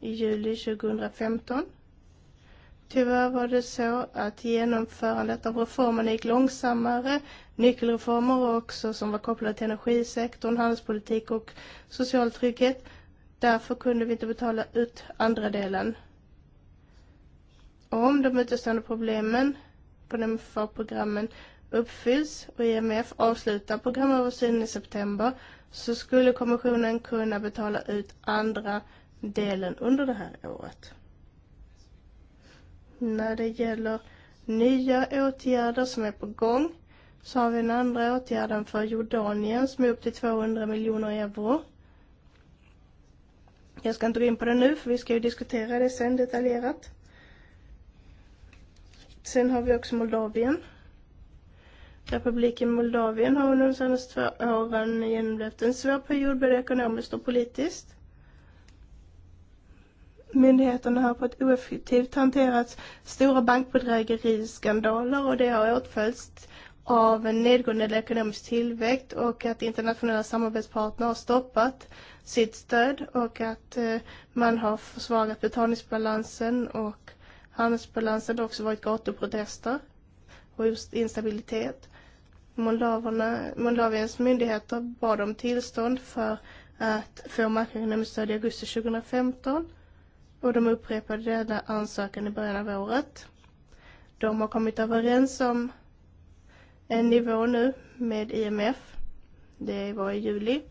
Speaker 3: i juli 2015. Tyvärr var det så att genomförandet av reformerna gick långsammare. Nyckelreformer också som var kopplade till energisektorn, handelspolitik och social trygghet. Därför kunde vi inte betala ut andra delen. Om de utestående problemen på de MFA-programmen uppfylls och IMF avslutar programöversynen i september så skulle kommissionen kunna betala ut andra delen under det här året när det gäller nya åtgärder som är på gång så har vi den andra åtgärden för Jordanien som är upp till 200 miljoner euro. Jag ska inte gå in på det nu för vi ska ju diskutera det sen detaljerat. Sen har vi också Moldavien. Republiken Moldavien har under de senaste två åren genomlevt en svår period både ekonomiskt och politiskt. Myndigheterna har på ett oeffektivt hanterat stora bankbedrägeriskandaler och det har åtföljts av en nedgående ekonomisk tillväxt och att internationella samarbetspartner har stoppat sitt stöd och att eh, man har försvagat betalningsbalansen och handelsbalansen. Det har också varit gatuprotester och just instabilitet. Moldaviens myndigheter bad om tillstånd för att få makroekonomiskt stöd i augusti 2015 och de upprepade denna ansökan i början av året. De har kommit överens om en nivå nu med IMF. Det var i juli.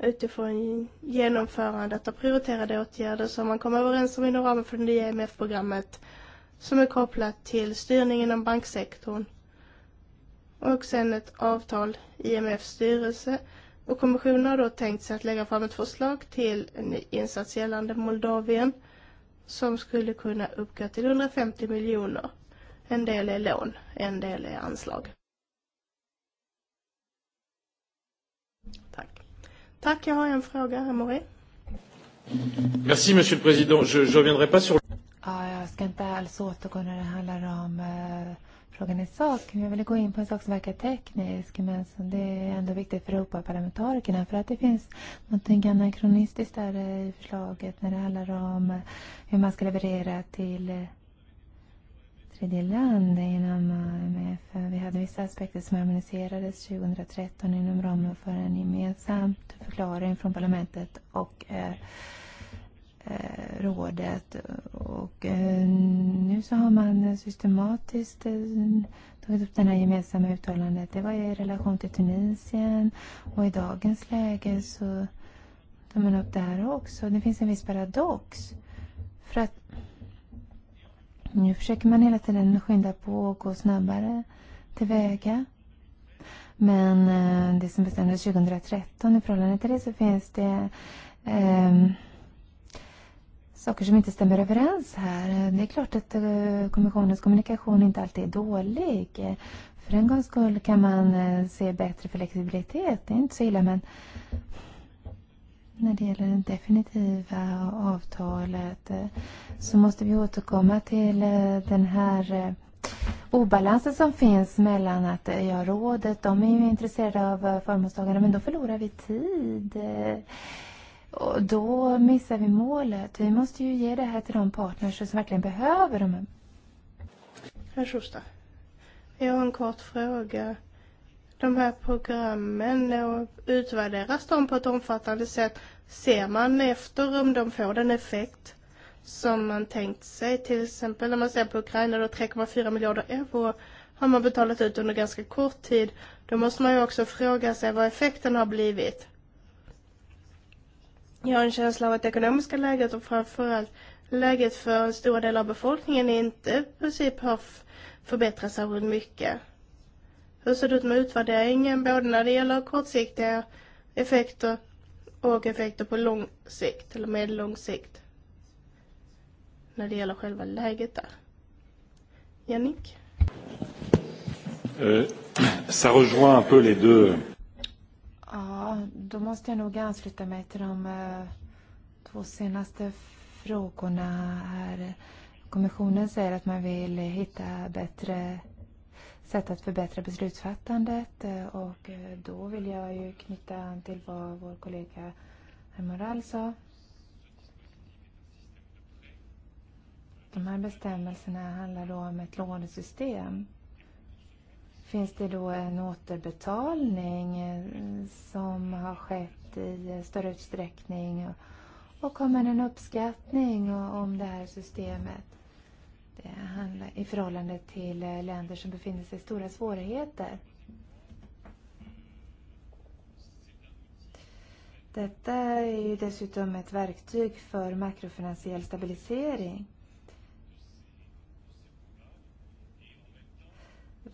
Speaker 3: Utifrån genomförandet av prioriterade åtgärder som man kom överens om inom ramen för det nya IMF-programmet som är kopplat till styrningen av banksektorn. Och sen ett avtal IMF styrelse Och kommissionen har då tänkt sig att lägga fram ett förslag till en insats gällande Moldavien som skulle kunna uppgå till 150 miljoner. En del är lån, en del är anslag.
Speaker 1: Tack. Tack, jag har en fråga, Amore. Merci, monsieur le président. Je, je reviendrai pas sur... Ja, jag ska inte alls återgå när det handlar om Uh frågan i sak. Men Jag ville gå in på en sak som verkar teknisk men som det är ändå viktigt för Europaparlamentarikerna för att det finns något anakronistiskt där i förslaget när det handlar om hur man ska leverera till tredje land inom AMF. Vi hade vissa aspekter som harmoniserades 2013 inom ramen för en gemensam förklaring från parlamentet och eh, rådet och eh, nu så har man systematiskt eh, tagit upp den här gemensamma uttalandet. Det var i relation till Tunisien och i dagens läge så tar man upp det här också. Det finns en viss paradox för att nu försöker man hela tiden skynda på och gå snabbare tillväga. Men eh, det som bestämdes 2013 i förhållande till det så finns det eh, saker som inte stämmer överens här. Det är klart att eh, kommissionens kommunikation inte alltid är dålig. För en gångs skull kan man eh, se bättre flexibilitet. Det är inte så illa, men när det gäller det definitiva avtalet eh, så måste vi återkomma till den här obalansen som finns mellan att jag rådet, de är ju intresserade av förmånstagarna, men då förlorar vi tid. Och då missar vi målet. Vi måste ju ge det här till de partners som verkligen behöver dem.
Speaker 3: Herr Schuster, jag har en kort fråga. De här programmen, utvärderas de på ett omfattande sätt? Ser man efter om de får den effekt som man tänkt sig? Till exempel när man ser på Ukraina, då 3,4 miljarder euro har man betalat ut under ganska kort tid. Då måste man ju också fråga sig vad effekten har blivit. Jag har en känsla av att det ekonomiska läget och framförallt läget för en stor del av befolkningen inte i princip har förbättrats särskilt mycket. Hur ser det ut med utvärderingen både när det gäller kortsiktiga effekter och effekter på lång sikt eller medellång sikt? När det gäller själva läget där. Jannick?
Speaker 1: Euh, ça rejoint un peu les deux Ja, då måste jag nog ansluta mig till de eh, två senaste frågorna här. Kommissionen säger att man vill hitta bättre sätt att förbättra beslutsfattandet och eh, då vill jag ju knyta an till vad vår kollega Hermoral sa. De här bestämmelserna handlar då om ett eh? lånesystem finns det då en återbetalning som har skett i större utsträckning och kommer en uppskattning om det här systemet det handlar, i förhållande till länder som befinner sig i stora svårigheter. Detta är ju dessutom ett verktyg för makrofinansiell stabilisering.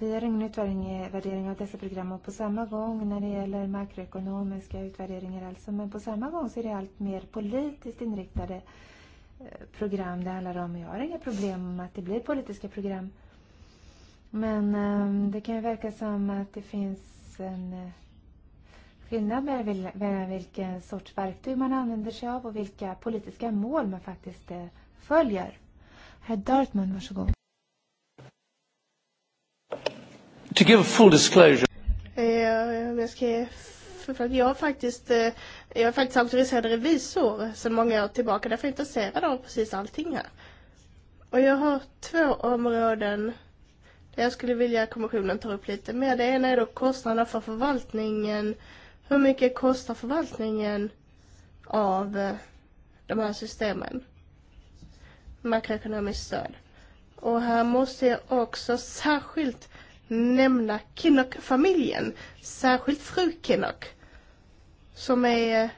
Speaker 1: värdevärdering och utvärdering av dessa program och på samma gång när det gäller makroekonomiska utvärderingar alltså, men på samma gång så är det allt mer politiskt inriktade eh, program det handlar om. Jag har inga problem med att det blir politiska program. Men ehm, det kan ju verka som att det finns en eh, skillnad med vilken sorts verktyg man använder sig av och vilka politiska mål man faktiskt eh, följer. Herr Dartman, varsågod.
Speaker 3: to give full disclosure. Jag ska för att jag faktiskt, øh, jag är faktiskt auktoriserad revisor sedan många år er tillbaka. Därför är jag intresserad av precis allting här. Och jag har två områden där jag skulle vilja att kommissionen tar upp lite mer. Det ena är er då kostnaderna för förvaltningen. Hur mycket kostar förvaltningen av øh, de här systemen? Makroekonomiskt stöd. Och här måste jag också särskilt nämna Kinnock-familjen, särskilt fru Kinnock, som är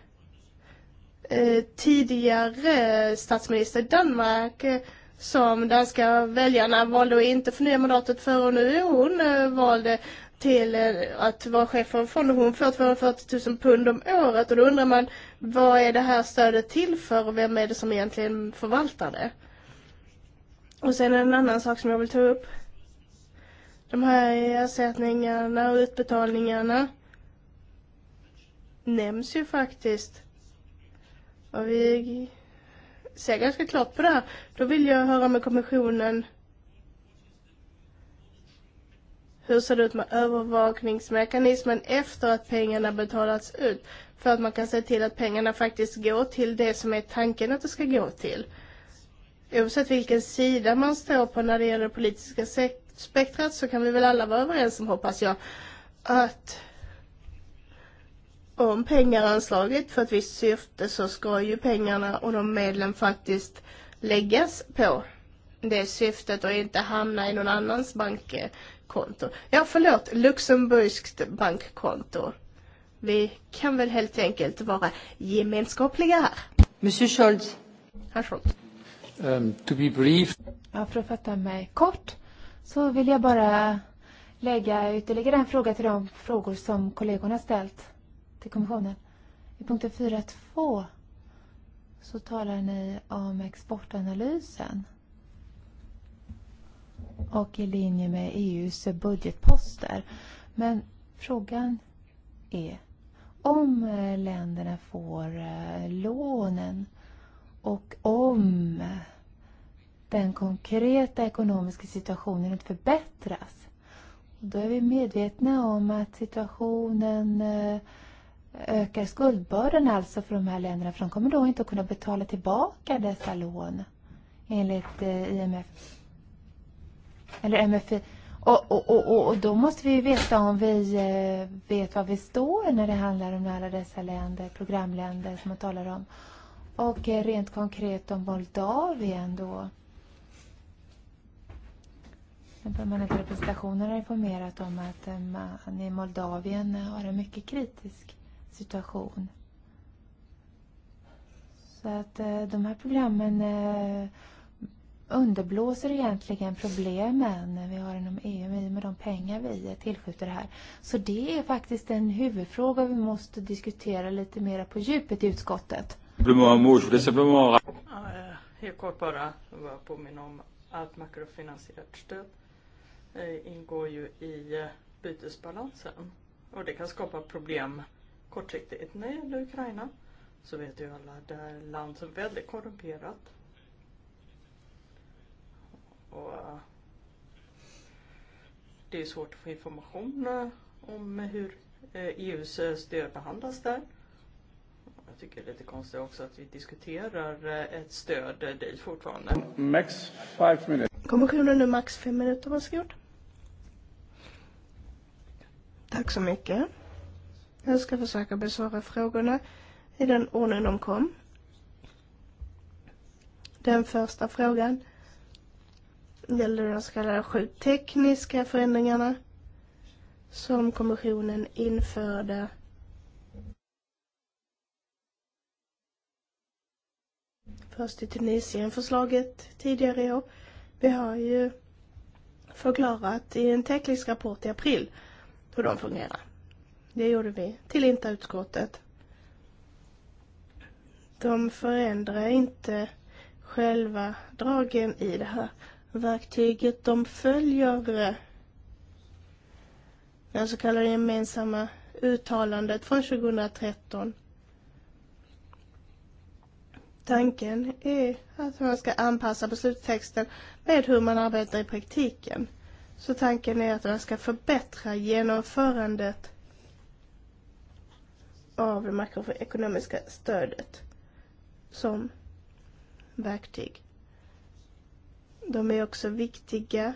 Speaker 3: eh, tidigare statsminister i Danmark eh, som danska väljarna valde att inte förnya mandatet för och nu hon eh, valde till eh, att vara chef för fond och hon får 240 000 pund om året och då undrar man vad är det här stödet till för och vem är det som egentligen förvaltar det? Och sen en annan sak som jag vill ta upp de här ersättningarna och utbetalningarna nämns ju faktiskt. Och vi ser ganska klart på det här. Då vill jag höra med kommissionen hur ser det ut med övervakningsmekanismen efter att pengarna betalats ut? För att man kan se till att pengarna faktiskt går till det som är tanken att det ska gå till. Oavsett vilken sida man står på när det gäller politiska sektorn spektrat så kan vi väl alla vara överens om, hoppas jag, att om pengar anslaget för ett visst syfte så ska ju pengarna och de medlen faktiskt läggas på det syftet och inte hamna i någon annans bankkonto. Ja, förlåt, luxemburgskt bankkonto. Vi kan väl helt
Speaker 1: enkelt vara gemenskapliga här. Monsieur Scholz. Herr Scholz.
Speaker 2: Um, to be brief.
Speaker 1: Ja, för att fatta mig kort så vill jag bara lägga ytterligare en fråga till de frågor som kollegorna ställt till kommissionen. I punkt 4.2 så talar ni om exportanalysen och i linje med EUs budgetposter. Men frågan är om länderna får eh, lånen och om den konkreta ekonomiska situationen att förbättras. Och då är vi medvetna om att situationen eh, ökar skuldbördan alltså för de här länderna för de kommer då inte att kunna betala tillbaka dessa lån enligt eh, IMF eller MFI. Och, och, och, och då måste vi ju veta om vi eh, vet var vi står när det handlar om alla dessa länder, programländer som man talar om. Och rent konkret om Moldavien då. Den permanenta representationen har informerat om att eh, man i Moldavien har en mycket kritisk situation. Så att eh, de här programmen eh, underblåser egentligen problemen vi har inom EU med de pengar vi tillskjuter här. Så det är faktiskt en huvudfråga vi måste diskutera lite mer på djupet i utskottet. helt kort
Speaker 2: bara, bara påminna om att makrofinansierat stöd Eh, ingår ju i eh, bytesbalansen. Och det kan skapa problem kortsiktigt. När det gäller Ukraina så vet ju alla det är ett land som är väldigt korrumperat. Och eh, det är svårt att få information om hur EUs e stöd behandlas där. Jag tycker det är lite konstigt också att vi diskuterar ett stöd dit fortfarande.
Speaker 1: Max five minutes.
Speaker 2: Kommissionen
Speaker 3: nu max fem minuter, varsågod. Tack så mycket. Jag ska försöka besvara frågorna i den ordning de kom. Den första frågan gäller de så kallade sju tekniska förändringarna som kommissionen införde först i Tunisien-förslaget tidigare i år. Vi har ju förklarat i en teknisk rapport i april hur de fungerar. Det gjorde vi till INTA-utskottet. De förändrar inte själva dragen i det här verktyget. De följer eh, det så kallade gemensamma uttalandet från 2013. Tanken är att man ska anpassa beslutstexten med hur man arbetar i praktiken. Så tanken är att den ska förbättra genomförandet av det makroekonomiska stödet som verktyg. De är också viktiga.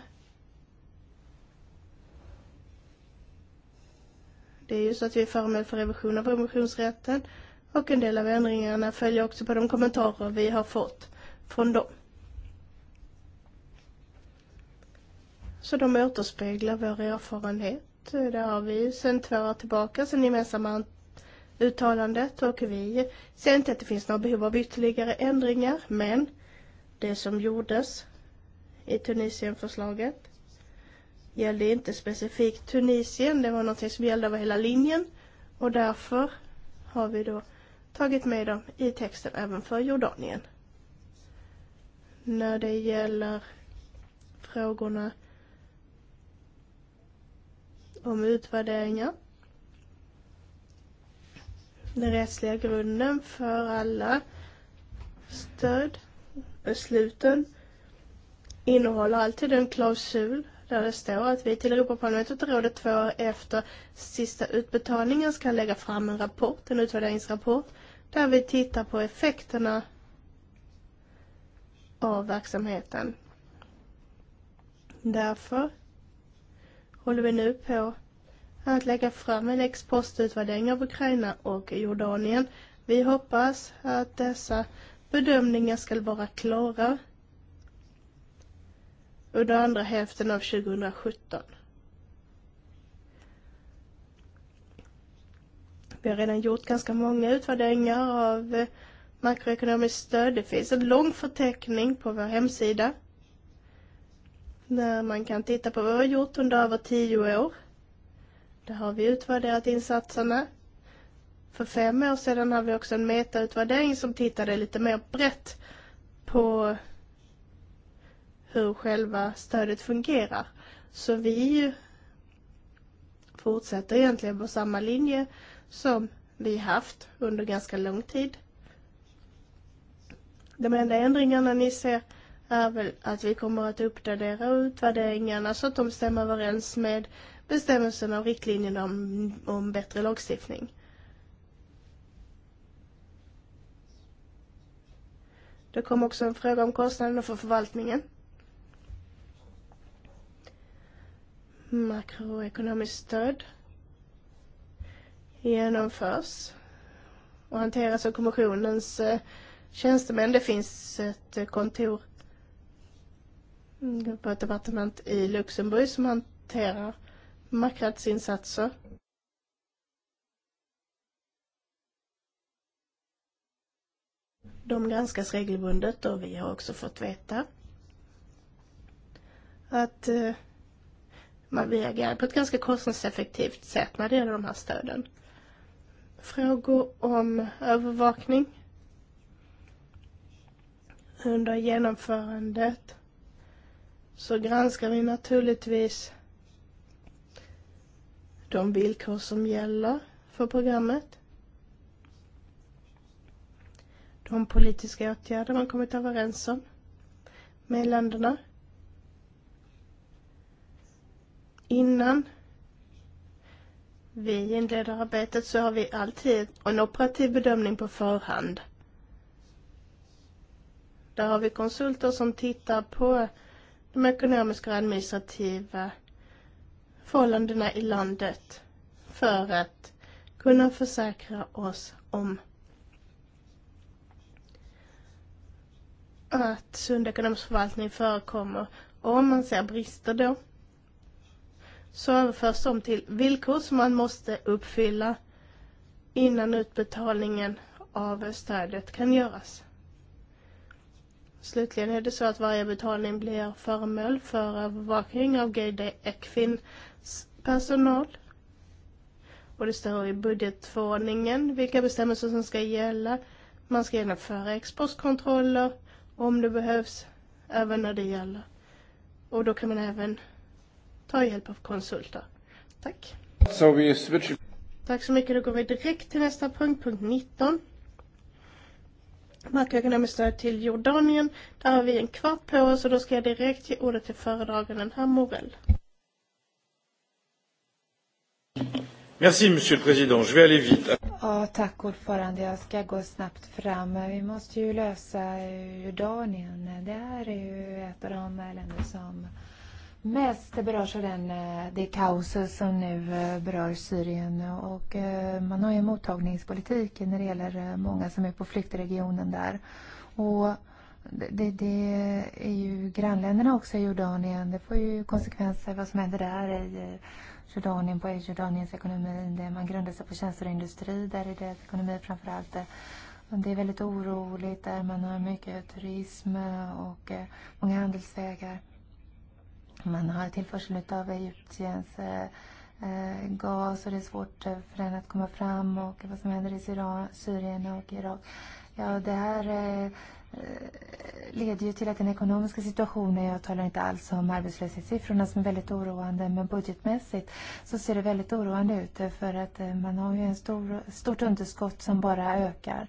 Speaker 3: Det är ju så att vi är föremål för revision av revisionsrätten och en del av ändringarna följer också på de kommentarer vi har fått från dem. Så de återspeglar vår erfarenhet. Det har vi sen två år tillbaka sen gemensamma uttalandet och vi ser inte att det finns några behov av ytterligare ändringar men det som gjordes i Tunisienförslaget gällde inte specifikt Tunisien, det var något som gällde över hela linjen och därför har vi då tagit med dem i texten även för Jordanien. När det gäller frågorna om utvärderingar. Den rättsliga grunden för alla stöd, besluten, innehåller alltid en klausul där det står att vi till Europaparlamentet och rådet två år efter sista utbetalningen ska lägga fram en rapport, en utvärderingsrapport, där vi tittar på effekterna av verksamheten. Därför håller vi nu på att lägga fram en ex av Ukraina och Jordanien. Vi hoppas att dessa bedömningar ska vara klara under andra hälften av 2017. Vi har redan gjort ganska många utvärderingar av makroekonomiskt stöd. Det finns en lång förteckning på vår hemsida där man kan titta på vad vi har gjort under över tio år. Där har vi utvärderat insatserna. För fem år sedan har vi också en metautvärdering som tittade lite mer brett på hur själva stödet fungerar. Så vi fortsätter egentligen på samma linje som vi haft under ganska lång tid. De enda ändringarna ni ser att vi kommer att uppdatera utvärderingarna så att de stämmer överens med bestämmelserna och riktlinjerna om, om um, bättre lagstiftning. Det kom också en fråga om kostnaderna no, för förvaltningen. Makroekonomiskt stöd genomförs och hanteras av kommissionens tjänstemän. Eh, Det finns ett eh, kontor på ett departement i Luxemburg som hanterar marknadsinsatser. De granskas regelbundet och vi har också fått veta att eh, man reagerar på ett ganska kostnadseffektivt sätt när det gäller de här stöden. Frågor om övervakning under genomförandet så granskar vi naturligtvis de villkor som gäller för programmet. De politiska åtgärder man kommit överens om med länderna. Innan vi inleder arbetet så har vi alltid en operativ bedömning på förhand. Där har vi konsulter som tittar på de ekonomiska och administrativa förhållandena i landet för att kunna försäkra oss om att sund ekonomisk förvaltning förekommer. Och om man ser brister då så överförs de till villkor som man måste uppfylla innan utbetalningen av stödet kan göras. Slutligen är det så att varje betalning blir föremål för övervakning av GD Ekfins personal. Och det står i budgetförordningen vilka bestämmelser som ska gälla. Man ska genomföra exportkontroller om det behövs, även när det gäller. Och då kan man även ta hjälp av konsulter. Tack. So Tack så mycket. Då går vi direkt till nästa punkt, punkt 19. Man med stöd till Jordanien. Där har vi en kvart på oss och då ska jag direkt ge ordet till föredraganden herr Morell.
Speaker 2: Merci, monsieur le président. Je vais aller vite.
Speaker 1: Ja, tack ordförande. Jag ska gå snabbt fram. Vi måste ju lösa Jordanien. Det här är ju ett av de länder som mest berörs av den, eh, det kaos som nu eh, berör Syrien och eh, man har ju mottagningspolitik när det gäller många som är på flyktregionen där. Och det, det är ju grannländerna också i Jordanien. Det får ju konsekvenser vad som händer där i Jordanien, på Jordaniens ekonomi. Där man grundar sig på tjänster och industri, där är deras ekonomi framförallt. Det är väldigt oroligt där man har mycket turism och många handelsvägar man har tillförsel av Egyptiens gas och det är svårt för den att komma fram och vad som händer i Syrien och Irak. Ja, det här leder ju till att den ekonomiska situationen, jag talar inte alls om arbetslöshetssiffrorna som är väldigt oroande, men budgetmässigt så ser det väldigt oroande ut för att man har ju en stor, stort underskott som bara ökar.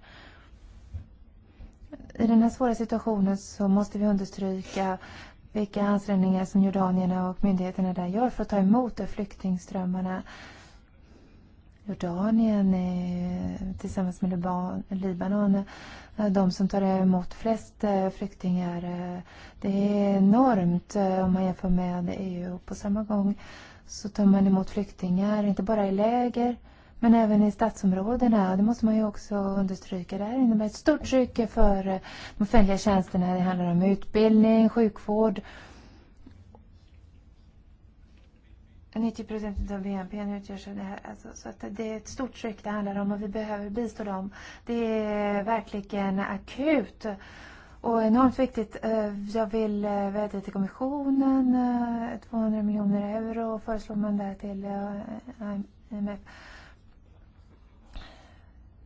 Speaker 1: I den här svåra situationen så måste vi understryka vilka ansträngningar som Jordanierna och myndigheterna där gör för att ta emot de flyktingströmmarna. Jordanien tillsammans med Liban, Libanon, de som tar emot flest eh, flyktingar. Det är enormt eh, om man jämför med EU. På samma gång så tar man emot flyktingar, inte bara i läger Men även i stadsområdena, det måste man ju också understryka, det här innebär ett stort tryck för eh, de offentliga tjänsterna. Det handlar om utbildning, sjukvård. 90 procent av BNP utgörs av det här. Alltså, så att det är ett stort tryck det handlar om och vi behöver bistå dem. Det är verkligen akut och enormt viktigt. Eh, jag vill eh, vädja till kommissionen, 200 miljoner euro och föreslår man där till IMF.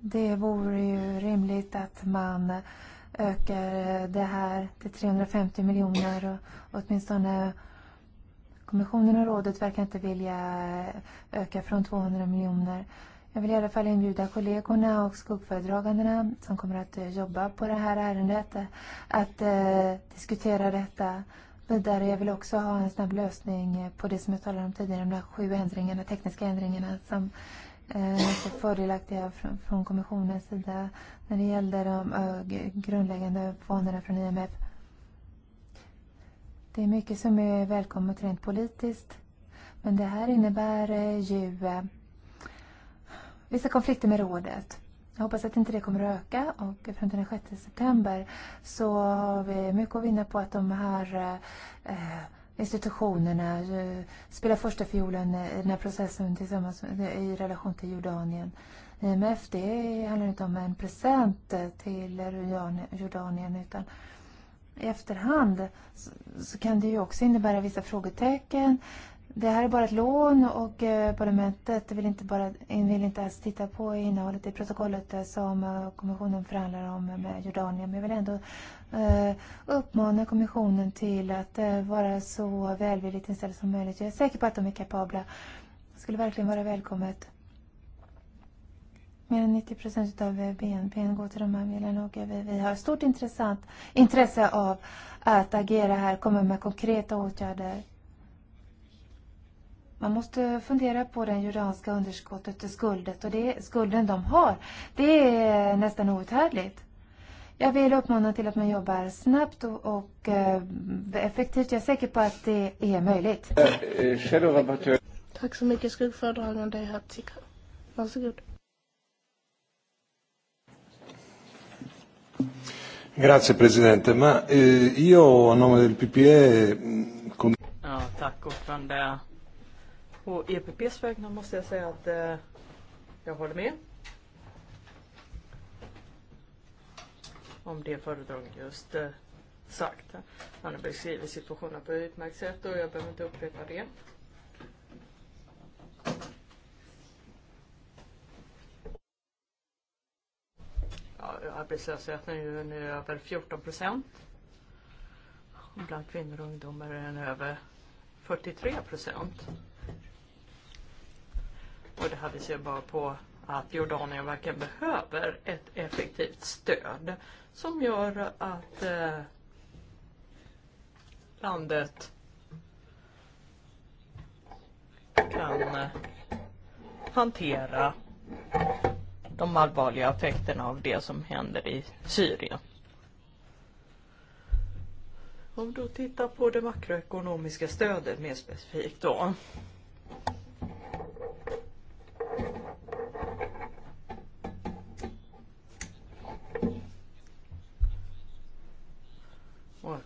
Speaker 1: Det vore ju rimligt att man ökar det här till 350 miljoner och åtminstone kommissionen och rådet verkar inte vilja öka från 200 miljoner. Jag vill i alla fall inbjuda kollegorna och skuggföredragandena som kommer att eh, jobba på det här ärendet eh, att eh, diskutera detta vidare. Jag vill också ha en snabb lösning på det som jag talade om tidigare, de här sju ändringarna, tekniska ändringarna som fördelaktiga från från kommissionens sida när det gällde de ö, eh, grundläggande fonderna från IMF. Det är mycket som är välkommet rent politiskt. Men det här innebär eh, ju eh, vissa konflikter med rådet. Jag hoppas att inte det kommer att öka och fram till den 6 september så har vi mycket att vinna på att de här eh, eh institutionerna spelar första fiolen i den här processen tillsammans i e relation till Jordanien. IMF det handlar inte om en present till Jordanien utan i efterhand så kan det ju också innebära vissa frågetecken Det här är bara ett lån och eh, parlamentet vill inte, bara, vill inte ens titta på innehållet i protokollet eh, som eh, kommissionen förhandlar om med Jordanien. Men jag vill ändå uppmana kommissionen till att vara så välvilligt inställd som möjligt. Jag är säker på att de är kapabla. Det skulle verkligen vara välkommet. Mer än 90 procent av BNP går till de här medlen och vi, vi har stort intressant, intresse av att agera här, komma med konkreta åtgärder Man måste fundera på det jordanska underskottet och skuldet och det skulden de har. Det är nästan outhärdligt. Jag vill uppmana till att man jobbar snabbt och, och eh, effektivt. Jag är säker på att det är möjligt. Eh, eh, tack så mycket skuggföredragande Hatzika. Varsågod.
Speaker 2: Grazie Presidente, ma eh, io
Speaker 3: a nome del PPE... Eh, con...
Speaker 2: Ja, tack ordförande. På EPPs vägnar måste jag säga att eh, jag håller med. Om det föredraget just eh, sagt. Han har beskrivit situationen på ett utmärkt sätt och jag behöver inte upprepa det. Ja, arbetslösheten är ju nu över 14 procent. Bland kvinnor och ungdomar är den över 43 procent. Och det hade sig bara på att Jordanien verkligen behöver ett effektivt stöd som gör att eh, landet kan eh, hantera de allvarliga effekterna av det som händer i Syrien. Om du tittar på det makroekonomiska stödet mer specifikt då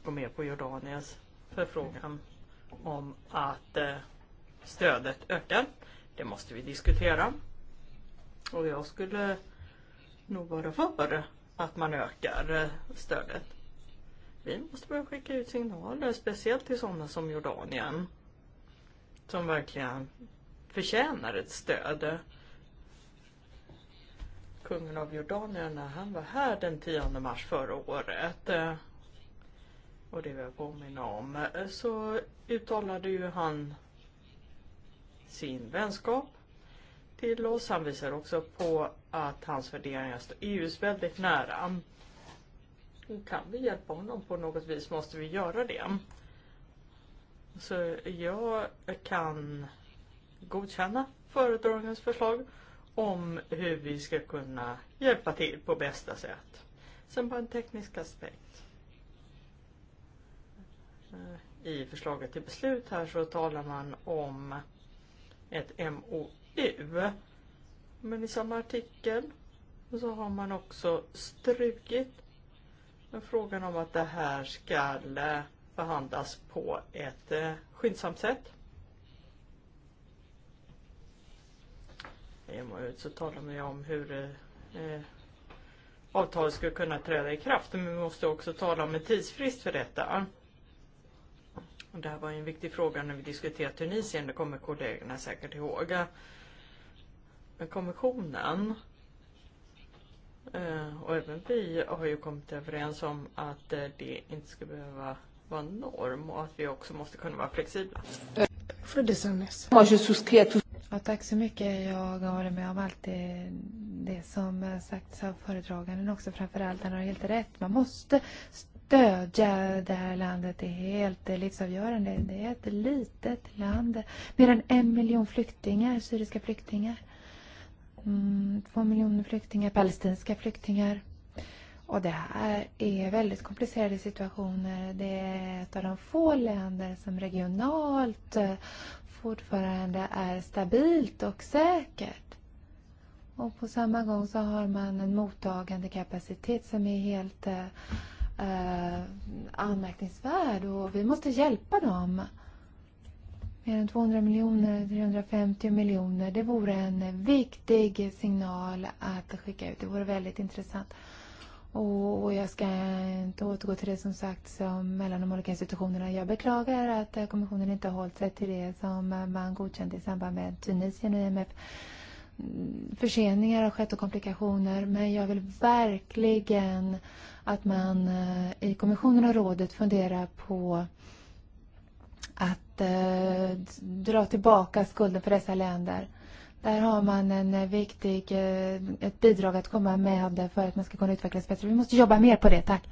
Speaker 2: gå med på Jordaniens förfrågan om att eh, stödet ökar. Det måste vi diskutera. Och jag skulle nog vara för att man ökar eh, stödet. Vi måste börja skicka ut signaler, speciellt till sådana som Jordanien, som verkligen förtjänar ett stöd. Kungen av Jordanien, när han var här den 10 mars förra året, eh, och det vill jag påminna om, så uttalade ju han sin vänskap till oss. Han visar också på att hans värderingar står EUs väldigt nära. kan vi hjälpa honom på något vis måste vi göra det. Så jag kan godkänna föredragens förslag om hur vi ska kunna hjälpa till på bästa sätt. Sen bara en teknisk aspekt i förslaget till beslut här så talar man om ett MOU. Men i samma artikel så har man också strukit frågan om att det här ska eh, behandlas på ett eh, skyndsamt sätt. I MOU så talar man ju om hur eh, avtalet ska kunna träda i kraft. Men vi måste också tala om en tidsfrist för detta. Och Det här var ju en viktig fråga när vi diskuterade Tunisien, det kommer kollegorna säkert ihåg. Men kommissionen eh, och även vi har ju kommit överens om att eh, det inte ska behöva vara norm och att vi också måste kunna vara flexibla.
Speaker 1: Ja, tack så mycket. Jag håller med om allt det, det som eh, sagts av föredraganden också. Framförallt, han har helt rätt. Man måste stödja det här landet är helt livsavgörande. Det är ett litet land. Mer än en miljon flyktingar, syriska flyktingar. Mm, två miljoner flyktingar, palestinska flyktingar. Och det här är väldigt komplicerade situationer. Det är ett av de få länder som regionalt fortfarande är stabilt och säkert. Och på samma gång så har man en mottagande kapacitet som är helt eh, eh, anmärkningsvärd och vi måste hjälpa dem. Mer än 200 miljoner, 350 miljoner. Det vore en viktig signal att skicka ut. Det vore väldigt intressant. Och, och jag ska inte återgå till det som sagt som mellan de olika institutionerna. Jag beklagar att kommissionen inte har hållit sig till det som man godkände i samband med Tunisien och IMF förseningar har skett och komplikationer men jag vill verkligen att man eh, i kommissionen och rådet funderar på att eh, dra tillbaka skulden för dessa länder. Där har man en eh, viktig, eh, ett bidrag att komma med för att man ska kunna utvecklas bättre. Vi måste jobba mer på det, tack.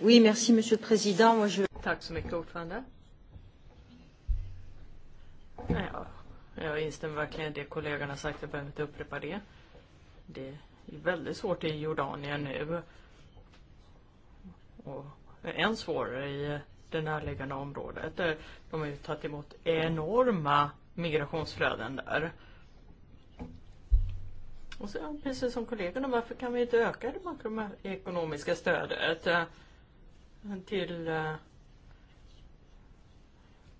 Speaker 1: Oui, merci, monsieur le président. Moi, je...
Speaker 2: Tack så mycket, ordförande. Ja, Jag instämmer verkligen i det kollegorna har sagt, jag behöver inte upprepa det. Er. Det är väldigt svårt i Jordanien nu. Och än svårare i det närliggande området. Där de har ju tagit emot enorma migrationsflöden där. Och så, precis som kollegorna, varför kan vi inte öka det makroekonomiska stödet eh, till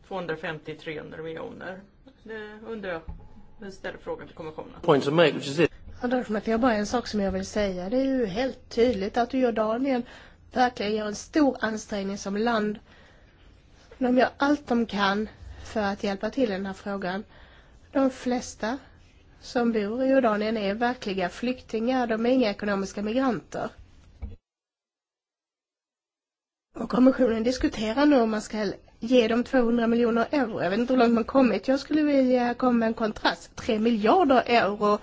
Speaker 2: 250-300 eh, miljoner? Det eh, undrar jag. Jag ställer frågan till kommissionen. Anders
Speaker 3: Murphy, jag bara en sak som jag vill säga. Det är ju helt tydligt att Jordanien verkligen gör en stor ansträngning som land. De gör allt de kan för att hjälpa till i den här frågan. De flesta som bor i Jordanien är verkliga flyktingar. De är inga ekonomiska migranter. Och kommissionen diskuterar nu om man ska ge dem 200 miljoner euro. Jag vet inte hur långt man kommit. Jag skulle vilja komma med en kontrast. 3 miljarder euro,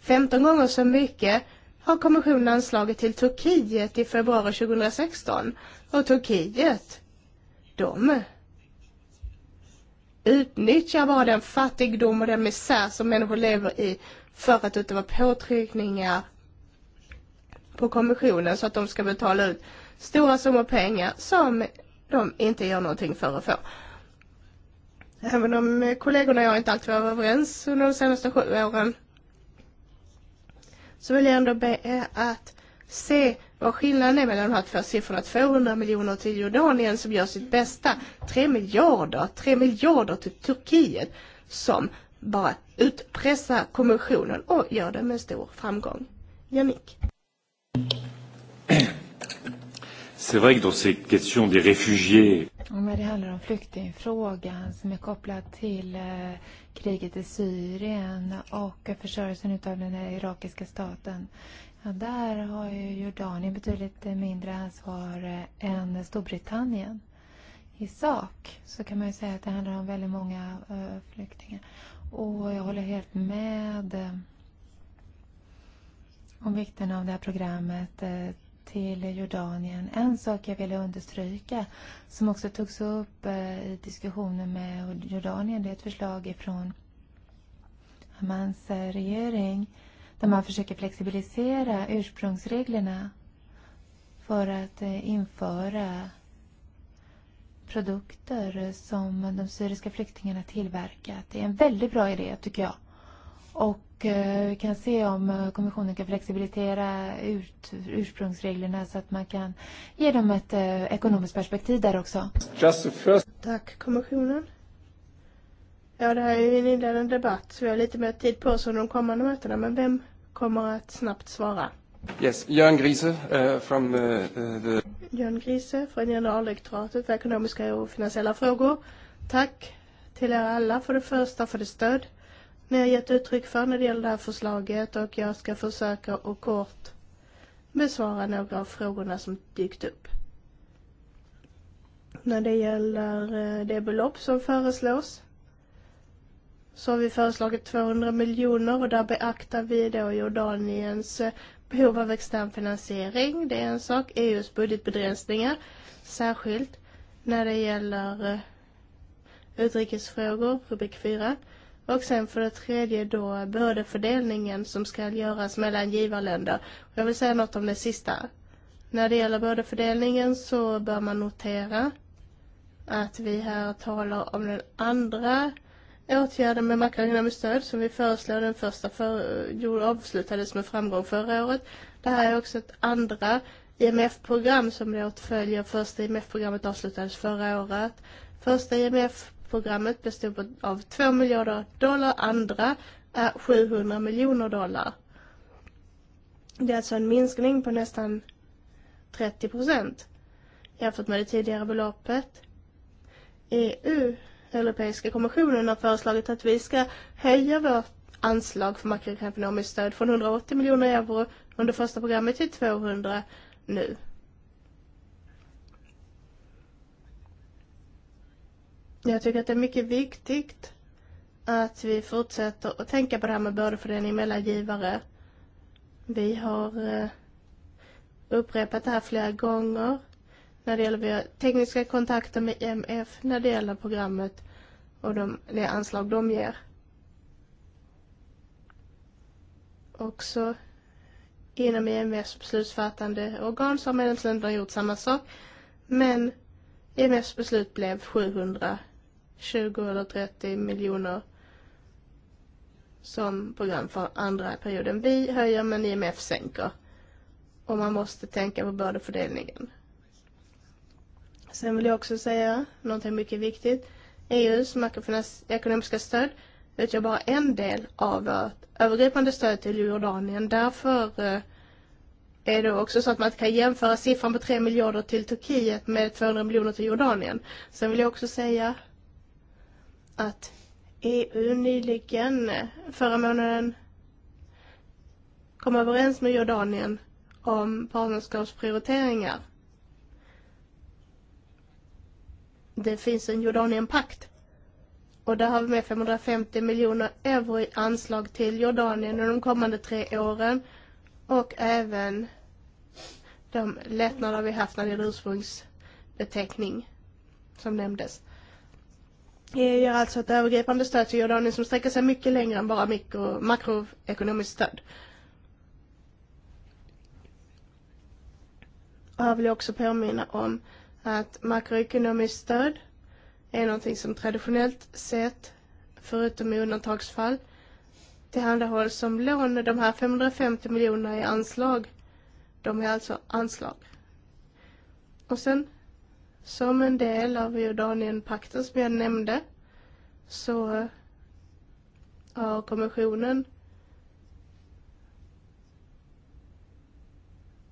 Speaker 3: 15 gånger så mycket, har kommissionen anslagit till Turkiet i februari 2016. Och Turkiet, de utnyttjar bara den fattigdom och den misär som människor lever i för att utöva påtryckningar på kommissionen så att de ska betala ut stora summor pengar som de inte gör någonting för att få. Även om eh, kollegorna och jag inte alltid var överens under de senaste sju åren så vill jag ändå be er att se vad skillnaden är mellan de här två siffrorna. 200 miljoner till Jordanien som gör sitt bästa. 3 miljarder, 3 miljarder till Turkiet som bara utpressar kommissionen och gör det med stor
Speaker 1: framgång. Janik.
Speaker 2: C'est vrai que dans ces questions des réfugiés...
Speaker 1: När det handlar om flyktingfrågan som är kopplad till eh, kriget i Syrien och försörjelsen av den irakiska staten. Ja, där har ju Jordanien betydligt mindre ansvar än Storbritannien. I sak så kan man ju säga att det handlar om väldigt många uh, flyktingar. Och jag håller helt med eh, om vikten av det här programmet till Jordanien. En sak jag ville understryka som också togs upp i eh, diskussionen med Jordanien det är ett förslag från Hamans eh, regering där man försöker flexibilisera ursprungsreglerna för att eh, införa produkter som de syriska flyktingarna tillverkat. Det är en väldigt bra idé tycker jag och eh, vi kan se om eh, kommissionen kan flexibilitera ut, ursprungsreglerna så att man kan ge dem ett eh, ekonomiskt perspektiv där också.
Speaker 2: Just the first.
Speaker 1: Tack kommissionen.
Speaker 3: Ja, det här är ju en inledande debatt så vi har lite mer tid på oss under de kommande mötena. Men vem kommer att snabbt svara? Yes, Jörn Grise uh, from the, the... Jörn Grise från Generaldirektoratet för ekonomiska och finansiella frågor. Tack till er alla för det första för det stöd ni har gett uttryck för när det gäller det här förslaget och jag ska försöka och kort besvara några av frågorna som dykt upp. När det gäller eh, det belopp som föreslås så har vi föreslagit 200 miljoner och där beaktar vi då Jordaniens eh, behov av extern finansiering. Det är en sak. EUs budgetbegränsningar, särskilt när det gäller eh, utrikesfrågor, rubrik 4. Och sen för det tredje då bördefördelningen som ska göras mellan givarländer. Jag vill säga något om det sista. När det gäller bördefördelningen så bör man notera att vi här talar om den andra åtgärden med makroekonomiskt stöd som vi föreslår. Den första för, gjorde, avslutades med framgång förra året. Det här är också ett andra IMF-program som vi följer första IMF-programmet avslutades förra året. Första IMF programmet bestod av 2 miljarder dollar, andra är 700 miljoner dollar. Det är alltså en minskning på nästan 30 procent jämfört med det tidigare beloppet. EU, Europeiska kommissionen, har föreslagit att vi ska höja vårt anslag för makroekonomiskt stöd från 180 miljoner euro under första programmet till 200 nu. Jag tycker att det är mycket viktigt att vi fortsätter att tänka på det här med både bördefördelning mellan givare. Vi har eh, upprepat det här flera gånger när det gäller tekniska kontakter med MF när det gäller programmet och de, det anslag de ger. Också inom IMFs e beslutsfattande organ så har medlemsländerna gjort samma sak. Men IMFs e beslut blev 700 20 eller 30 miljoner som program för andra perioden. Vi höjer men IMF sänker. Och man måste tänka på bördefördelningen. Sen vill jag också säga någonting mycket viktigt. EUs makroekonomiska stöd utgör bara en del av vårt övergripande stöd till Jordanien. Därför eh, är det också så att man kan jämföra siffran på 3 miljarder till Turkiet med 200 miljoner till Jordanien. Sen vill jag också säga att EU nyligen, förra månaden, kom överens med Jordanien om partnerskapsprioriteringar. Det finns en Jordanienpakt och där har vi med 550 miljoner euro i anslag till Jordanien under de kommande tre åren och även de lättnader vi haft när det gäller ursprungsbeteckning som nämndes. Det är alltså ett övergripande stöd till Jordanien som sträcker sig mycket längre än bara mikro, makroekonomiskt stöd. Och här vill jag också påminna om att makroekonomiskt stöd är någonting som traditionellt sett, förutom i undantagsfall, tillhandahålls som lån. De här 550 miljonerna i anslag. De är alltså anslag. Och sen Som en del av Jordanienpakten som jag nämnde så eh, har kommissionen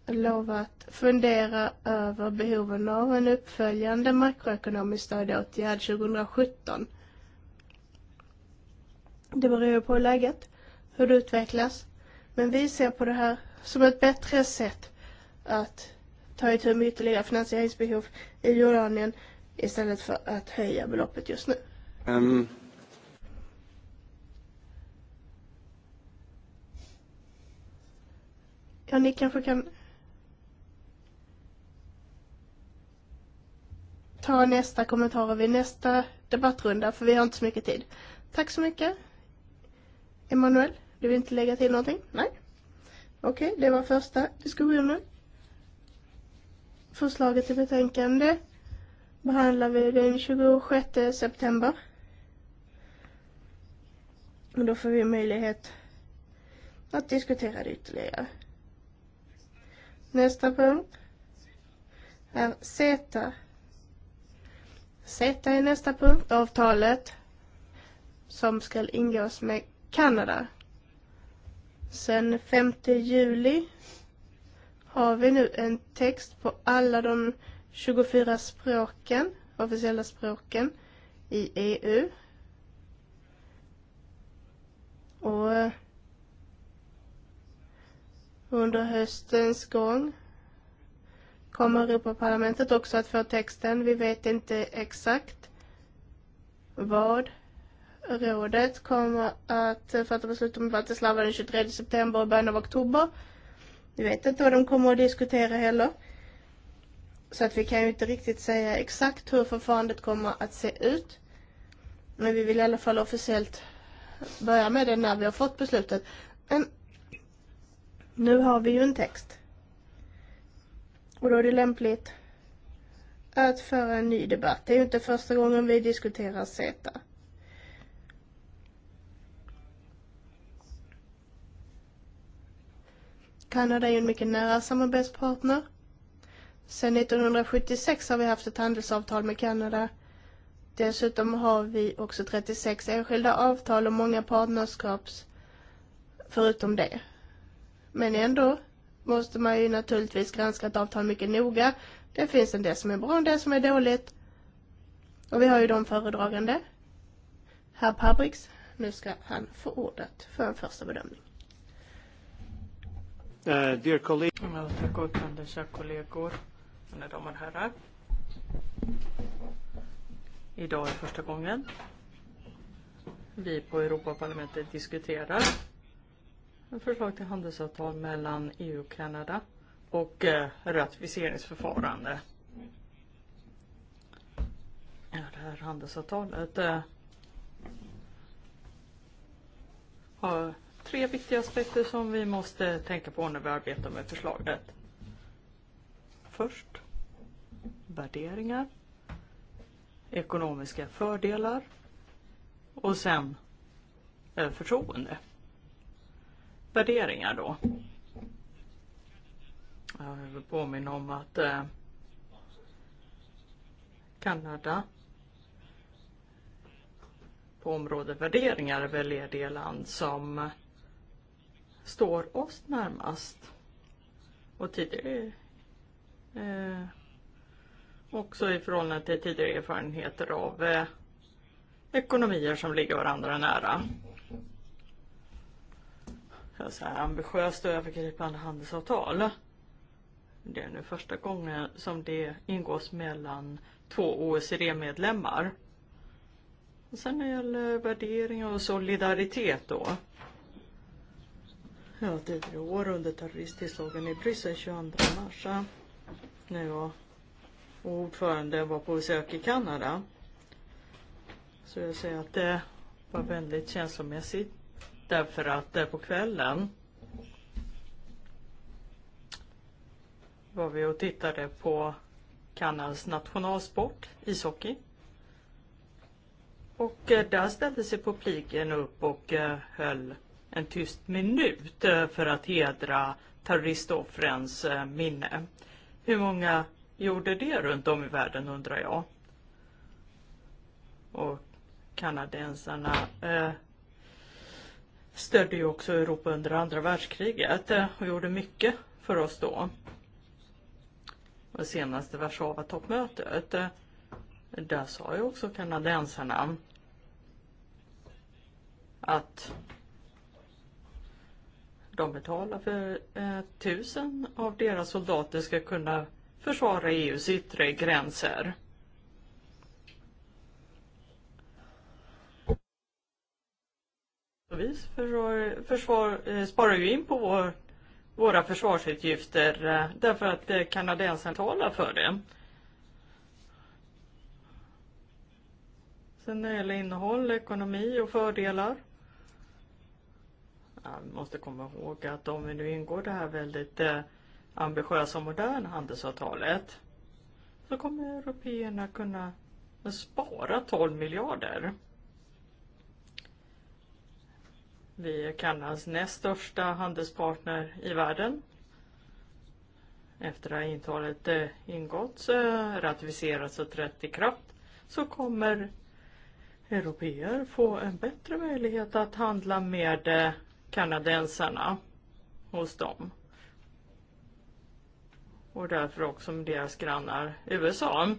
Speaker 3: lovat fundera över behoven av en uppföljande makroekonomisk stödåtgärd 2017. Det beror på läget, hur det utvecklas. Men vi ser på det här som ett bättre sätt att ta med ytterligare finansieringsbehov i Jordanien istället för att höja beloppet just nu. Um. Ja, ni kanske kan ta nästa kommentar vid nästa debattrunda, för vi har inte så mycket tid. Tack så mycket. Emanuel, du vill inte lägga till någonting? Nej. Okej, okay, det var första diskussionen. Förslaget till betänkande behandlar vi den 26 september. Och då får vi möjlighet att diskutera det ytterligare. Nästa punkt är CETA. CETA är nästa punkt, avtalet som ska ingås med Kanada. Sen 5 juli har vi nu en text på alla de 24 språken, officiella språken i EU. Och under höstens gång kommer Europaparlamentet också att få texten. Vi vet inte exakt vad rådet kommer att fatta beslut om Bratislava den 23 september och början av oktober. Vi vet inte vad de kommer att diskutera heller. Så att vi kan ju inte riktigt säga exakt hur förfarandet kommer att se ut. Men vi vill i alla fall officiellt börja med det när vi har fått beslutet. Men nu har vi ju en text. Och då är det lämpligt att föra en ny debatt. Det är ju inte första gången vi diskuterar CETA. Kanada är ju en mycket nära samarbetspartner. Sen 1976 har vi haft ett handelsavtal med Kanada. Dessutom har vi också 36 enskilda avtal och många partnerskaps förutom det. Men ändå måste man ju naturligtvis granska ett avtal mycket noga. Det finns en del som är bra och det som är dåligt. Och vi har ju de föredragande. Herr Pabriks, nu ska han få ordet för en första bedömning.
Speaker 2: Uh, dear colleague. Hyvältä kollegor, mina damer herrar. Idag är första gången vi på Europaparlamentet diskuterar förslag till handelsavtal mellan EU och Kanada och ratificeringsförfarande. det här handelsavtalet har Tre viktiga aspekter som vi måste tänka på när vi arbetar med förslaget. Först värderingar, ekonomiska fördelar och sen eh, förtroende. Värderingar då. Jag vill påminna om att eh, Kanada på området värderingar väljer det land som står oss närmast. Och tidigare eh, också i förhållande till tidigare erfarenheter av eh, ekonomier som ligger varandra nära. Så här ambitiöst och övergripande handelsavtal. Det är nu första gången som det ingås mellan två OECD-medlemmar. Sen när det gäller värdering och solidaritet då Ja, det tidigare år under terroristtillslagen i Bryssel 22 mars när jag och ordförande var på besök i Kanada. Så jag säger att det var väldigt känslomässigt därför att på kvällen var vi och tittade på Kanadas nationalsport, ishockey. Och eh, där ställde sig publiken upp och eh, höll en tyst minut eh, för att hedra terroristoffrens eh, minne. Hur många gjorde det runt om i världen undrar jag? Och kanadensarna eh, stödde ju också Europa under andra världskriget eh, och gjorde mycket för oss då. Och senaste Warszawa-toppmötet, eh, där sa ju också kanadensarna att De betalar för eh, tusen av deras soldater ska kunna försvara EUs yttre gränser. Vi försvar, försvar, eh, sparar ju in på vår, våra försvarsutgifter eh, därför att eh, kanadensarna talar för det. Sen när det gäller innehåll, ekonomi och fördelar. Man måste komma ihåg att om vi nu ingår det här väldigt eh, ambitiösa och moderna handelsavtalet så kommer européerna kunna spara 12 miljarder. Vi är Kanadas näst största handelspartner i världen. Efter att intalet eh, ingåtts, eh, ratificerats och trätt i kraft så kommer europeer få en bättre möjlighet att handla med kanadensarna hos dem. Och därför också med deras grannar USA.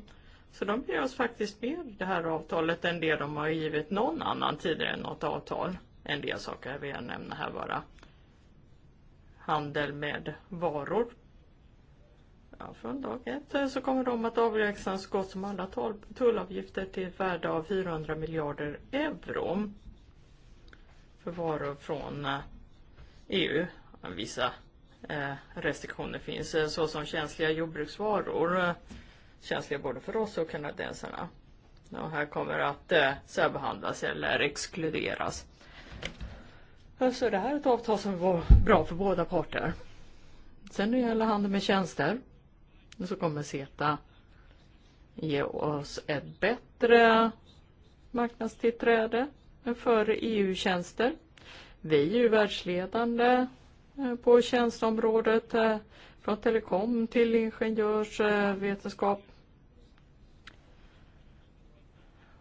Speaker 2: Så de ger oss faktiskt mer det här avtalet än det de har givit någon annan tidigare än något avtal. En del saker jag vill nämna här bara. Handel med varor. Ja, från dag ett så kommer de att avlägsna så gott som alla tullavgifter till ett värde av 400 miljarder euro för varor från EU. Vissa eh, restriktioner finns, eh, såsom känsliga jordbruksvaror, eh, känsliga både för oss och kanadensarna. Och här kommer att särbehandlas eller exkluderas. Så det här är ett avtal som var bra för båda parter. Sen när det gäller handel med tjänster så kommer CETA ge oss ett bättre marknadstillträde för EU-tjänster. Vi är ju världsledande eh, på tjänstområdet eh, från telekom till ingenjörsvetenskap. Eh,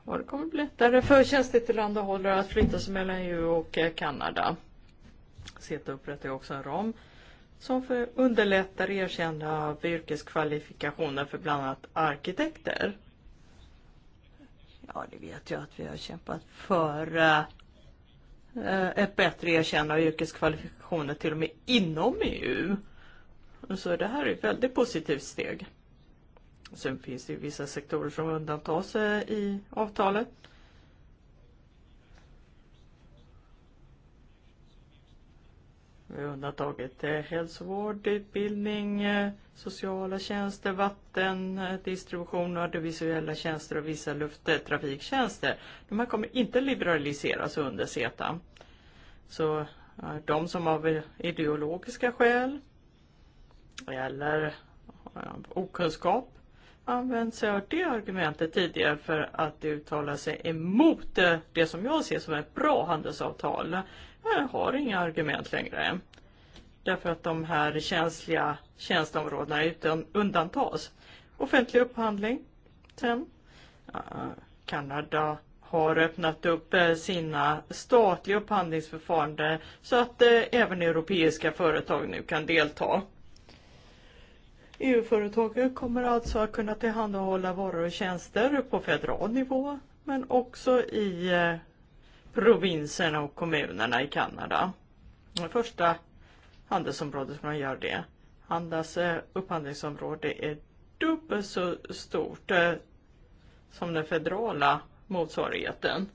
Speaker 2: och det kommer bli lättare för tjänstetillhandahållare att flytta sig mellan EU och Kanada. CETA upprättar också en ram som för underlättar erkända av yrkeskvalifikationer för bland annat arkitekter. Ja, det vet jag att vi har kämpat för ett eh, eh, bättre erkännande av yrkeskvalifikationer till och med inom EU. Så det här är ett väldigt positivt steg. Sen finns det ju vissa sektorer som undantas eh, i avtalet. undantaget hälsovård, utbildning, sociala tjänster, vatten, distribution, audiovisuella tjänster och vissa lufttrafiktjänster. De här kommer inte liberaliseras under CETA. Så eh, de som av ideologiska skäl eller eh, okunskap använt sig av det argumentet tidigare för att uttala sig emot eh, det som jag ser som ett bra handelsavtal Jag eh, har inga argument längre. Därför att de här känsliga tjänsteområdena utan, undantas. Offentlig upphandling sen. Eh, Kanada har öppnat upp eh, sina statliga upphandlingsförfarande så att även europeiska företag nu kan delta. EU-företagen kommer alltså att kunna tillhandahålla varor och tjänster på federal nivå men också i provinserna och kommunerna i Kanada. Det första handelsområdet som man gör det. Handels eh, upphandlingsområde är dubbelt så stort eh, som den federala motsvarigheten.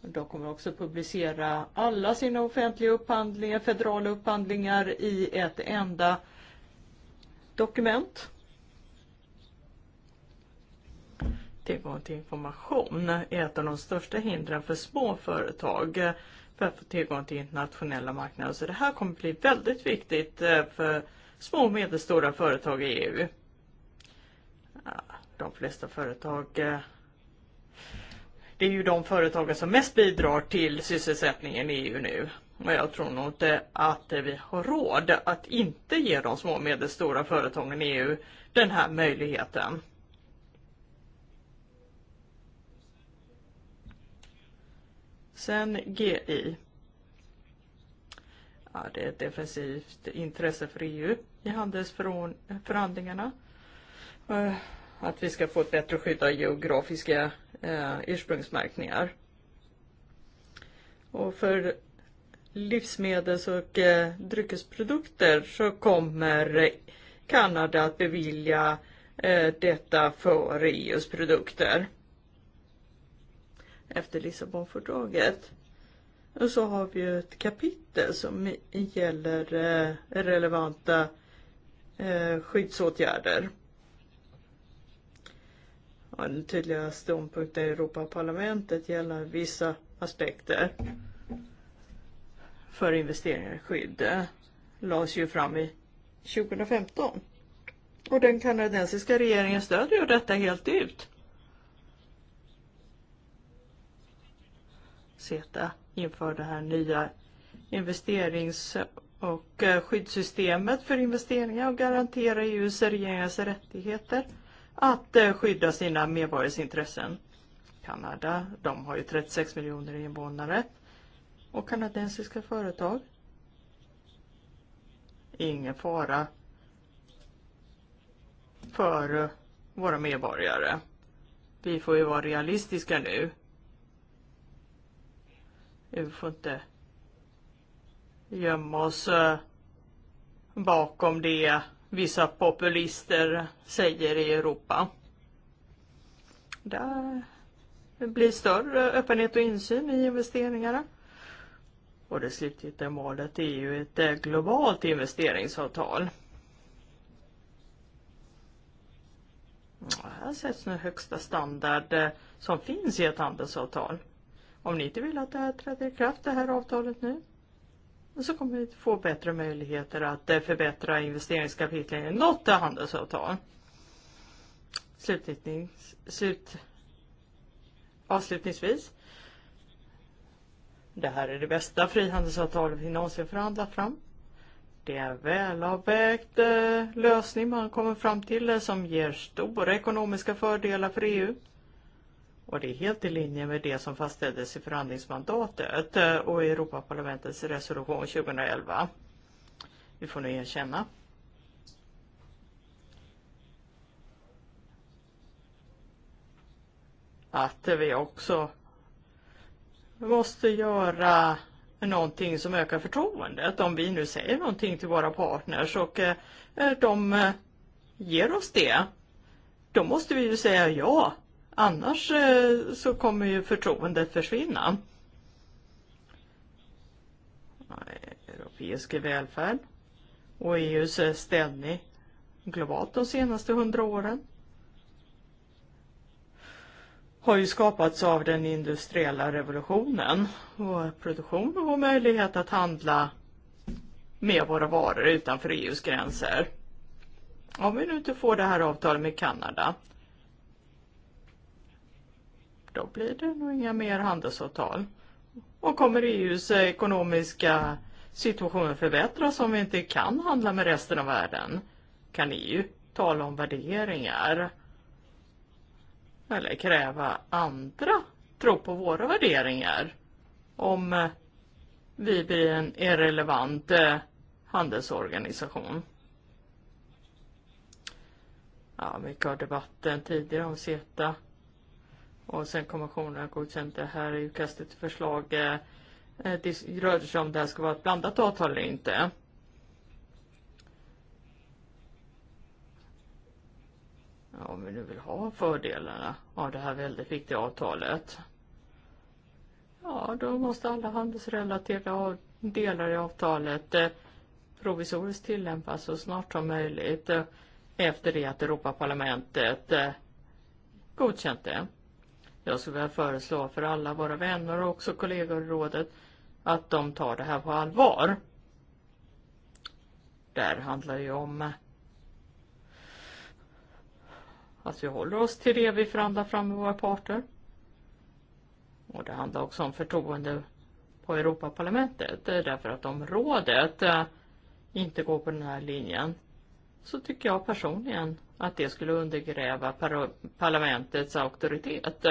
Speaker 2: De kommer också publicera alla sina offentliga upphandlingar, federala upphandlingar i ett enda dokument. tillgång till information är ett av de största hindren för små företag för att få tillgång till internationella marknader. Så det här kommer bli väldigt viktigt eh, för små och medelstora företag i EU. De flesta företag eh, det är ju de företag som mest bidrar till sysselsättningen i EU nu. Och jag tror nog inte att vi har råd att inte ge de små och medelstora företagen i EU den här möjligheten. Sen GI. Ja, det är ett defensivt intresse för EU i handelsförhandlingarna. Eh, att vi ska få ett bättre skydd av geografiska eh, ursprungsmärkningar. Och för livsmedels och eh, dryckesprodukter så kommer Kanada att bevilja eh, detta för EUs produkter efter Lissabonfördraget. Och så har vi ett kapitel som gäller eh, relevanta eh, skyddsåtgärder. Ja, den tydliga ståndpunkten i Europaparlamentet gäller vissa aspekter för investeringar i skydd eh, lades ju fram i 2015. Och den kanadensiska regeringen stödjer ju detta helt ut. CETA inför det här nya investerings och eh, skyddssystemet för investeringar och garantera EUs regeringars rättigheter att eh, skydda sina medborgares intressen. Kanada, de har ju 36 miljoner invånare och kanadensiska företag. Ingen fara för eh, våra medborgare. Vi får ju vara realistiska nu. Vi får inte gömma oss eh, bakom det vissa populister säger i Europa. Där blir större öppenhet och insyn i investeringarna. Och det slutgiltiga målet är ju ett eh, globalt investeringsavtal. Och här sätts nu högsta standard eh, som finns i ett handelsavtal. Om ni inte vill att det här träder i kraft, det här avtalet nu, så kommer vi få bättre möjligheter att eh, förbättra investeringskapitlen i något handelsavtal. Slutnittnings, slut, avslutningsvis. Det här är det bästa frihandelsavtalet vi någonsin förhandlat fram. Det är en välavvägd eh, lösning man kommer fram till eh, som ger stora ekonomiska fördelar för EU. Och det är helt i linje med det som fastställdes i förhandlingsmandatet och i Europaparlamentets resolution 2011. Vi får nu erkänna. Att vi också måste göra någonting som ökar förtroendet. Om vi nu säger någonting till våra partners och eh, de eh, ger oss det, då måste vi ju säga ja Annars eh, så kommer ju förtroendet försvinna. Europeisk välfärd och EUs eh, ställning globalt de senaste hundra åren har ju skapats av den industriella revolutionen och produktion och möjlighet att handla med våra varor utanför EUs gränser. Om vi nu inte får det här avtalet med Kanada då blir det nog inga mer handelsavtal. Och kommer EUs ekonomiska situation förbättras om vi inte kan handla med resten av världen? Kan EU tala om värderingar? Eller kräva andra tro på våra värderingar? Om eh, vi blir en irrelevant eh, handelsorganisation. Ja, mycket av debatten tidigare om CETA och sen kommissionen har godkänt det här utkastet till förslag. Det eh, rör sig om det här ska vara ett blandat avtal eller inte. Ja, om vi nu vill ha fördelarna av det här väldigt viktiga avtalet. Ja, då måste alla handelsrelaterade delar i avtalet eh, provisoriskt tillämpas så snart som möjligt eh, efter det att Europaparlamentet godkänt det. Jag skulle vilja föreslå för alla våra vänner och också kollegor i rådet att de tar det här på allvar. Där handlar det ju om att vi håller oss till det vi förhandlar fram med våra parter. Och det handlar också om förtroende på Europaparlamentet. Därför att om rådet eh, inte går på den här linjen så tycker jag personligen att det skulle undergräva par parlamentets auktoritet.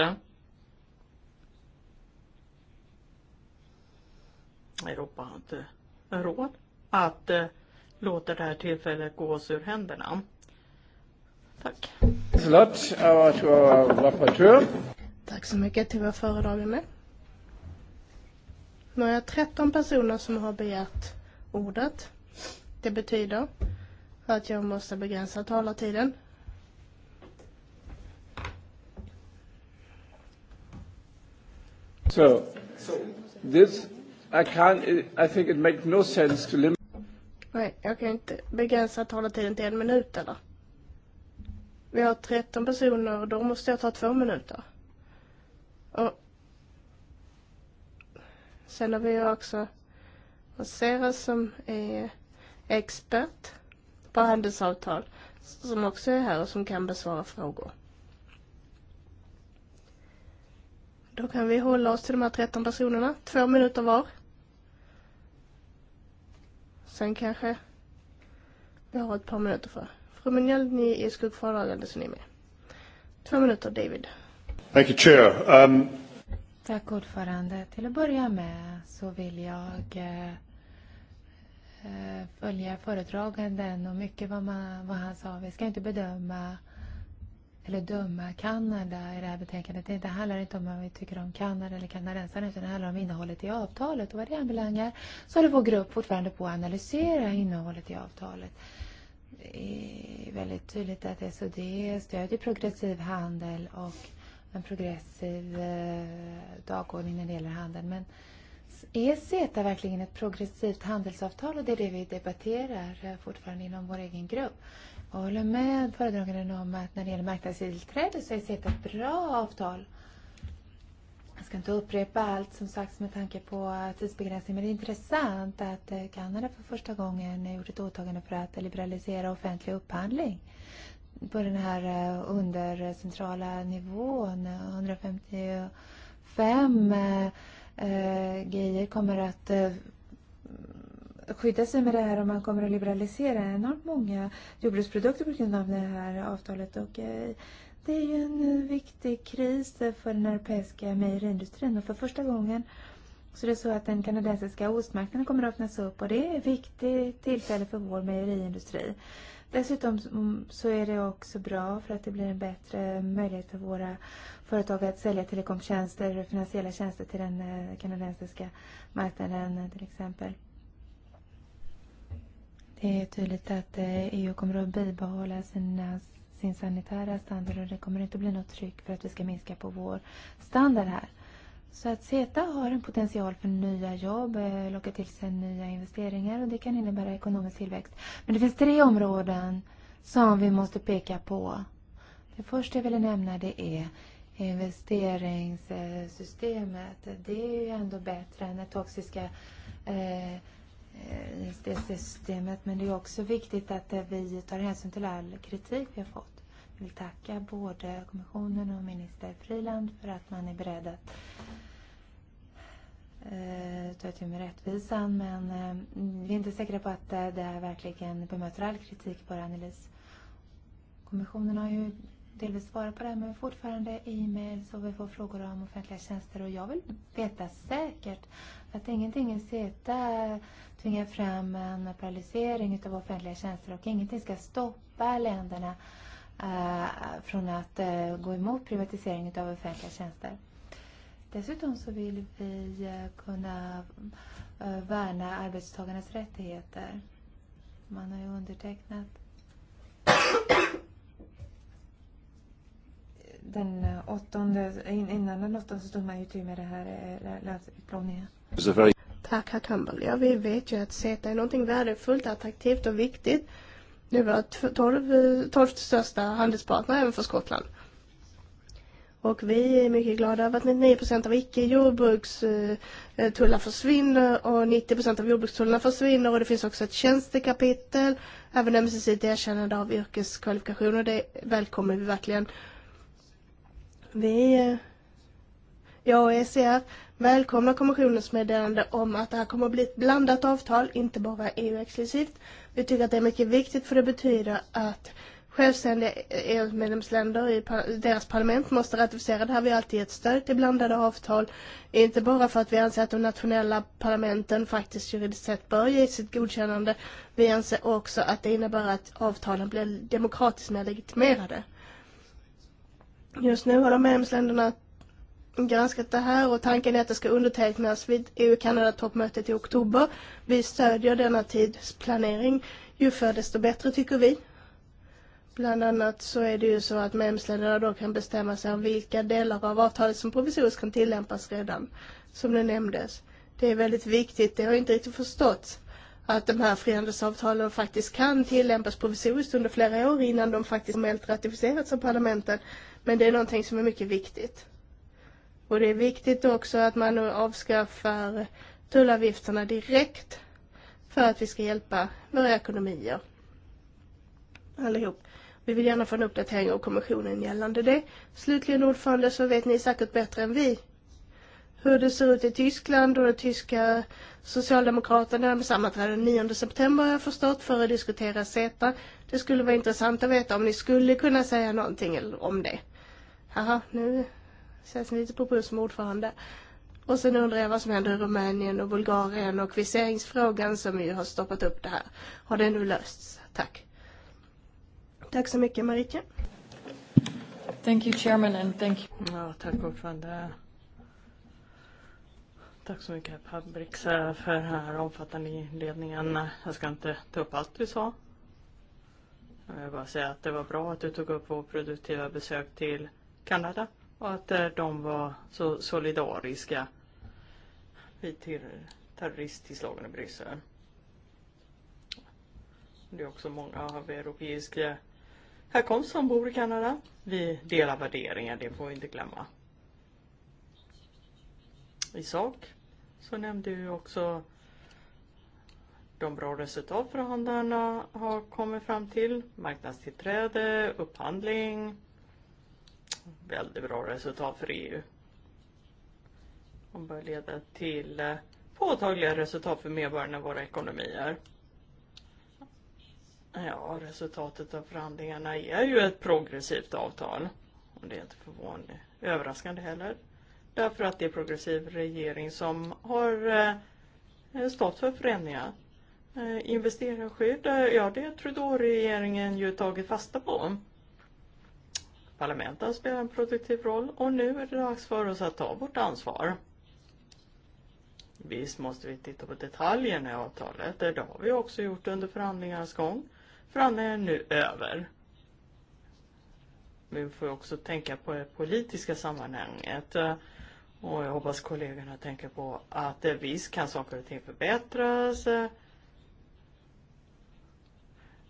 Speaker 2: Europa har inte råd att eh, låta det här tillfället gå oss ur händerna. Tack.
Speaker 3: Tack så mycket till vår föredragande. Nu har jag 13 personer som har begärt ordet. Det betyder För att jag måste begränsa talartiden.
Speaker 1: So, this I can't. I think it makes no sense to limit.
Speaker 3: Nej, jag kan inte begränsa talartiden till en minut eller? Vi har 13 personer och då måste jag ta två minuter. Och sen har vi också Sera som är expert på handelsavtal som också är här och som kan besvara frågor. Då kan vi hålla oss till de här 13 personerna, två minuter var. Sen kanske vi har ett par minuter för. Fru Mignell, ni är skuggföredragande så ni är med.
Speaker 1: Två minuter, David.
Speaker 3: Thank you, Chair. Um...
Speaker 1: Tack ordförande. Till att börja med så vill jag eh, följa föredraganden och mycket vad, man, vad han sa. Vi ska inte bedöma eller döma Kanada i det här betänkandet. Det handlar inte om vad vi tycker om Kanada eller kanadensarna utan det handlar om innehållet i avtalet. Och vad det anbelangar så håller vår grupp fortfarande på att analysera innehållet i avtalet. Det är väldigt tydligt att SOD stödjer progressiv handel och en progressiv eh, dagordning när det gäller handeln. Men eh, E är CETA verkligen ett progressivt handelsavtal? Och det är det vi debatterar fortfarande inom vår egen grupp. Jag håller med föredraganden om att när det gäller marknadstillträde så är CETA ett bra avtal. Jag ska inte upprepa allt som sagts med tanke på tidsbegränsning, men det är intressant att eh, Kanada för första gången gjort ett åtagande för att liberalisera offentlig upphandling på den här eh, undercentrala nivån, 155 eh, Eh, grejer kommer att eh, skydda sig med det här och man kommer att liberalisera enormt många jordbruksprodukter på grund av det här avtalet. Och, eh, det är ju en viktig kris för den europeiska mejeriindustrin och för första gången så det är så att den kanadensiska ostmarknaden kommer att öppnas upp och det är ett viktigt tillfälle för vår mejeriindustri. Eh, Dessutom så är det också bra för att det blir en bättre möjlighet för våra företag att sälja telekomtjänster och finansiella tjänster till den kanadensiska marknaden till exempel. Det är tydligt att EU kommer att bibehålla sina, sin sanitära standard och det kommer inte att bli något tryck för att vi ska minska på vår standard här. Så att CETA har en potential för nya jobb, eh, locka till sig nya investeringar och det kan innebära ekonomisk tillväxt. Men det finns tre områden som vi måste peka på. Det första jag ville nämna det är investeringssystemet. Det är ju ändå bättre än det toxiska eh, eh det systemet. Men det är också viktigt att eh, vi tar hänsyn till all kritik vi har fått vill tacka både kommissionen och no, minister Friland för att man är beredd att eh, ta itu med rättvisan. Men eh, vi är inte säkra på att eh, det här verkligen bemöter all kritik, på Annelies. Kommissionen jako no, har ju delvis svarat på det, här men fortfarande e mail så vi får frågor om offentliga tjänster. Och jag vill veta säkert att ingenting i CETA tvingar fram en paralysering av offentliga tjänster och ingenting ska stoppa länderna från att e, gå emot privatisering av offentliga tjänster. Dessutom så vill vi kunna e, värna arbetstagarnas rättigheter. Man har ju undertecknat den åttonde, uh, innan den åttonde så stod man ju till med det här
Speaker 3: läsutplåningen. Tack herr Campbell. Ja, vi vet ju att SETA är någonting värdefullt, attraktivt och viktigt nu var 12, 12 största handelspartner även för Skottland. Och vi är mycket glada över att 99 av icke-jordbrukstullar eh, försvinner och 90 av jordbrukstullarna försvinner och det finns också ett tjänstekapitel, även ömsesidigt erkännande av yrkeskvalifikationer. Det välkomnar vi verkligen. Vi, jag och eh, ECR, välkomnar kommissionens meddelande om att det här kommer att bli ett blandat avtal, inte bara EU-exklusivt. Vi tycker att det är mycket viktigt för det betyder att självständiga EU-medlemsländer i deras parlament måste ratificera det här. Vi har alltid gett stöd till blandade avtal, inte bara för att vi anser att de nationella parlamenten faktiskt juridiskt sett bör ge sitt godkännande. Vi anser också att det innebär att avtalen blir demokratiskt mer legitimerade. Just nu de medlemsländerna granskat det här och tanken är att det ska undertecknas vid EU-Kanada-toppmötet i oktober. Vi stödjer denna tidsplanering. Ju förr desto bättre tycker vi. Bland annat så är det ju så att medlemsländerna då kan bestämma sig om vilka delar av avtalet som provisoriskt kan tillämpas redan, som det nämndes. Det är väldigt viktigt, det har inte riktigt förstått att de här frihandelsavtalen faktiskt kan tillämpas provisoriskt under flera år innan de faktiskt formellt ratificerats av parlamenten. Men det är någonting som är mycket viktigt. Och det är er viktigt också att man nu avskaffar tullavgifterna direkt för att vi ska hjälpa våra ekonomier allihop. Vi vill gärna få en uppdatering av kommissionen gällande det. Er Slutligen ordförande så vet ni säkert bättre än vi hur det ser ut i Tyskland och de tyska socialdemokraterna med sammanträde den 9 september har jag förstått för att diskutera CETA. Det skulle vara intressant att veta om ni skulle kunna säga någonting om det. Haha, nu Så känns lite på bröst som ordförande. Och sen undrar jag vad som händer i Rumänien och Bulgarien och viseringsfrågan som ju har stoppat upp det här. Har
Speaker 2: det nu lösts? Tack. Tack så mycket Marika. Thank you chairman and thank you. Ja, tack ordförande. Tack så mycket Fabrix för den här omfattande inledningen. Jag ska inte ta upp allt du sa. Jag vill bara säga att det var bra att du tog upp vår produktiva besök till Kanada och att eh, de var så solidariska vid terroristtillslagen i Bryssel. Det är också många av europeiska härkomst som bor i Kanada. Vi delar värderingar, det får vi inte glömma. I sak så nämnde du också de bra resultat förhandlarna har kommit fram till. Marknadstillträde, upphandling, väldigt bra resultat för EU. Och bör leda till eh, påtagliga resultat för medborgarna i våra ekonomier. Ja, resultatet av förhandlingarna är ju ett progressivt avtal. Och det är inte förvånande, överraskande heller. Därför att det är en progressiv regering som har eh, stått för förändringar. Eh, investerarskydd, eh, ja det tror då regeringen ju tagit fasta på. Parlament har spelat en produktiv roll och nu är det dags för oss att ta vårt ansvar. Visst måste vi titta på detaljerna i avtalet, det har vi också gjort under förhandlingarnas gång. Förhandlingarna är nu över. Vi får också tänka på det politiska sammanhanget. Och jag hoppas kollegorna tänker på att visst kan saker och ting förbättras.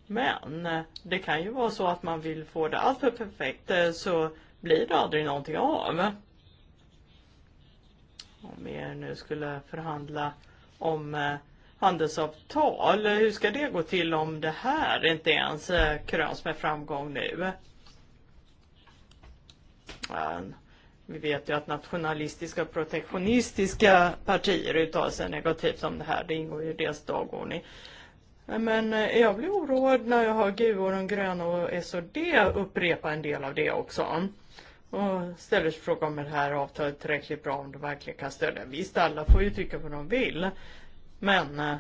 Speaker 2: Men det kan ju vara så att man vill få det för perfekt eh, så blir det aldrig någonting av. Om vi nu skulle förhandla om eh, handelsavtal, hur ska det gå till om det här inte ens eh, kröns med framgång nu? Men vi vet ju att nationalistiska och protektionistiska partier uttalar sig negativt om det här. Det ingår ju i deras dagordning. Men eh, jag blir oroad när jag har GU och de gröna och SOD upprepa en del av det också. Och ställer sig frågan om det här avtalet är tillräckligt bra, om de verkligen kan stödja. Visst, alla får ju tycka vad de vill. Men eh,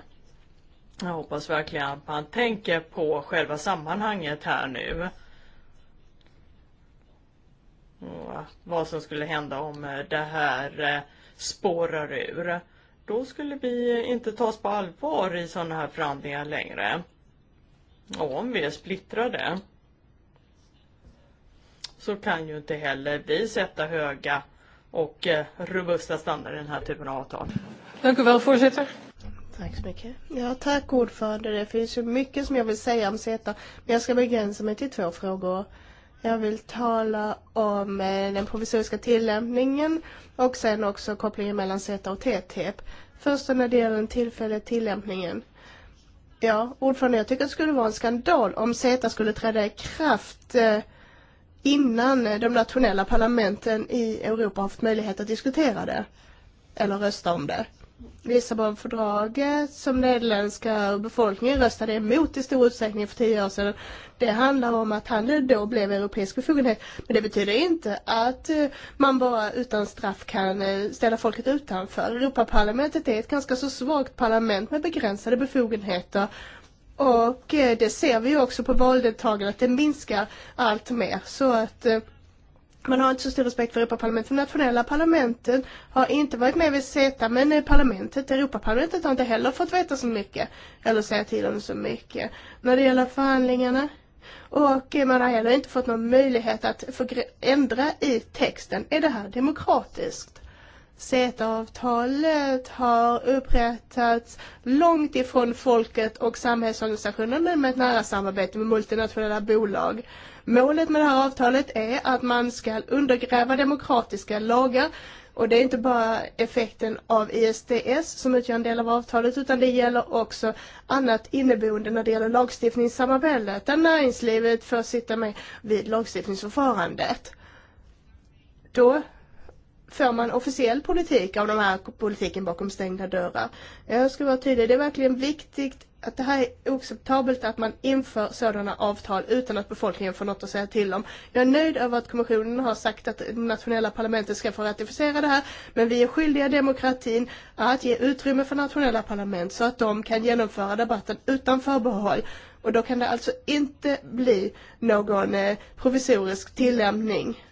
Speaker 2: jag hoppas verkligen att man tänker på själva sammanhanget här nu. Och vad som skulle hända om eh, det här spårar ur då skulle vi inte tas på allvar i sådana här förhandlingar längre. Och om vi är splittrade så kan ju inte heller vi sätta höga och eh, robusta standarder i den här typen av avtal.
Speaker 3: Tack väl, fortsätter. Tack så mycket. Ja, tack ordförande. Det finns ju mycket som jag vill säga om CETA, men jag ska begränsa mig till två frågor. Jag vill tala om eh, den provisoriska tillämpningen och sen också kopplingen mellan Z och TTIP. Först när det gäller den tillfälliga tillämpningen. Ja, ordförande, jag tycker att det skulle vara en skandal om Z skulle träda i kraft eh, innan eh, de nationella parlamenten i Europa haft möjlighet att diskutera det eller rösta om det. Lissabonfördraget som nederländska befolkningen röstade emot i stor utsträckning för tio år sedan. Det handlar om att handeln då blev europeisk befogenhet. Men det betyder inte att eh, man bara utan straff kan eh, ställa folket utanför. Europaparlamentet är ett ganska så svagt parlament med begränsade befogenheter. Och eh, det ser vi också på valdeltagandet, det minskar allt mer. Så att Man har inte så stor respekt för Europaparlamentet. De nationella parlamenten har inte varit med vid CETA, men i eh, parlamentet, Europaparlamentet har inte heller fått veta så mycket. Eller säga till om så mycket. När det gäller förhandlingarna. Och eh, man har heller inte fått någon möjlighet att få ändra i texten. Är det här demokratiskt? CETA-avtalet har upprättats långt ifrån folket och samhällsorganisationerna med ett nära samarbete med multinationella bolag. Målet med det här avtalet är att man ska undergräva demokratiska lagar och det är inte bara effekten av ISDS som utgör en del av avtalet utan det gäller också annat inneboende när det gäller lagstiftningssamarbetet där näringslivet får sitta med vid lagstiftningsförfarandet. Då för man officiell politik av de här politiken bakom stängda dörrar. Jag ska vara tydlig, det är verkligen viktigt att det här är oacceptabelt att man inför sådana avtal utan att befolkningen får något att säga till om. Jag är nöjd över att kommissionen har sagt att det nationella parlamentet ska få ratificera det här, men vi är skyldiga demokratin att ge utrymme för nationella parlament så att de kan genomföra debatten utan förbehåll. Och då kan det alltså inte bli någon eh, provisorisk tillämpning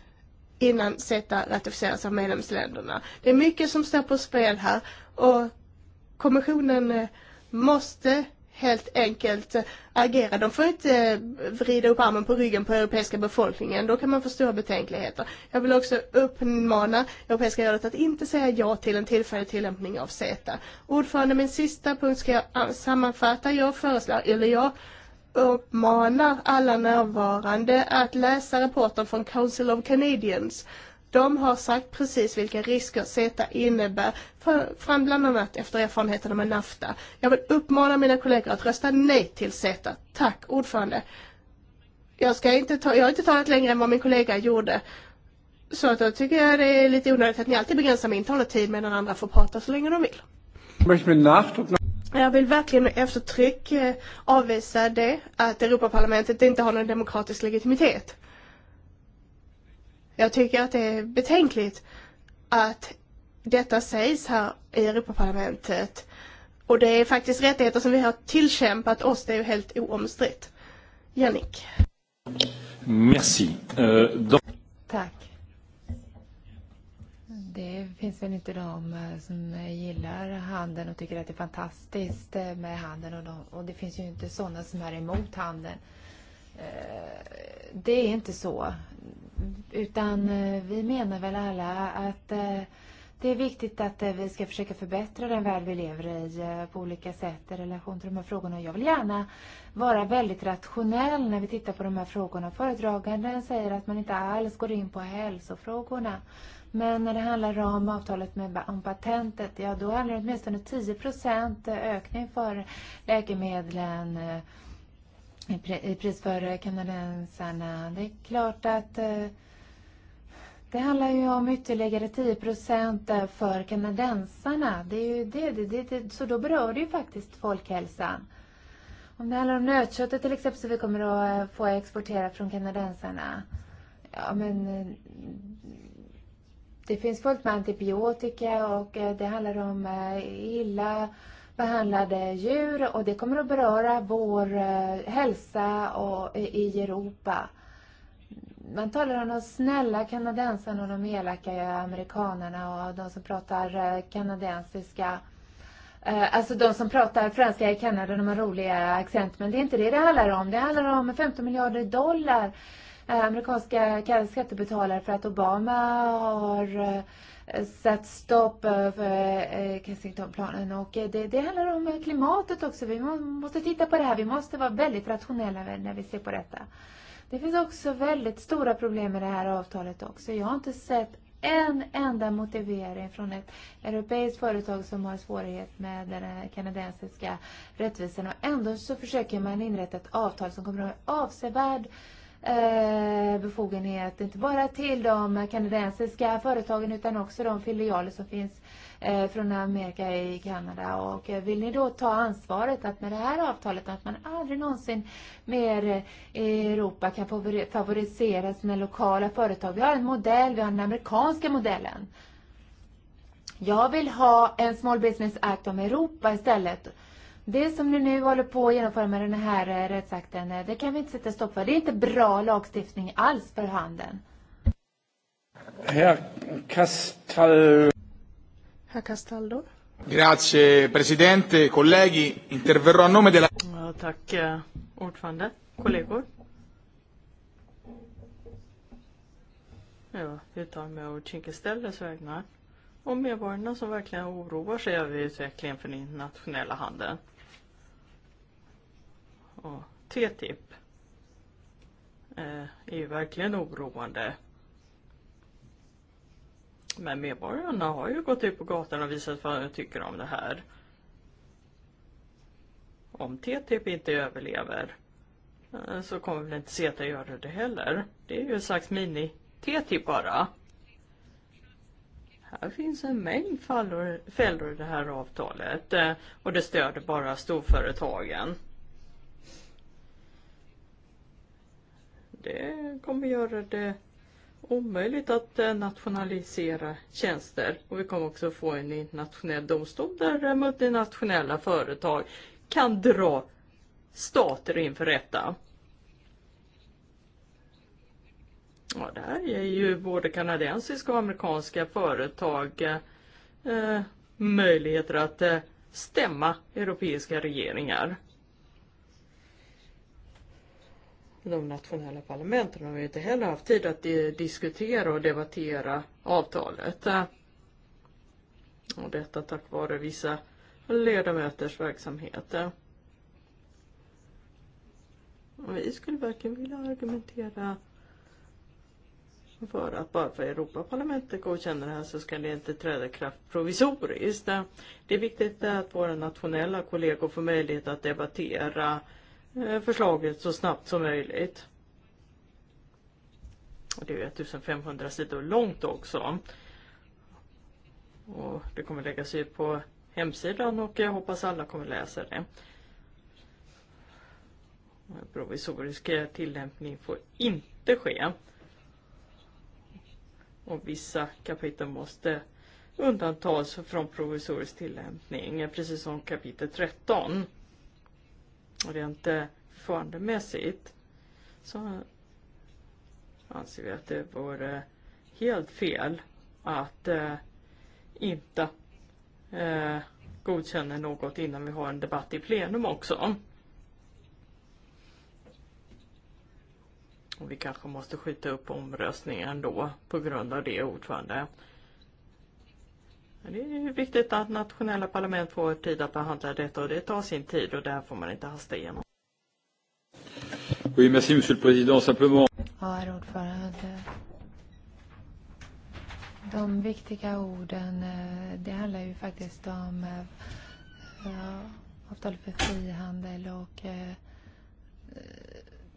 Speaker 3: innan CETA ratificeras av medlemsländerna. Det är mycket som står på spel här och kommissionen eh, måste helt enkelt agera. De får inte eh, vrida upp armen på ryggen på europeiska befolkningen. Då kan man få stora betänkligheter. Jag vill också uppmana Europeiska rådet att inte säga ja till en tillfällig tillämpning av CETA. Ordförande, min sista punkt ska jag ah, sammanfatta. Jag föreslår, eller jag uppmanar alla närvarande att läsa rapporten från Council of Canadians De har sagt precis vilka risker CETA innebär, fram bland annat efter erfarenheterna med NAFTA. Jag vill uppmana mina kollegor att rösta nej till CETA. Tack, ordförande. Jag, ska inte ta, jag har inte talat längre än vad min kollega gjorde. Så att då tycker jag det är lite onödigt att ni alltid begränsar min talartid medan andra får prata så länge de vill. Jag vill verkligen med eftertryck eh, avvisa det, att Europaparlamentet inte har någon demokratisk legitimitet. Jag tycker att det är betänkligt att detta sägs här i Europaparlamentet. Och det är faktiskt rättigheter som vi har tillkämpat oss, det är ju helt
Speaker 1: oomstritt. Jannik. Merci. Uh, eh, de... Tack. Det finns väl inte de eh, som gillar handeln och tycker att det är fantastiskt eh, med handeln och, de, och det finns ju inte sådana som är emot handeln. Uh, Eh, det är inte så. Utan eh, vi menar väl alla att eh, det är viktigt att vi ska försöka förbättra den värld vi lever i på olika sätt i relation till de här frågorna. Jag vill gärna vara väldigt rationell när vi tittar på de här frågorna. Föredraganden säger att man inte alls går in på hälsofrågorna. Men när det handlar om avtalet med, om patentet, ja då handlar det åtminstone 10 ökning för läkemedlen i, eh, pris för kanadensarna. Det är klart att eh, det handlar ju om ytterligare 10 procent för kanadensarna. Det är ju det, det, det, så då berör det ju faktiskt folkhälsan. Om det handlar om nötköttet till exempel så vi kommer att eh, få exportera från kanadensarna. Ja, men det finns fullt med antibiotika och det handlar om illa behandlade djur och det kommer att beröra vår eh, hälsa och, i Europa. Man talar om de snälla kanadensarna och de elaka amerikanerna och de som pratar eh, kanadensiska. Eh, alltså de som pratar franska i Kanada, de har roliga accent. Men det är inte det det handlar om. Det handlar om 15 miljarder dollar amerikanska skattebetalare för att Obama har sätt stopp för Kensington-planen. Eh, och eh, det, det handlar om eh, klimatet också. Vi måste titta på det här. Vi måste vara väldigt rationella när vi ser på detta. Det finns också väldigt stora problem med det här avtalet också. Jag har inte sett en enda motivering från ett europeiskt företag som har svårighet med den kanadensiska rättvisan. Och ändå så försöker man inrätta ett avtal som kommer att ha avsevärd eh, Eh, befogenhet, inte bara till de kanadensiska företagen utan också de filialer som finns eh, från Amerika i Kanada. Och eh, vill ni då ta ansvaret att med det här avtalet att man aldrig någonsin mer i Europa kan favorisera sina lokala företag? Vi har en modell, vi har den amerikanska modellen. Jag vill ha en Small Business Act om Europa istället Eh, Det som ni nu håller på att genomföra med den här eh, rättsakten, eh, det kan vi inte sätta stopp för. Det är inte bra lagstiftning alls för handeln.
Speaker 2: Herr Castaldo.
Speaker 1: Herr Castaldo. Grazie Presidente, colleghi, interverrò a nome della...
Speaker 2: Ja, tack eh, ordförande, kollegor. Ja, jag tar mig å Chinkestelles vägnar. Och medborgarna som verkligen oroar sig över utvecklingen för den internationella handeln. Och TTIP eh, är ju verkligen oroande. Men medborgarna har ju gått ut på gatan och visat vad de tycker om det här. Om TTIP inte överlever eh, så kommer väl inte CETA göra det heller. Det är ju en slags mini-TTIP bara. Här finns en mängd fällor i det här avtalet eh, och det stöder bara storföretagen. Det kommer göra det omöjligt att eh, nationalisera tjänster och vi kommer också få en internationell domstol där eh, multinationella företag kan dra stater inför rätta. Ja, det här är ju både kanadensiska och amerikanska företag eh, möjligheter att eh, stämma europeiska regeringar. De nationella parlamenten har ju inte heller haft tid att de, eh, diskutera och debattera avtalet. Och detta tack vare vissa ledamöters verksamhet. Och vi skulle verkligen vilja argumentera för att bara för Europaparlamentet godkänner det här så ska det inte träda kraft provisoriskt. Det är viktigt att våra nationella kollegor får möjlighet att debattera eh, förslaget så snabbt som möjligt. Och det är 1500 sidor långt också. Och det kommer läggas ut på hemsidan och jag hoppas alla kommer läsa det. Provisorisk eh, tillämpning får inte ske och vissa kapitel måste undantas från provisorisk tillämpning, precis som kapitel 13. Och det är inte eh, förandemässigt så anser vi att det vore helt fel att eh, inte eh, godkänna något innan vi har en debatt i plenum också. som vi kanske måste skjuta upp omröstningen då på grund av det ordförande. Det är viktigt att nationella parlament får tid att behandla detta och det tar sin tid och där får man inte hasta igenom. Oui, merci, monsieur le président. Simplement...
Speaker 1: Ja, herr ordförande. De viktiga orden, eh, det handlar ju faktiskt om eh, avtal för frihandel och eh,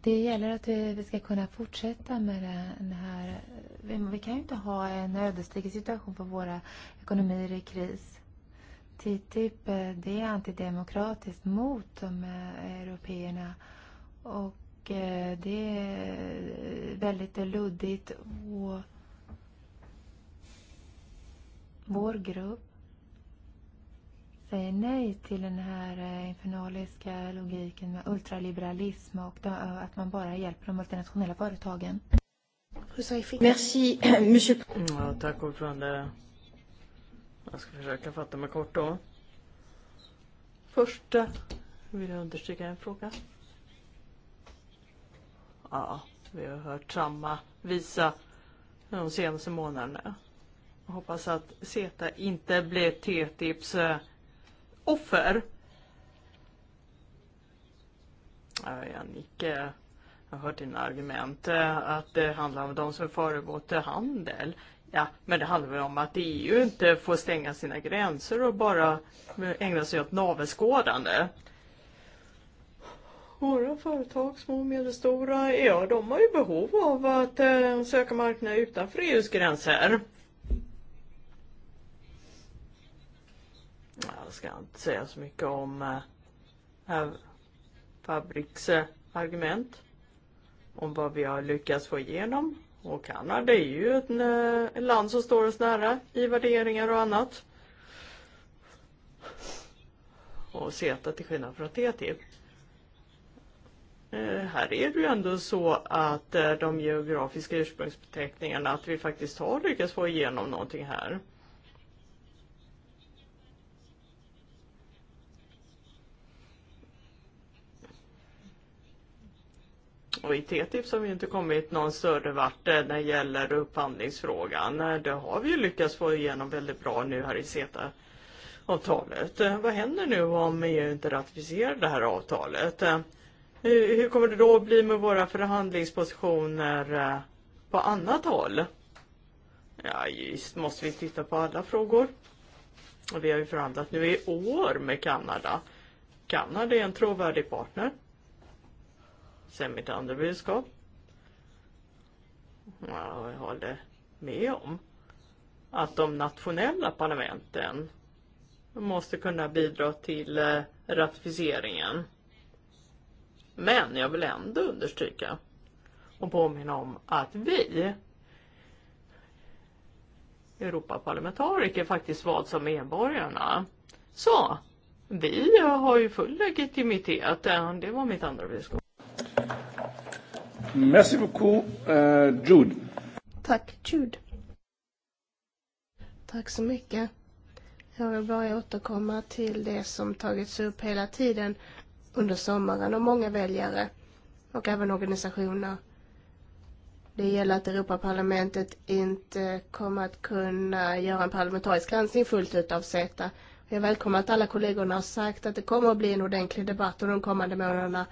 Speaker 1: Det jako gäller att vi, vi ska kunna fortsätta med den här... Vi, vi kan ju inte ha en ödesdiger situation jako för våra ekonomier i kris. TTIP det är antidemokratiskt mot de europeerna och det är väldigt luddigt och vår grupp säger nej till den här eh, infernaliska logiken med ultraliberalism och då, eh, att man bara hjälper de multinationella företagen. Merci,
Speaker 2: monsieur. Ja, tack ordförande. Jag ska försöka fatta mig kort då. Först vill jag understryka en fråga. Ja, vi har hört samma visa de senaste månaderna. Jag hoppas att CETA inte blir TTIPs eh, offer. Jannike, jag har hört dina argument att det handlar om de som föregått handel. Ja, men det handlar väl om att EU inte får stänga sina gränser och bara ägna sig åt navelskådande. Våra företag, små och medelstora, ja de har ju behov av att eh, söka marknader utanför EUs gränser. Jag ska inte säga så mycket om eh, Fabriks eh, argument om vad vi har lyckats få igenom. Och Kanada är ju ett eh, land som står oss nära i värderingar och annat. Och CETA till skillnad från TTIP. Eh, här är det ju ändå så att eh, de geografiska ursprungsbeteckningarna, att vi faktiskt har lyckats få igenom någonting här. Och i TTIP så har vi inte kommit någon större vart eh, när det gäller upphandlingsfrågan. Eh, det har vi ju lyckats få igenom väldigt bra nu här i CETA avtalet. Eh, vad händer nu om EU inte ratificerar det här avtalet? Hur, kommer det då att bli med våra förhandlingspositioner på annat håll? Ja, just måste vi titta på alla frågor. Och vi har ju förhandlat nu i år med Kanada. Kanada är en trovärdig partner. Sen mitt andra budskap. Ja, Jag håller med om att de nationella parlamenten måste kunna bidra till eh, ratificeringen. Men jag vill ändå understryka och påminna om att vi Europaparlamentariker faktiskt valts som medborgarna. Så vi har ju full legitimitet. Det var mitt andra budskap. Merci beaucoup, uh, Jude. Tack,
Speaker 3: Jude. Tack så mycket. Jag vill bara återkomma till det som tagits upp hela tiden under sommaren och många väljare och även organisationer. Det gäller att Europaparlamentet inte kommer att kunna göra en parlamentarisk granskning fullt ut av CETA. Jag välkomnar att alla kollegorna har sagt att det kommer att bli en ordentlig debatt under de kommande månaderna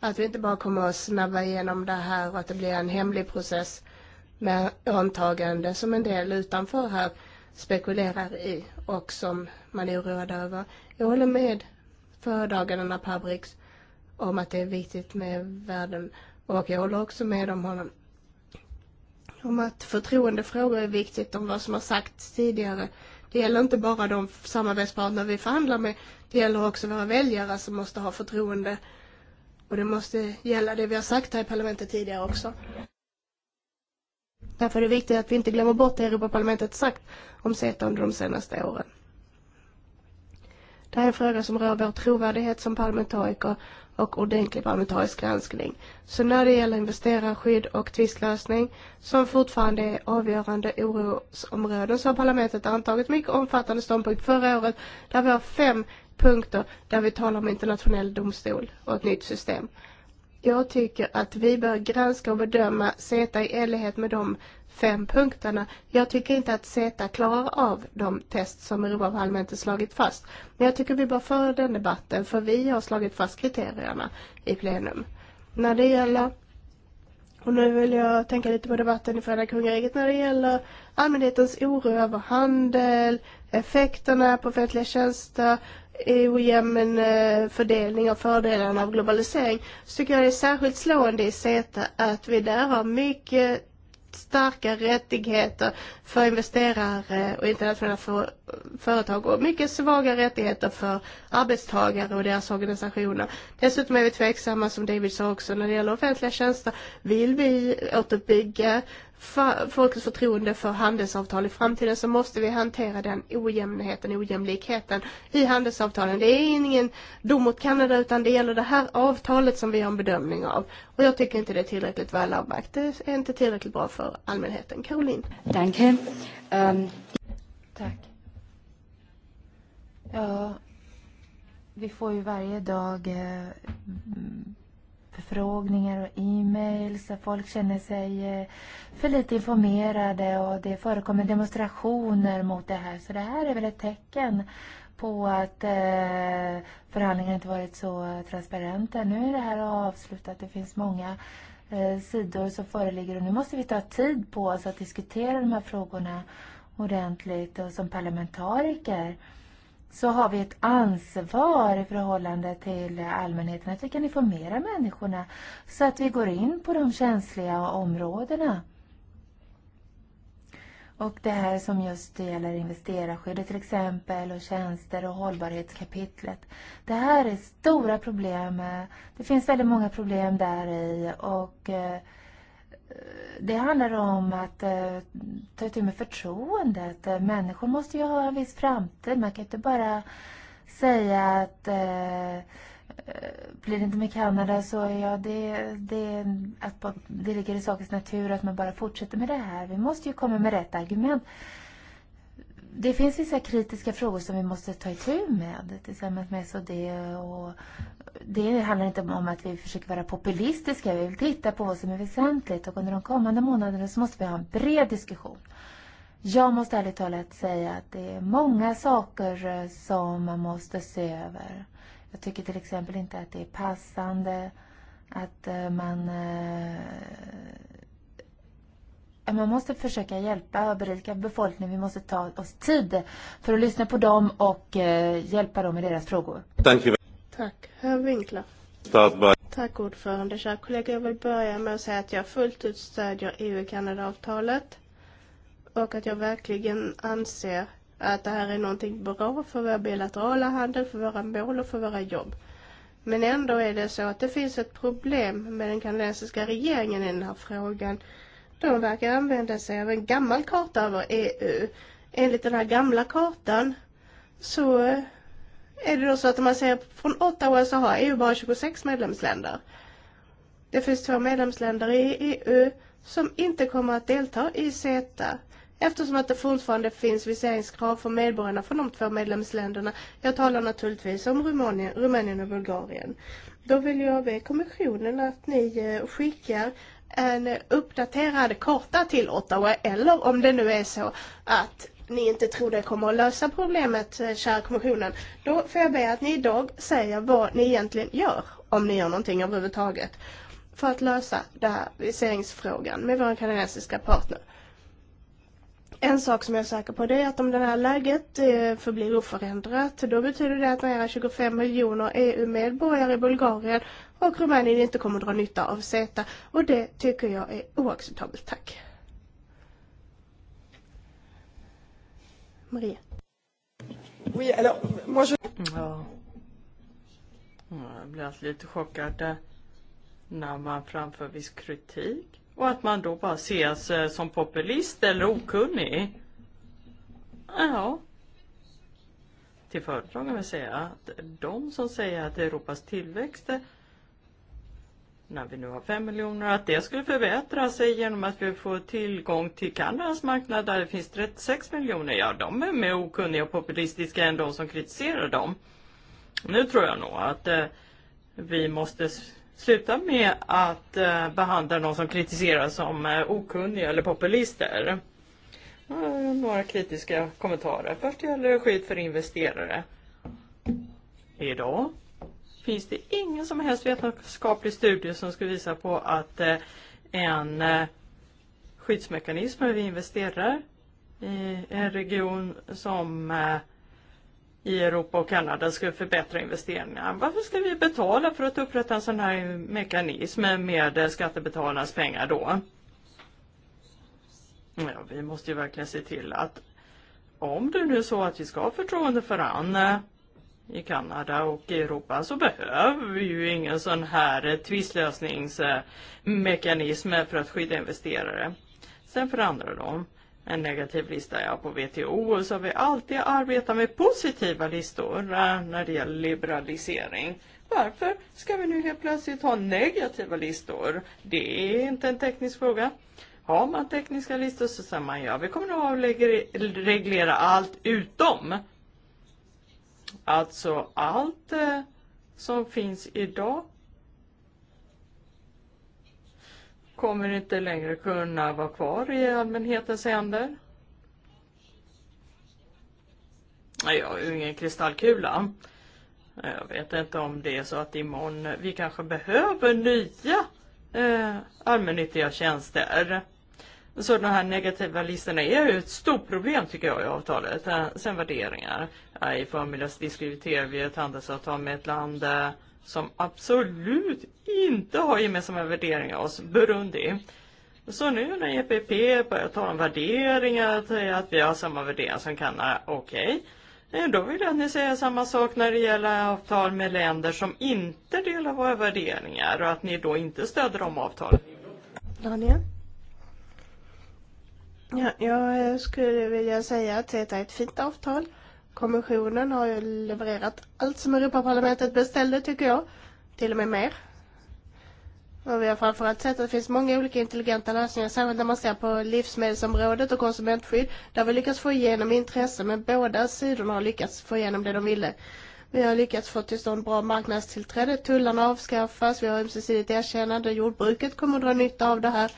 Speaker 3: Att vi inte bara kommer att snabba igenom det här och att det blir en hemlig process med antagande som en del utanför här spekulerar i och som man är oroad över. Jag håller med föredraganden Pabrix om att det är viktigt med världen och jag håller också med om honom om att förtroendefrågor är viktigt om vad som har sagts tidigare. Det gäller inte bara de samarbetspartner vi förhandlar med, det gäller också våra väljare som måste ha förtroende Och det måste gälla det vi har sagt här i parlamentet tidigare också. Därför är det viktigt att vi inte glömmer bort det Europaparlamentet sagt om CETA under de senaste åren. Det här är en fråga som rör vår trovärdighet som parlamentariker och ordentlig parlamentarisk granskning. Så när det gäller investerarskydd och tvistlösning, som fortfarande är avgörande orosområden, så har parlamentet antagit mycket omfattande ståndpunkt förra året, där vi har fem punkter där vi talar om internationell domstol och ett nytt system. Jag tycker att vi bör granska och bedöma CETA i enlighet med de fem punkterna. Jag tycker inte att CETA klarar av de test som Europaparlamentet slagit fast. Men jag tycker vi bör föra den debatten för vi har slagit fast kriterierna i plenum. När det gäller och nu vill jag tänka lite på debatten i Förenade kungariket när det gäller allmänhetens oro över handel, effekterna på offentliga tjänster, ojämn eh, fördelning av fördelarna av globalisering så tycker jag det är särskilt slående i CETA att vi där har mycket starka rättigheter för investerare och internationella för, företag och mycket svaga rättigheter för arbetstagare och deras organisationer. Dessutom är vi tveksamma, som David sa också, när det gäller offentliga tjänster. Vill vi återuppbygga för folkets förtroende för handelsavtal i framtiden så måste vi hantera den ojämnheten, ojämlikheten i handelsavtalen. Det är ingen dom mot Kanada utan det gäller det här avtalet som vi har en bedömning av. Och jag tycker inte det är tillräckligt väl avvakt. Det är inte tillräckligt bra för allmänheten. Caroline.
Speaker 1: Tack. Um, tack. Ja, vi får ju varje dag uh, förfrågningar och e-mails. där Folk känner sig eh, för lite informerade och det förekommer demonstrationer mot det här. Så det här är väl ett tecken på att eh, förhandlingarna inte varit så transparenta. Nu är det här avslutat. Det finns många eh, sidor som föreligger och nu måste vi ta tid på oss att diskutera de här frågorna ordentligt och som parlamentariker så har vi ett ansvar i förhållande till allmänheten att vi kan informera människorna så att vi går in på de känsliga områdena. Och det här som just gäller investerarskyddet till exempel och tjänster och hållbarhetskapitlet. Det här är stora problem. Det finns väldigt många problem där i och eh, det handlar om att eh, ta itu med förtroendet. Människor måste ju ha en viss framtid. Man kan inte bara säga att eh, eh, blir det inte med Kanada så ja, det, det, att, det ligger i sakens natur att man bara fortsätter med det här. Vi måste ju komma med rätt argument. Det finns vissa kritiska frågor som vi måste ta itu med tillsammans med SOD. Och det handlar inte om att vi försöker vara populistiska. Vi vill titta på vad som är väsentligt och under de kommande månaderna så måste vi ha en bred diskussion. Jag måste ärligt talat säga att det är många saker eh, som man måste se över. Jag tycker till exempel inte att det är passande att eh, man eh, man måste försöka hjälpa och berika befolkningen. Vi måste ta oss tid för att lyssna på dem och eh, hjälpa dem med deras frågor. Tack. Herr Tack ordförande.
Speaker 3: Kära kollegor, jag vill börja med att säga att jag fullt ut stödjer EU-Kanada-avtalet och att jag verkligen anser att det här är någonting bra för vår bilaterala handel, för våra mål och för våra jobb. Men ändå är det så att det finns ett problem med den kanadensiska regeringen i den här frågan verkar använda sig av en gammal karta över EU. Eh, enligt den här gamla kartan så eh, är det då så att om man säger från Ottawa så har EU bara 26 medlemsländer. Det finns två medlemsländer i EU som inte kommer att delta i CETA eftersom att det fortfarande finns viseringskrav för medborgarna från de två medlemsländerna. Jag talar naturligtvis om Rumänien, Rumänien och Bulgarien. Då vill jag be kommissionen att ni eh, skickar en uppdaterad karta till Ottawa eller om det nu är så att ni inte tror det kommer att lösa problemet, eh, kära kommissionen, då får jag be att ni idag säger vad ni egentligen gör, om ni gör någonting överhuvudtaget, för att lösa den här viseringsfrågan med våra kanadensiska partner. En sak som jag är säker på det är att om det här läget eh, förblir oförändrat, då betyder det att nära 25 miljoner EU-medborgare i Bulgarien och Rumänien inte kommer att dra nytta av CETA. Och det tycker jag är oacceptabelt. Tack. Maria. Oui, alors, moi
Speaker 1: je... Ja.
Speaker 2: Jag blir alltid lite chockad eh, när man framför viss kritik och att man då bara ses eh, som populist eller okunnig. Ja. Till företagen vill säga att de som säger att Europas tillväxt eh, när vi nu har 5 miljoner, att det skulle förbättra sig genom att vi får tillgång till Kanadas marknad där det finns 36 miljoner. Ja, de är mer okunniga och populistiska än de som kritiserar dem. Nu tror jag nog att eh, vi måste sluta med att eh, behandla de som kritiserar som eh, okunniga eller populister. Eh, några kritiska kommentarer. Först gäller det skydd för investerare. Idag finns det ingen som helst vetenskaplig studie som skulle visa på att eh, en eh, skyddsmekanism när vi investerar i en region som eh, i Europa och Kanada skulle förbättra investeringarna. Varför ska vi betala för att upprätta en sån här mekanism med skattebetalarnas pengar då? Ja, vi måste ju verkligen se till att om det nu är så att vi ska ha förtroende för varandra i Kanada och i Europa så behöver vi ju ingen sån här tvistlösningsmekanism för att skydda investerare. Sen för andra då, en negativ lista är på WTO så har vi alltid arbetat med positiva listor eh, när det gäller liberalisering. Varför ska vi nu helt plötsligt ha negativa listor? Det är inte en teknisk fråga. Har man tekniska listor så säger man ja, vi kommer nog att reglera allt utom Alltså allt eh, som finns idag kommer inte längre kunna vara kvar i allmänhetens händer. jag har ju ingen kristallkula. Jag vet inte om det är så att imorgon vi kanske behöver nya eh, allmännyttiga tjänster. Så de här negativa listorna är ju ett stort problem tycker jag i avtalet. Eh, sen värderingar. I förmiddags diskuterade vi ett handelsavtal med ett land eh, som absolut inte har gemensamma värderingar oss, Burundi. Så nu när EPP börjar tala om värderingar, säger att vi har samma värderingar som Kanada, okej. Okay. Eh, då vill jag att ni säger samma sak när det gäller avtal med länder som inte delar våra värderingar och att ni då inte stöder de avtalen. Daniel? Ja,
Speaker 3: jag skulle vilja säga att det är ett fint avtal. Kommissionen har ju levererat allt som Europaparlamentet beställde tycker jag. Till och med mer. Och vi har framförallt sett att det finns många olika intelligenta lösningar, särskilt när man ser på livsmedelsområdet och konsumentskydd. Där vi lyckats få igenom intresse, men båda sidorna har lyckats få igenom det de ville. Vi har lyckats få till stånd bra marknadstillträde, tullarna avskaffas, vi har ömsesidigt erkännande, jordbruket kommer att dra nytta av det här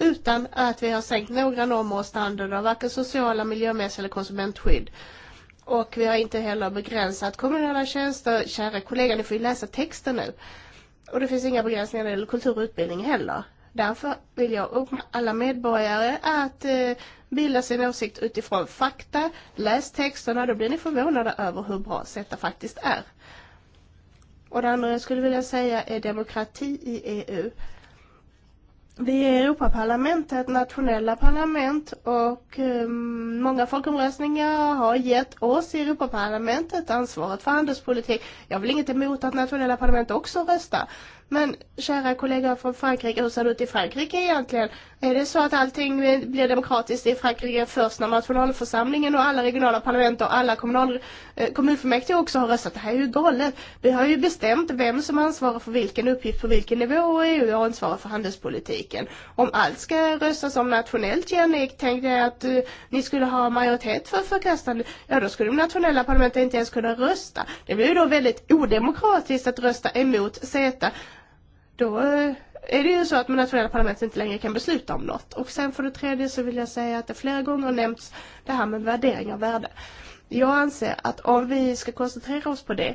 Speaker 3: utan att vi har sänkt några normer och standarder, varken sociala, miljömässiga eller konsumentskydd. Och vi har inte heller begränsat kommunala tjänster. Kära kollegor, ni får ju läsa texten nu. Och det finns inga begränsningar när det gäller kultur och utbildning heller. Därför vill jag uppmana alla medborgare att eh, bilda sin åsikt utifrån fakta. Läs texterna, då blir ni förvånade över hur bra CETA faktiskt är. Och det andra jag skulle vilja säga är demokrati i EU. Vi är Europaparlamentet, nationella parlament och um, många folkomröstningar har gett oss i Europaparlamentet ansvaret för handelspolitik. Jag vill inget emot att nationella parlament också röstar. Men kära kollegor från Frankrike, hur ser det ut i Frankrike egentligen? Är det så att allting blir demokratiskt i Frankrike först när nationalförsamlingen och alla regionala parlament och alla kommunal, eh, kommunfullmäktige också har röstat? Det här är ju galet. Vi har ju bestämt vem som ansvarar för vilken uppgift på vilken nivå och EU ansvarar för handelspolitiken. Om allt ska röstas om nationellt, Jannik, tänkte jag att uh, ni skulle ha majoritet för förkastande. Ja, då skulle de nationella parlamenten inte ens kunna rösta. Det blir ju då väldigt odemokratiskt att rösta emot CETA då eh, är det ju så att de nationella parlamentet inte längre kan besluta om något. Och sen för det tredje så vill jag säga att det flera gånger har nämnts det här med värdering av värde. Jag anser att om vi ska koncentrera oss på det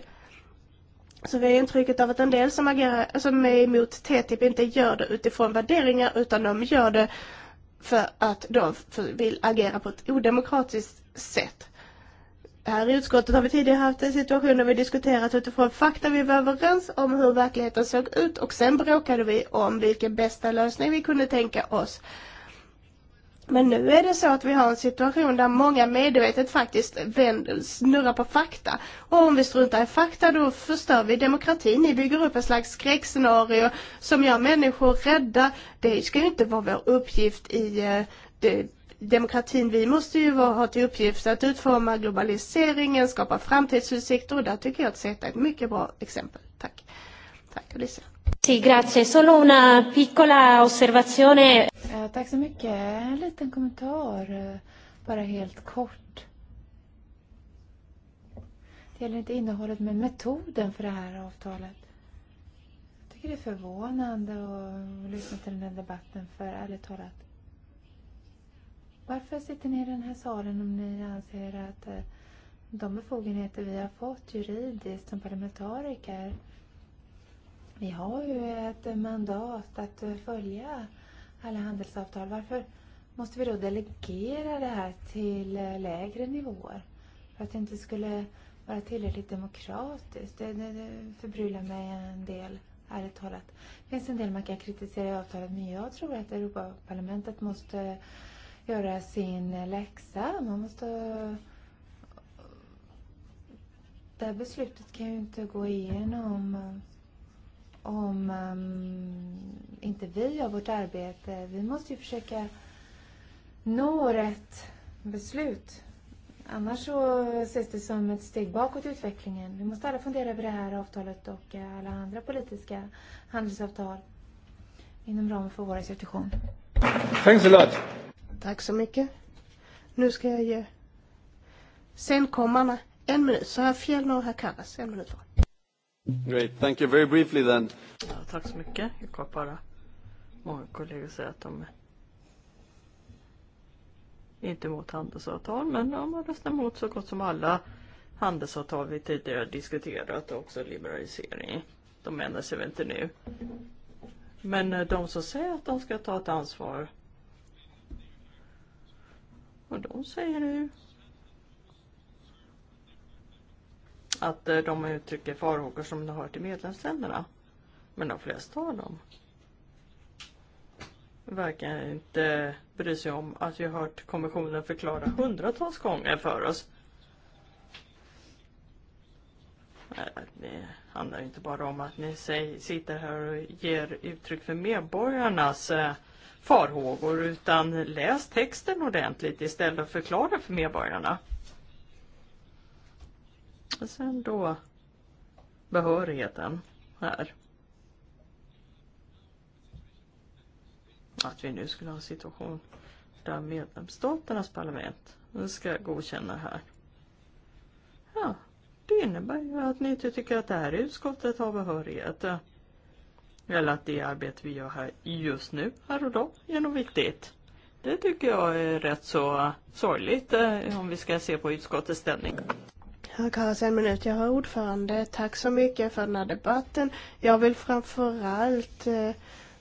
Speaker 3: så vi har intrycket av att en del som, agerar, som är emot TTIP inte gör det utifrån värderingar utan de gör det för att de vill agera på ett odemokratiskt sätt här i utskottet har vi tidigare haft en situation där vi diskuterat utifrån fakta vi var överens om hur verkligheten såg ut och sen bråkade vi om vilken bästa lösning vi kunde tänka oss. Men nu är det så att vi har en situation där många medvetet faktiskt vänder, snurrar på fakta. Och om vi struntar i fakta då förstör vi demokratin. Ni bygger upp ett slags skräckscenario som gör människor rädda. Det ska ju inte vara vår uppgift i eh, det demokratin, vi måste ju ha till uppgift att utforma globaliseringen, skapa framtidsutsikter och där tycker jag att Zeta är ett mycket bra exempel. Tack. Tack Alicia. Sì, grazie.
Speaker 1: Solo una piccola osservazione. Eh, tack så mycket. En liten kommentar, eh, bara helt kort. Det gäller inte innehållet, men metoden för det här avtalet. Jag tycker det är förvånande att lyssna till den här debatten, för ärligt talat Varför sitter ni i den här salen om ni anser att eh, de befogenheter vi har fått juridiskt som parlamentariker vi har ju ett mandat att eh, följa alla handelsavtal. Varför måste vi då delegera det här till eh, lägre nivåer? För att det inte skulle vara tillräckligt demokratiskt. Det, det, det förbryllar mig en del, ärligt talat. Det finns en del man kan kritisera i avtalet, men jag tror att Europaparlamentet måste göra sin läxa. Man måste... Det här beslutet kan ju inte gå igenom om um, inte vi gör vårt arbete. Vi måste ju försöka nå rätt beslut. Annars så ses det som ett steg bakåt i utvecklingen. Vi måste alla fundera över det här avtalet och eh, alla andra politiska handelsavtal inom ramen för vår institution. Thanks a lot. Tack så
Speaker 3: mycket. Nu ska jag ge senkommarna en minut. Så här Fjellner
Speaker 2: och här Karras, en minut var. Great, thank you. Very briefly then. Ja, tack så mycket. Jag kan bara. Många kollegor säga att de är inte mot handelsavtal, men om man röstar mot så gott som alla handelsavtal vi tidigare diskuterat och också liberalisering. De menar sig väl inte nu. Men eh, de som säger att de ska ta ett ansvar Och då säger du att de uttrycker farhågor som de har till medlemsländerna. Men de flesta av dem verkar inte bry sig om att vi har hört kommissionen förklara hundratals gånger för oss. Det handlar inte bara om att ni sitter här och ger uttryck för medborgarnas farhågor utan läs texten ordentligt istället för att förklara för medborgarna. Och sen då behörigheten här. Att vi nu skulle ha en situation där medlemsstaternas parlament ska godkänna det här. Ja, det innebär ju att ni inte tycker att det här utskottet har behörighet. Eller att det arbete vi gör här just nu, här och då, är nog viktigt. Det tycker jag är rätt så sorgligt eh, om vi ska se på utskottets ställning.
Speaker 3: Här kallas en minut. Jag har ordförande. Tack så mycket för den här debatten. Jag vill framförallt eh,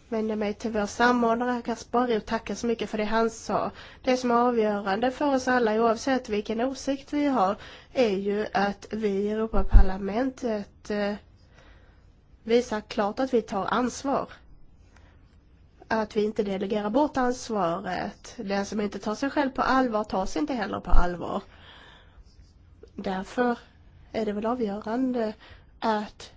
Speaker 3: vända mig till vår samordnare Kaspar och tacka så mycket för det han sa. Det som är avgörande för oss alla, oavsett vilken åsikt vi har, är ju att vi i Europaparlamentet eh, visar klart att vi tar ansvar. Att vi inte delegerar bort ansvaret. Den som inte tar sig själv på allvar tas inte heller på allvar. Därför är det väl avgörande att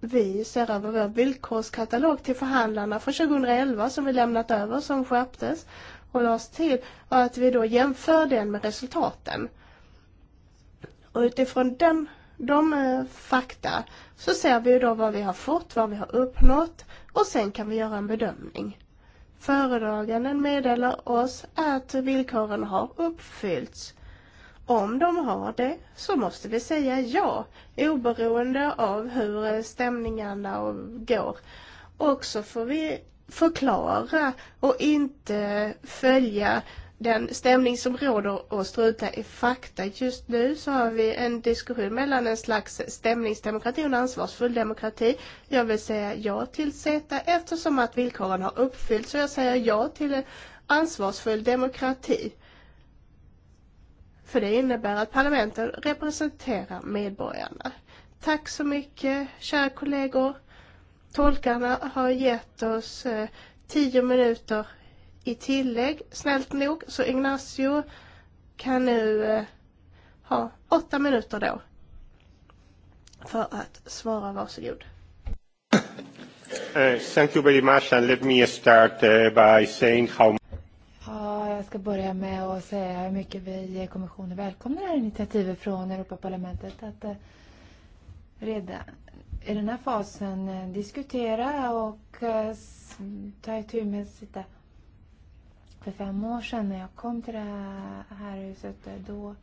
Speaker 3: vi ser över vår villkorskatalog till förhandlarna från 2011 som vi lämnat över som skärptes och lades till och att vi då jämför den med resultaten. Och utifrån den, de eh, fakta så ser vi då vad vi har fått, vad vi har uppnått och sen kan vi göra en bedömning. Föredraganden meddelar oss att villkoren har uppfyllts. Om de har det så måste vi säga ja, oberoende av hur stämningarna går. Och så får vi förklara och inte följa den stämning som råder och struta i fakta. Just nu så har vi en diskussion mellan en slags stämningsdemokrati och en ansvarsfull demokrati. Jag vill säga ja till CETA eftersom att villkoren har uppfyllts Så jag säger ja till en ansvarsfull demokrati. För det innebär att parlamenten representerar medborgarna. Tack så mycket, kära kollegor. Tolkarna har gett oss eh, tio minuter i tillägg, snällt nog, så Ignacio kan nu eh, ha åtta minuter då
Speaker 1: för att svara. Varsågod. Uh, thank you
Speaker 2: very much and let me start uh, by saying how
Speaker 1: Ja, jag ska börja med att säga hur mycket vi i kommissionen välkomnar det här initiativet från Europaparlamentet att redan i den här fasen diskutera och ta itu med sitt för fem år sedan när jag kom till det här huset. Då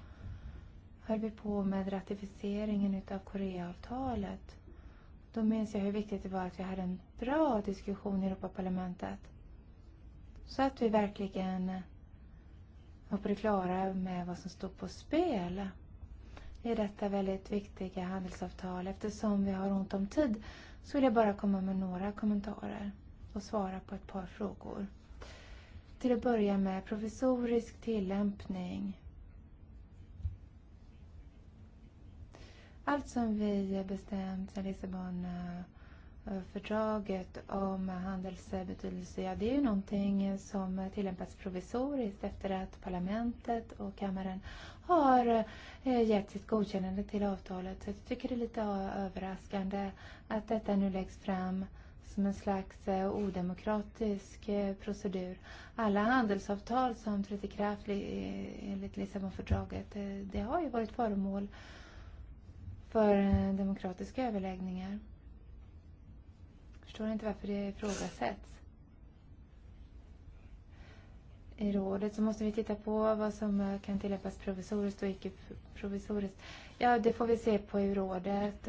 Speaker 1: höll vi på med ratificeringen av Koreaavtalet. Då minns jag hur viktigt det var att vi hade en bra diskussion i Europaparlamentet. Så att vi verkligen var på det klara med vad som stod på spel i detta väldigt viktiga handelsavtal. Eftersom vi har ont om tid så vill jag bara komma med några kommentarer och svara på ett par frågor. Till att börja med provisorisk tillämpning. Allt som vi bestämt sedan Lissabonfördraget om handelsbetydelse, ja, det är ju någonting som tillämpas provisoriskt efter att parlamentet och kammaren har eh, gett sitt godkännande till avtalet. Så jag tycker det är lite överraskande att detta nu läggs fram som en slags eh, odemokratisk eh, procedur. Alla handelsavtal som trätt i kraft eh, enligt Lissabonfördraget, det har ju varit föremål för demokratiska överläggningar. Jag förstår inte varför det ifrågasätts. I rådet så måste vi titta på vad som kan tillämpas provisoriskt och icke provisoriskt. Ja, det får vi se på i rådet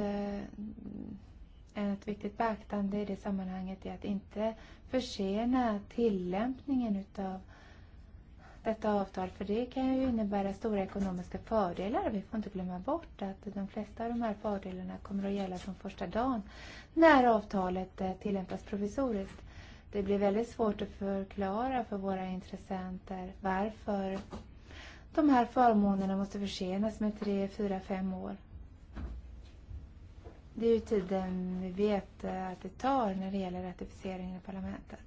Speaker 1: ett viktigt beaktande i det sammanhanget är att inte försena tillämpningen av detta avtal för det kan ju innebära stora ekonomiska fördelar. Vi får inte glömma bort att de flesta av de här fördelarna kommer att gälla från första dagen när avtalet eh, tillämpas provisoriskt. Det blir väldigt svårt att förklara för våra intressenter varför de här förmånerna måste försenas med 3, 4, 5 år. Det är ju tiden vi vet eh, att det tar när det gäller ratificeringen i parlamentet.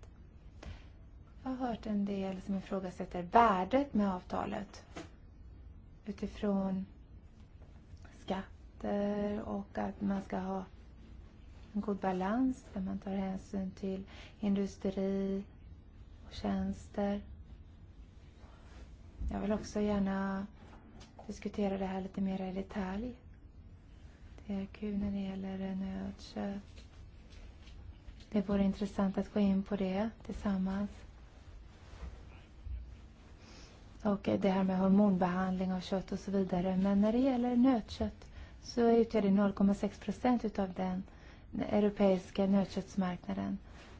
Speaker 1: Jag har hört en del som ifrågasätter värdet med avtalet utifrån skatter och att man ska ha en god balans där man tar hänsyn till industri och tjänster. Jag vill också gärna diskutera det här lite mer i detalj är kul när det gäller nötkött. Det vore intressant att gå in på det tillsammans. Och det här med hormonbehandling av kött och så vidare. Eh, Men när det gäller nötkött så utgör det 0,6 procent av den europeiska nötköttsmarknaden.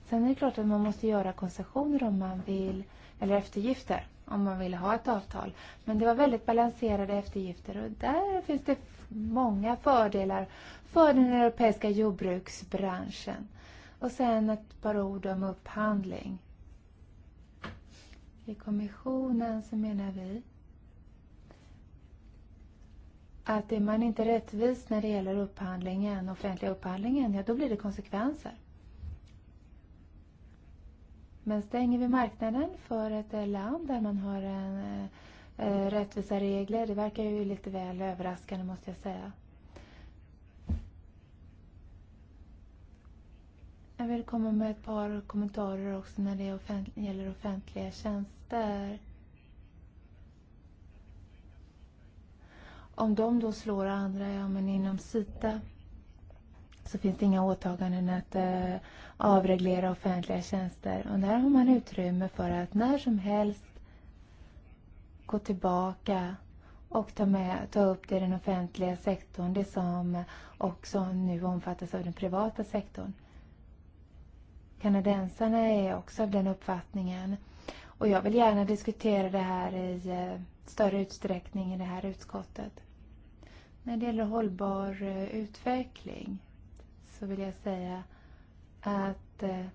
Speaker 1: Sen är det klart att man måste göra koncessioner om man vill, eller eftergifter om man vill ha ett avtal. Men det var väldigt balanserade eftergifter och där finns det många fördelar för den europeiska jordbruksbranschen. Och sen ett par ord om upphandling. I kommissionen så menar vi att är man inte rättvis när det gäller upphandlingen, offentliga upphandlingen, ja då blir det konsekvenser. Men stänger vi marknaden för ett land där man har en eh, eh, rättvisa regler. Det verkar ju lite väl överraskande måste jag säga. Jag vill komma med ett par kommentarer också när det offent gäller offentliga tjänster. Om de då slår andra, ja men inom Sita så finns det inga åtaganden att eh, avreglera offentliga tjänster. Och där har man utrymme för att när som helst gå tillbaka och ta, med, ta upp det i den offentliga sektorn, det som också nu omfattas av den privata sektorn. Kanadensarna är också av den uppfattningen. Och jag vill gärna diskutera det här i eh, större utsträckning i det här utskottet. När det gäller hållbar eh, utveckling så vill jag säga att eh,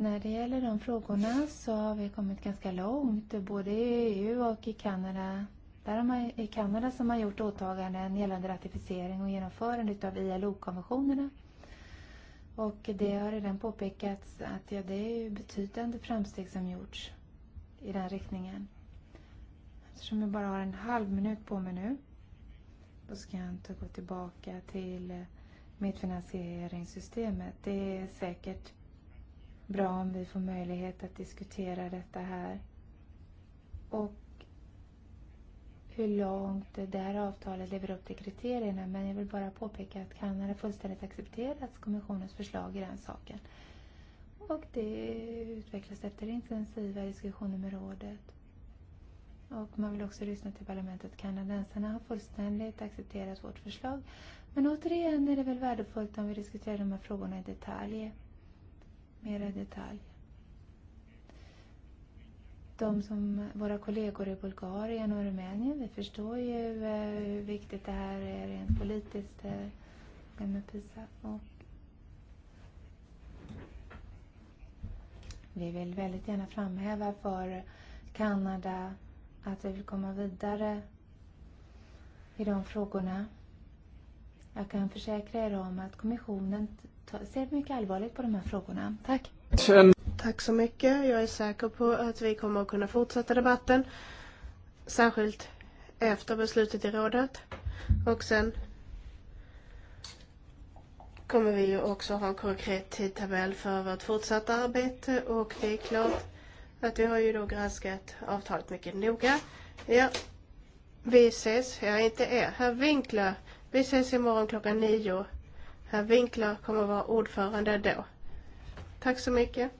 Speaker 1: När det gäller de frågorna så har vi kommit ganska långt, både i EU och i Kanada. Där har man, I Kanada som har man gjort åtaganden gällande ratificering och genomförande av ILO-konventionerna. Och det har redan påpekats att ja, det är betydande framsteg som gjorts i den riktningen. Eftersom jag bara har en halv minut på mig nu då ska jag inte gå tillbaka till medfinansieringssystemet. Det är säkert bra om vi får möjlighet att diskutera detta här. Och hur långt det här avtalet lever upp till kriterierna. Men jag vill bara påpeka att Kanada fullständigt accepterat kommissionens förslag i den saken. Och det utvecklas efter intensiva diskussioner med rådet. Och man vill också lyssna till parlamentet. Kanadensarna har fullständigt accepterat vårt förslag. Men återigen är det väl värdefullt om vi diskuterar de här frågorna i detalj mera detalj. De som, våra kollegor i Bulgarien och Rumänien, vi förstår ju hur viktigt det här är rent politiskt eh, med PISA. Och vi vill väldigt gärna framhäva för Kanada att vi vill komma vidare i de frågorna. Jag kan försäkra er om att kommissionen ser mycket allvarligt på de här frågorna. Tack! Tack så mycket.
Speaker 3: Jag är säker på att vi kommer att kunna fortsätta debatten. Särskilt efter beslutet i rådet. Och sen kommer vi ju också ha en konkret tidtabell för vårt fortsatta arbete och det är klart att vi har ju då granskat avtalet mycket noga. Ja, vi ses. Jag är inte er, herr Winkler. Vi ses imorgon klockan nio. Herr Winkler kommer att vara ordförande då. Tack så mycket.